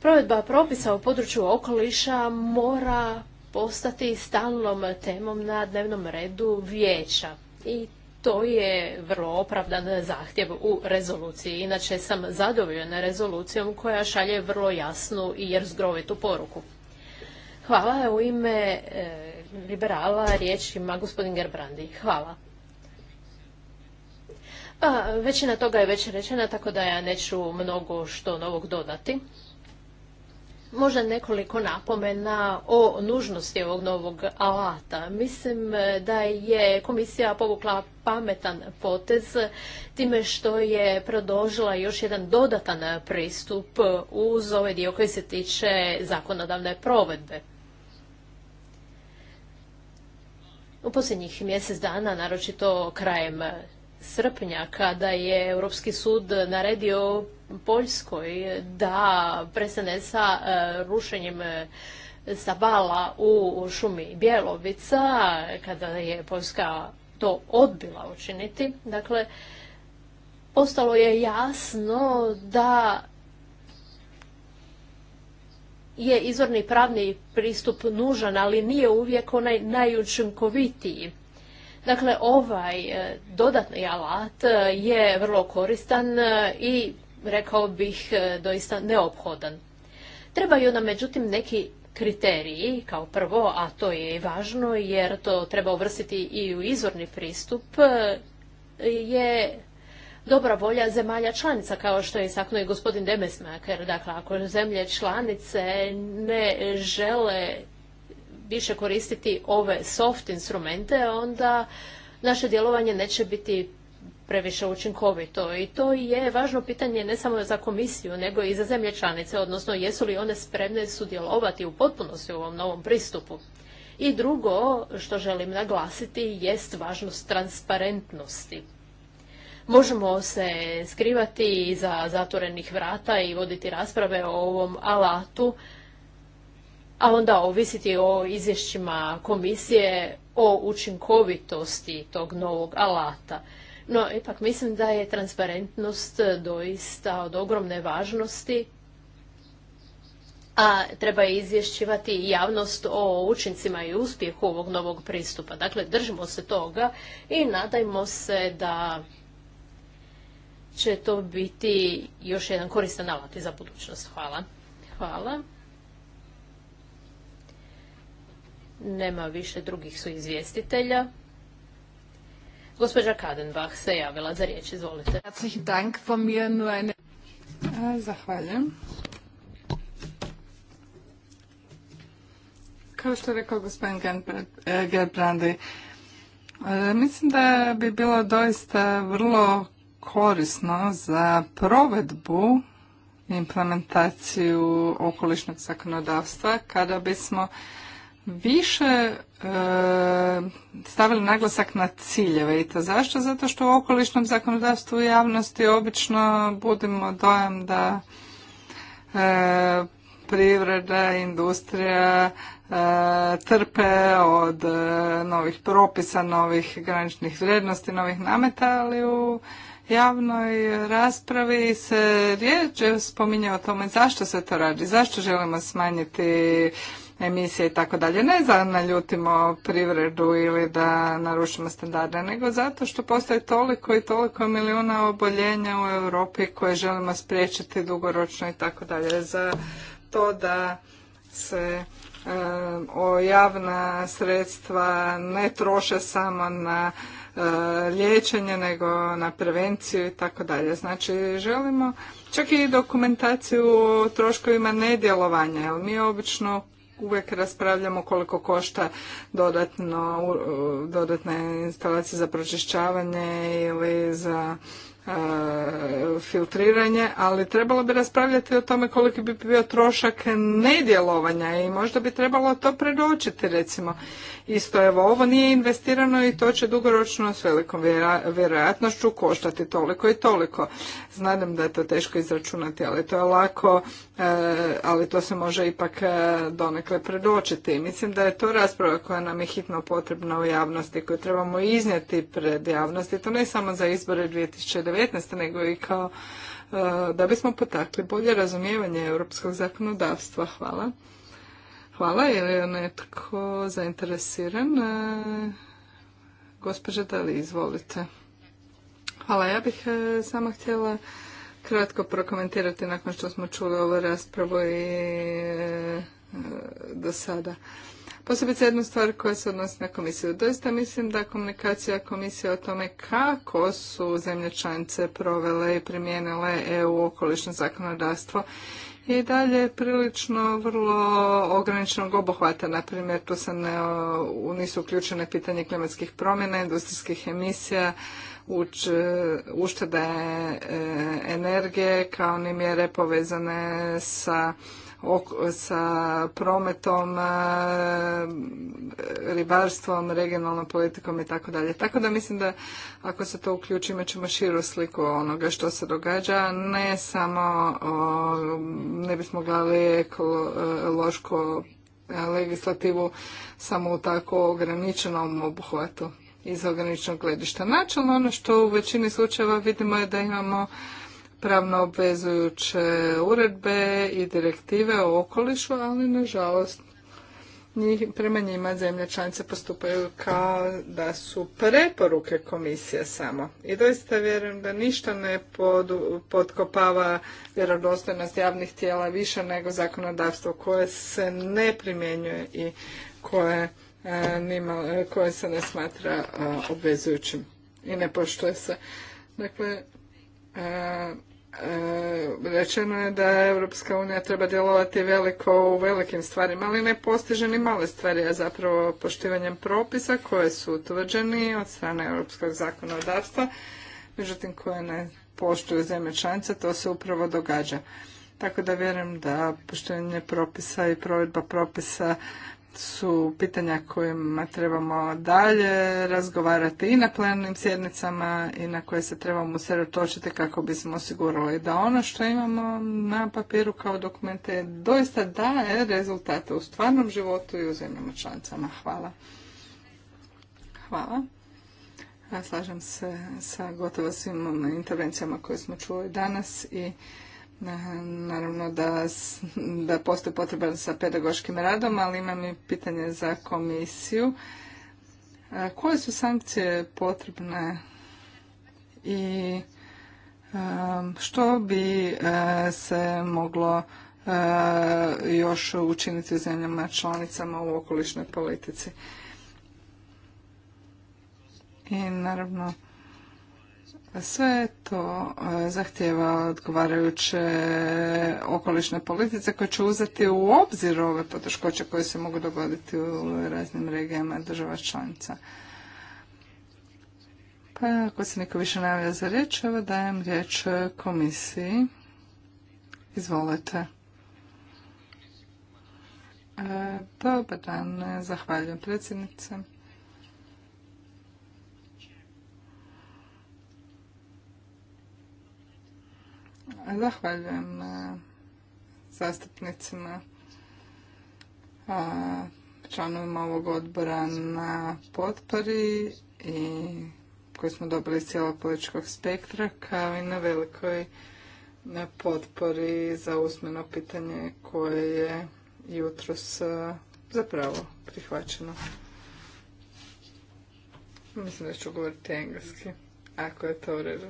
Provedba propisa u području okoliša mora postati stalnom temom na dnevnom redu vijeća i to je vrlo opravdan zahtjev u rezoluciji. Inače sam zadovoljena rezolucijom koja šalje vrlo jasnu i zgrovitu poruku. Hvala. U ime e, liberala riječ ima gospodin Gerbrandi. Hvala. Pa, većina toga je već rečena, tako da ja neću mnogo što novog dodati. Možda nekoliko napomena o nužnosti ovog novog alata. Mislim e, da je komisija povukla pametan potez time što je predložila još jedan dodatan pristup uz ovaj dio koji se tiče zakonodavne provedbe. U posljednjih mjesec dana, naročito krajem srpnja, kada je Europski sud naredio Poljskoj da prestane sa e, rušenjem e, sabala u šumi Bjelovica, kada je Poljska to odbila učiniti, dakle, postalo je jasno da je izvorni pravni pristup nužan, ali nije uvijek onaj najučinkovitiji. Dakle, ovaj e, dodatni alat e, je vrlo koristan e, i rekao bih doista neophodan. Trebaju nam međutim neki kriteriji kao prvo, a to je i važno jer to treba uvrstiti i u izvorni pristup, je dobra volja zemalja članica, kao što je istaknuo i gospodin Demesmaker. Dakle, ako zemlje članice ne žele više koristiti ove soft instrumente, onda naše djelovanje neće biti previše učinkovito. I to je važno pitanje ne samo za komisiju, nego i za zemlje članice, odnosno jesu li one spremne sudjelovati u potpunosti u ovom novom pristupu. I drugo što želim naglasiti jest važnost transparentnosti. Možemo se skrivati iza zatvorenih vrata i voditi rasprave o ovom alatu, a onda ovisiti o izvješćima komisije o učinkovitosti tog novog alata. No, ipak mislim da je transparentnost doista od ogromne važnosti, a treba izvješćivati javnost o učincima i uspjehu ovog novog pristupa. Dakle, držimo se toga i nadajmo se da će to biti još jedan koristan alat za budućnost. Hvala. Hvala. Nema više drugih su izvjestitelja. Gospođa Kadenbach se javila za riječ, izvolite. Zahvaljujem. Kao što je rekao gospodin eh, Gerbrandi, eh, mislim da bi bilo doista vrlo korisno za provedbu implementaciju okolišnog zakonodavstva kada bismo više e, stavili naglasak na ciljeve i to zašto? Zato što u okolišnom zakonodavstvu u javnosti obično budimo dojam da e, privreda, industrija e, trpe od e, novih propisa, novih graničnih vrijednosti, novih nameta, ali u javnoj raspravi se riječ spominje o tome zašto se to radi, zašto želimo smanjiti emisije i tako dalje. Ne za naljutimo privredu ili da narušimo standarde, nego zato što postoje toliko i toliko milijuna oboljenja u Europi koje želimo spriječiti dugoročno i tako dalje. Za to da se e, o javna sredstva ne troše samo na E, liječenje nego na prevenciju i tako dalje. Znači želimo čak i dokumentaciju o troškovima nedjelovanja, jer mi obično uvijek raspravljamo koliko košta dodatno, dodatne instalacije za pročišćavanje ili za e, filtriranje, ali trebalo bi raspravljati o tome koliki bi bio trošak nedjelovanja i možda bi trebalo to predočiti recimo Isto evo, ovo nije investirano i to će dugoročno s velikom vjerojatnošću koštati toliko i toliko. Znam da je to teško izračunati, ali to je lako, e, ali to se može ipak e, donekle predočiti. Mislim da je to rasprava koja nam je hitno potrebna u javnosti, koju trebamo iznijeti pred javnosti. To ne samo za izbore 2019. nego i kao e, da bismo potakli bolje razumijevanje europskog zakonodavstva. Hvala. Hvala. Je li netko zainteresiran? E, gospođa Dali, izvolite. Hvala. Ja bih e, samo htjela kratko prokomentirati nakon što smo čuli ovu raspravu i e, do sada. Posebice jednu stvar koja se odnosi na komisiju. Doista mislim da komunikacija komisije o tome kako su zemlje članice provele i primijenile EU okolišno zakonodavstvo i dalje prilično vrlo ograničenog obuhvata. Naprimjer, tu se ne, nisu uključene pitanje klimatskih promjena, industrijskih emisija, uč, e, uštede e, energije kao ni mjere povezane sa sa prometom, e, ribarstvom, regionalnom politikom i tako dalje. Tako da mislim da ako se to uključi imat ćemo širu sliku onoga što se događa, ne samo ne bismo gledali ekološku e, e, legislativu samo u tako ograničenom obuhvatu iz ograničenog gledišta. Načelno ono što u većini slučajeva vidimo je da imamo pravno obvezujuće uredbe i direktive o okolišu, ali nažalost prema njima zemlje članice postupaju kao da su preporuke komisije samo. I doista vjerujem da ništa ne pod, potkopava vjerodostojnost javnih tijela više nego zakonodavstvo koje se ne primjenjuje i koje, e, koje se ne smatra e, obvezujućim i ne poštuje se. Dakle, e, E, rečeno je da Europska unija treba djelovati veliko u velikim stvarima, ali ne postiže ni male stvari, a zapravo poštivanjem propisa koje su utvrđeni od strane europskog zakonodavstva, međutim koje ne poštuju zemlje članice, to se upravo događa. Tako da vjerujem da poštivanje propisa i provedba propisa su pitanja kojima trebamo dalje razgovarati i na plenarnim sjednicama i na koje se trebamo usredotočiti kako bismo osigurali da ono što imamo na papiru kao dokumente doista daje rezultate u stvarnom životu i u zemljama članicama. Hvala. Hvala. Ja slažem se sa gotovo svim intervencijama koje smo čuli danas i Naravno da, da postoji potreba sa pedagoškim radom, ali imam i pitanje za komisiju. E, koje su sankcije potrebne i što bi e, se moglo e, još učiniti u zemljama članicama u okolišnoj politici? I naravno sve to e, zahtjeva odgovarajuće okolišne politice koje će uzeti u obzir ove poteškoće koje se mogu dogoditi u raznim regijama država članica. Pa ako se niko više javlja za riječ, evo dajem riječ komisiji. Izvolite. E, dobar dan, zahvaljujem predsjednice. Zahvaljujem eh, zastupnicima eh, članovima ovog odbora na potpori i koji smo dobili iz cijelog političkog spektra, kao i na velikoj eh, potpori za usmeno pitanje koje je jutros zapravo prihvaćeno. Mislim da ću govoriti engleski, ako je to u redu.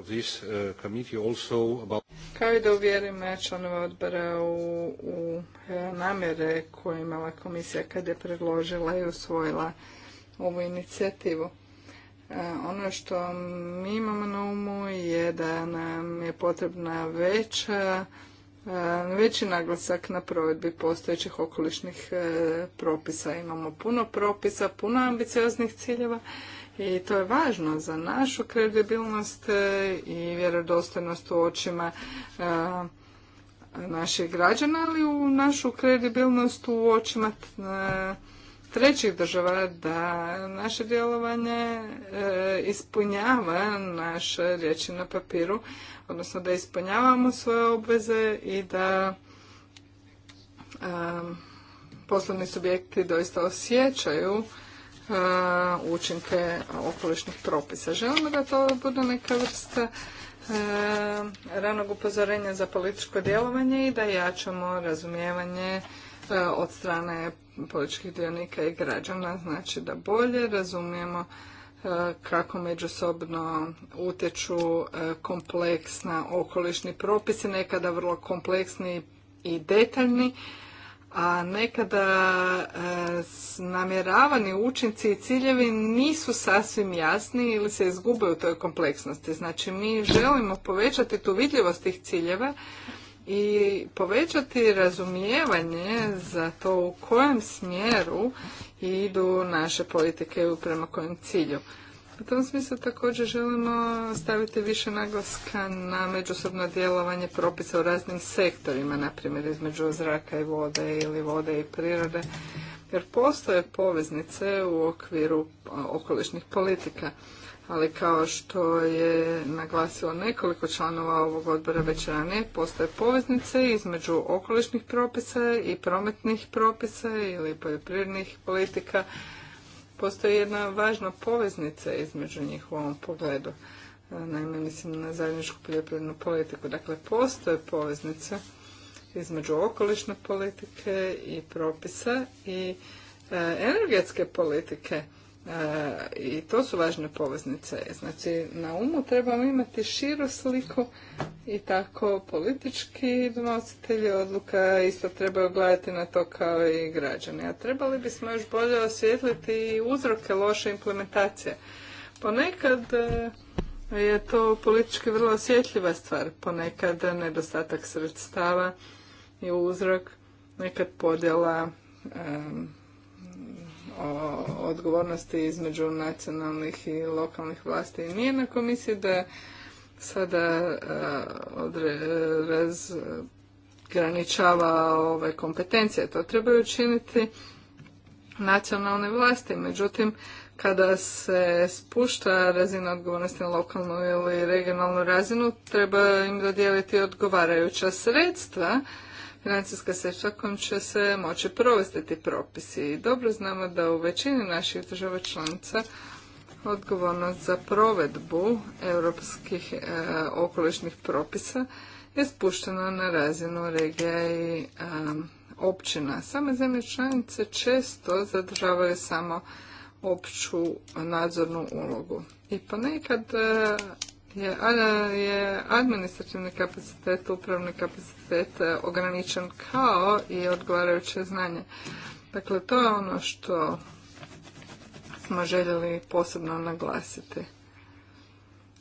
Uh, Kao i da uvjerim e, članove odbora u, e, namjere koje imala komisija kad je predložila i usvojila ovu inicijativu. E, ono što mi imamo na umu je da nam je potrebna veća veći naglasak na provedbi postojećih okolišnih propisa. Imamo puno propisa, puno ambicioznih ciljeva, i to je važno za našu kredibilnost e, i vjerodostojnost u očima e, naših građana, ali u našu kredibilnost u očima e, trećih država da naše djelovanje ispunjava naše riječi na papiru, odnosno da ispunjavamo svoje obveze i da poslovni subjekti doista osjećaju E, učinke okolišnih propisa. Želimo da to bude neka vrsta e, ranog upozorenja za političko djelovanje i da jačamo razumijevanje e, od strane političkih dionika i građana, znači da bolje razumijemo kako međusobno utječu kompleksna okolišni propisi, nekada vrlo kompleksni i detaljni, a nekada e, namjeravani učinci i ciljevi nisu sasvim jasni ili se izgube u toj kompleksnosti. Znači mi želimo povećati tu vidljivost tih ciljeva i povećati razumijevanje za to u kojem smjeru idu naše politike prema kojem cilju. U tom smislu također želimo staviti više naglaska na međusobno djelovanje propisa u raznim sektorima, na primjer između zraka i vode ili vode i prirode, jer postoje poveznice u okviru okolišnih politika. Ali kao što je naglasilo nekoliko članova ovog odbora već ranije, postoje poveznice između okolišnih propisa i prometnih propisa ili poljoprivrednih politika postoji jedna važna poveznica između njih u ovom pogledu. E, naime, mislim na zajedničku poljoprivrednu politiku. Dakle, postoje poveznice između okolišne politike i propisa i e, energetske politike E, I to su važne poveznice. Znači, na umu trebamo imati širu sliku i tako politički donositelji odluka isto trebaju gledati na to kao i građani. A trebali bismo još bolje osvijetliti i uzroke loše implementacije. Ponekad e, je to politički vrlo osjetljiva stvar, ponekad nedostatak sredstava je uzrok, nekad podjela o odgovornosti između nacionalnih i lokalnih vlasti. I nije na komisiji da sada e, razgraničava ove kompetencije. To trebaju učiniti nacionalne vlasti. Međutim, kada se spušta razina odgovornosti na lokalnu ili regionalnu razinu, treba im dodijeliti odgovarajuća sredstva financijska sredstva kojim će se moći provesti propisi. I dobro znamo da u većini naših država članica odgovornost za provedbu europskih e, okolišnih propisa je spuštena na razinu regija i e, općina. Same zemlje članice često zadržavaju samo opću nadzornu ulogu. I ponekad e, je administrativni kapacitet, upravni kapacitet e, ograničen kao i odgovarajuće znanje. Dakle, to je ono što smo željeli posebno naglasiti.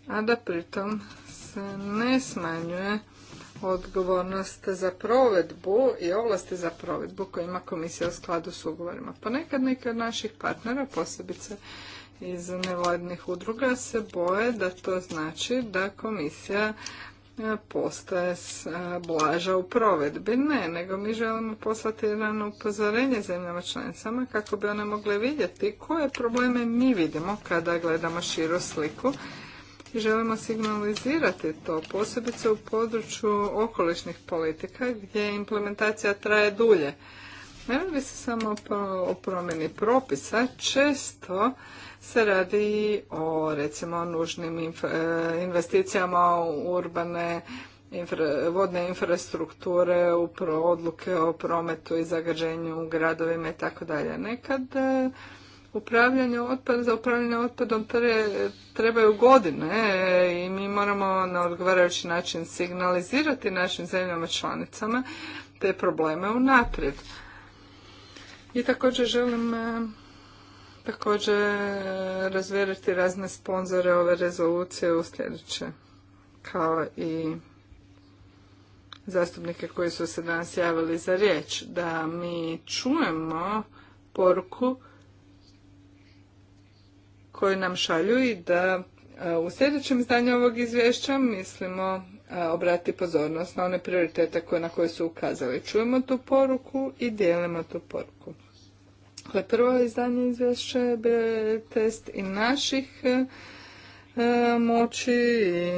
A da pritom se ne smanjuje odgovornost za provedbu i ovlasti za provedbu koje ima komisija u skladu s ugovorima. Ponekad neki od naših partnera, posebice iz nevladnih udruga se boje da to znači da komisija e, postaje e, blaža u provedbi. Ne, nego mi želimo poslati jedan upozorenje zemljama članicama kako bi one mogle vidjeti koje probleme mi vidimo kada gledamo širu sliku. i Želimo signalizirati to, posebice u području okolišnih politika gdje implementacija traje dulje. Ne radi se samo pa o promjeni propisa, često se radi o recimo nužnim e, investicijama u urbane vodne infrastrukture, u odluke o prometu i zagađenju u gradovima i tako dalje. Nekad e, upravljanje otpadom, za upravljanje otpadom trebaju godine i mi moramo na odgovarajući način signalizirati našim zemljama članicama te probleme unaprijed. I također želim e, također razveriti razne sponzore ove rezolucije u sljedeće, kao i zastupnike koji su se danas javili za riječ, da mi čujemo poruku koju nam šalju i da e, u sljedećem izdanju ovog izvješća mislimo e, obrati pozornost na one prioritete na koje su ukazali. Čujemo tu poruku i dijelimo tu poruku. Dakle, prvo izdanje izvješća bio je test i naših e, moći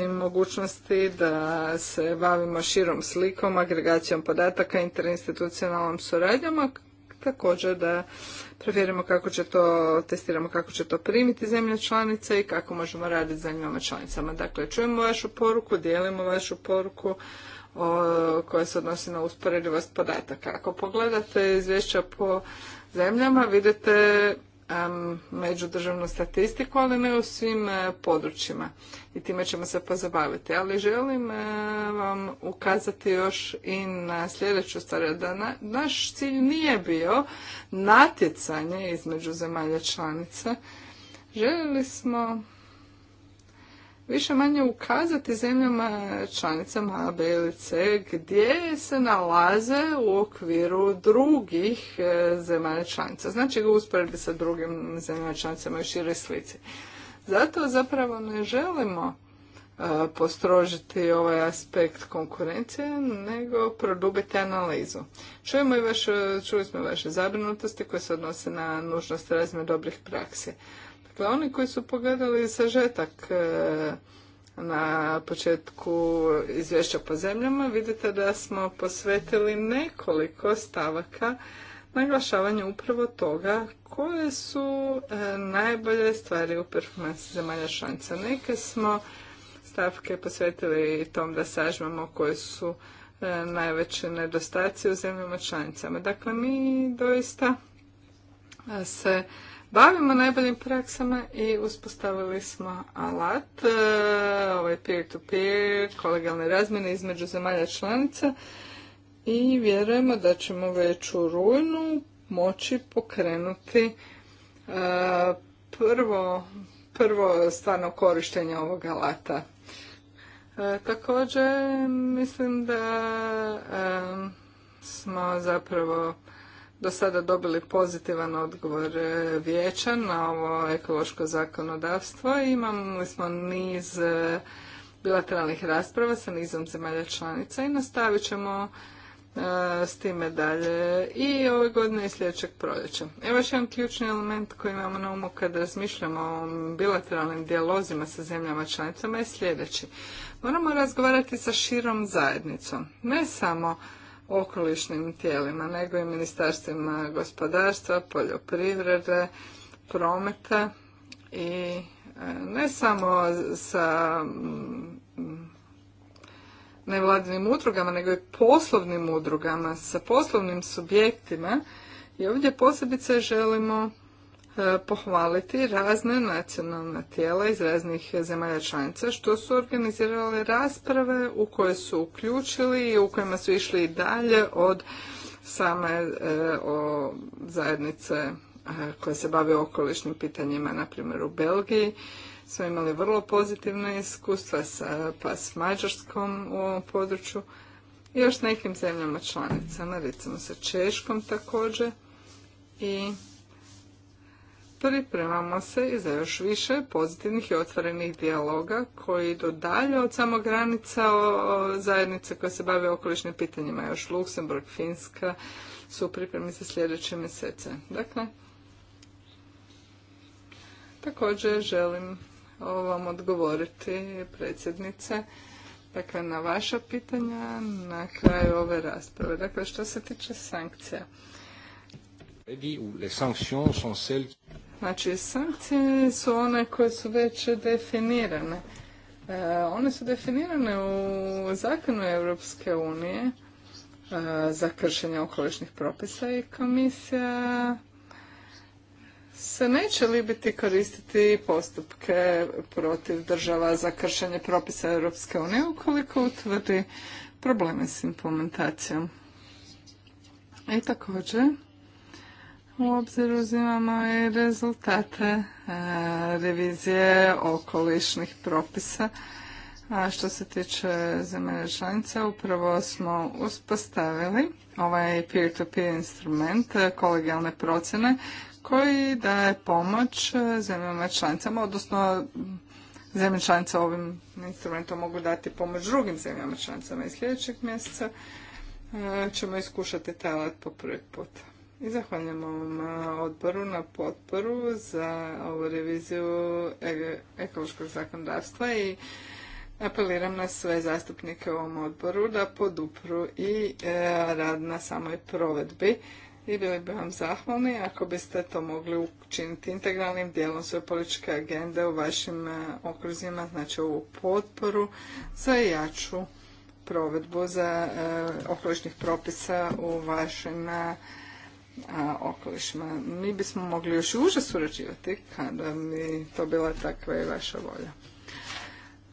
i mogućnosti da se bavimo širom slikom, agregacijom podataka, interinstitucionalnom suradnjom, a također da provjerimo kako će to, testiramo kako će to primiti zemlje članice i kako možemo raditi za zemljama članicama. Dakle, čujemo vašu poruku, dijelimo vašu poruku koja se odnosi na usporedivost podataka. Ako pogledate izvješća po zemljama, vidite međudržavnu statistiku, ali ne u svim e, područjima i time ćemo se pozabaviti. Ali želim e, vam ukazati još i na sljedeću stvar, da naš cilj nije bio natjecanje između zemalja članica. Željeli smo više manje ukazati zemljama članicama A, B ili C gdje se nalaze u okviru drugih e, zemalja članica. Znači ga usporedbi sa drugim zemljama članicama i šire slici. Zato zapravo ne želimo e, postrožiti ovaj aspekt konkurencije, nego produbiti analizu. Čujemo i vaše, čuli smo i vaše zabrinutosti koje se odnose na nužnost razme dobrih praksi. Dakle, oni koji su pogledali sažetak e, na početku izvješća po zemljama, vidite da smo posvetili nekoliko stavaka naglašavanju upravo toga koje su e, najbolje stvari u performansi zemalja članica. Neke smo stavke posvetili tom da sažmemo koje su e, najveće nedostaci u zemljama članicama. Dakle, mi doista se bavimo najboljim praksama i uspostavili smo alat, e, ovaj peer-to-peer, kolegalne razmjene između zemalja članica i vjerujemo da ćemo već u rujnu moći pokrenuti e, prvo, prvo stvarno korištenje ovog alata. E, također mislim da smo zapravo do sada dobili pozitivan odgovor e, vijeća na ovo ekološko zakonodavstvo. Imali smo niz e, bilateralnih rasprava sa nizom zemalja članica i nastavit ćemo e, s time dalje i ove godine i sljedećeg proljeća. Evo još jedan ključni element koji imamo na umu kad razmišljamo o bilateralnim dijalozima sa zemljama članicama je sljedeći. Moramo razgovarati sa širom zajednicom, ne samo okolišnim tijelima, nego i ministarstvima gospodarstva, poljoprivrede, prometa i e, ne samo sa mm, nevladinim udrugama, nego i poslovnim udrugama, sa poslovnim subjektima. I ovdje posebice želimo E, pohvaliti razne nacionalna tijela iz raznih zemalja članica što su organizirale rasprave u koje su uključili i u kojima su išli i dalje od same e, o zajednice e, koje se bave okolišnim pitanjima, na primjer u Belgiji. Smo imali vrlo pozitivne iskustva sa, pa s Mađarskom u ovom području i još nekim zemljama članicama, recimo sa Češkom također. I pripremamo se i za još više pozitivnih i otvorenih dijaloga koji idu dalje od samo granica zajednice koja se bave okolišnim pitanjima. Još Luksemburg, Finska su pripremi za sljedeće mjesece. Dakle, također želim vam odgovoriti predsjednice dakle, na vaša pitanja na kraju ove rasprave. Dakle, što se tiče sankcija. Znači, sankcije su one koje su već definirane. E, one su definirane u zakonu Europske unije e, za kršenje okolišnih propisa i komisija se neće libiti koristiti postupke protiv država za kršenje propisa Europske unije ukoliko utvrdi probleme s implementacijom. I također, u obzir uzimamo i rezultate e, revizije okolišnih propisa. A što se tiče zemlje članica, upravo smo uspostavili ovaj peer-to-peer instrument e, kolegijalne procjene koji daje pomoć zemljama članicama, odnosno zemlje članice ovim instrumentom mogu dati pomoć drugim zemljama članicama i sljedećeg mjeseca e, ćemo iskušati taj po prvi put. I zahvaljujem ovom odboru na potporu za ovu reviziju e, ekološkog zakonodavstva i apeliram na sve zastupnike u ovom odboru da podupru i e, rad na samoj provedbi i bili bi vam zahvalni ako biste to mogli učiniti integralnim dijelom svoje političke agende u vašim e, okruzima, znači ovu potporu za jaču provedbu za okolišnih propisa u vašim okolišima. Mi bismo mogli još i uže surađivati kada mi to bila takva i vaša volja.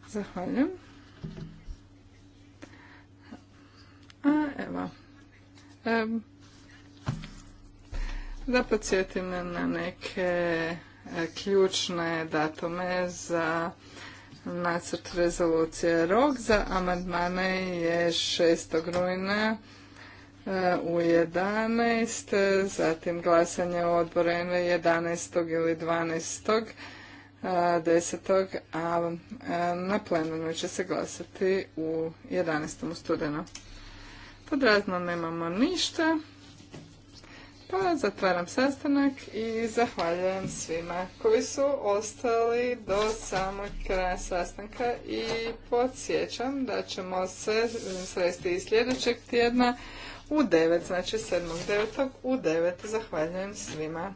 Zahvaljujem. A evo. da podsjetim na neke e, ključne datume za nacrt rezolucije. Rok za amandmane je 6. rujna u 11, zatim glasanje u odboru 11. ili 12. 10. a na plenarnoj će se glasati u 11. studenu. Pod nemamo ništa, pa zatvaram sastanak i zahvaljujem svima koji su ostali do samog kraja sastanka i podsjećam da ćemo se sresti i sljedećeg tjedna u 9, znači 7.9. u 9. Zahvaljujem svima.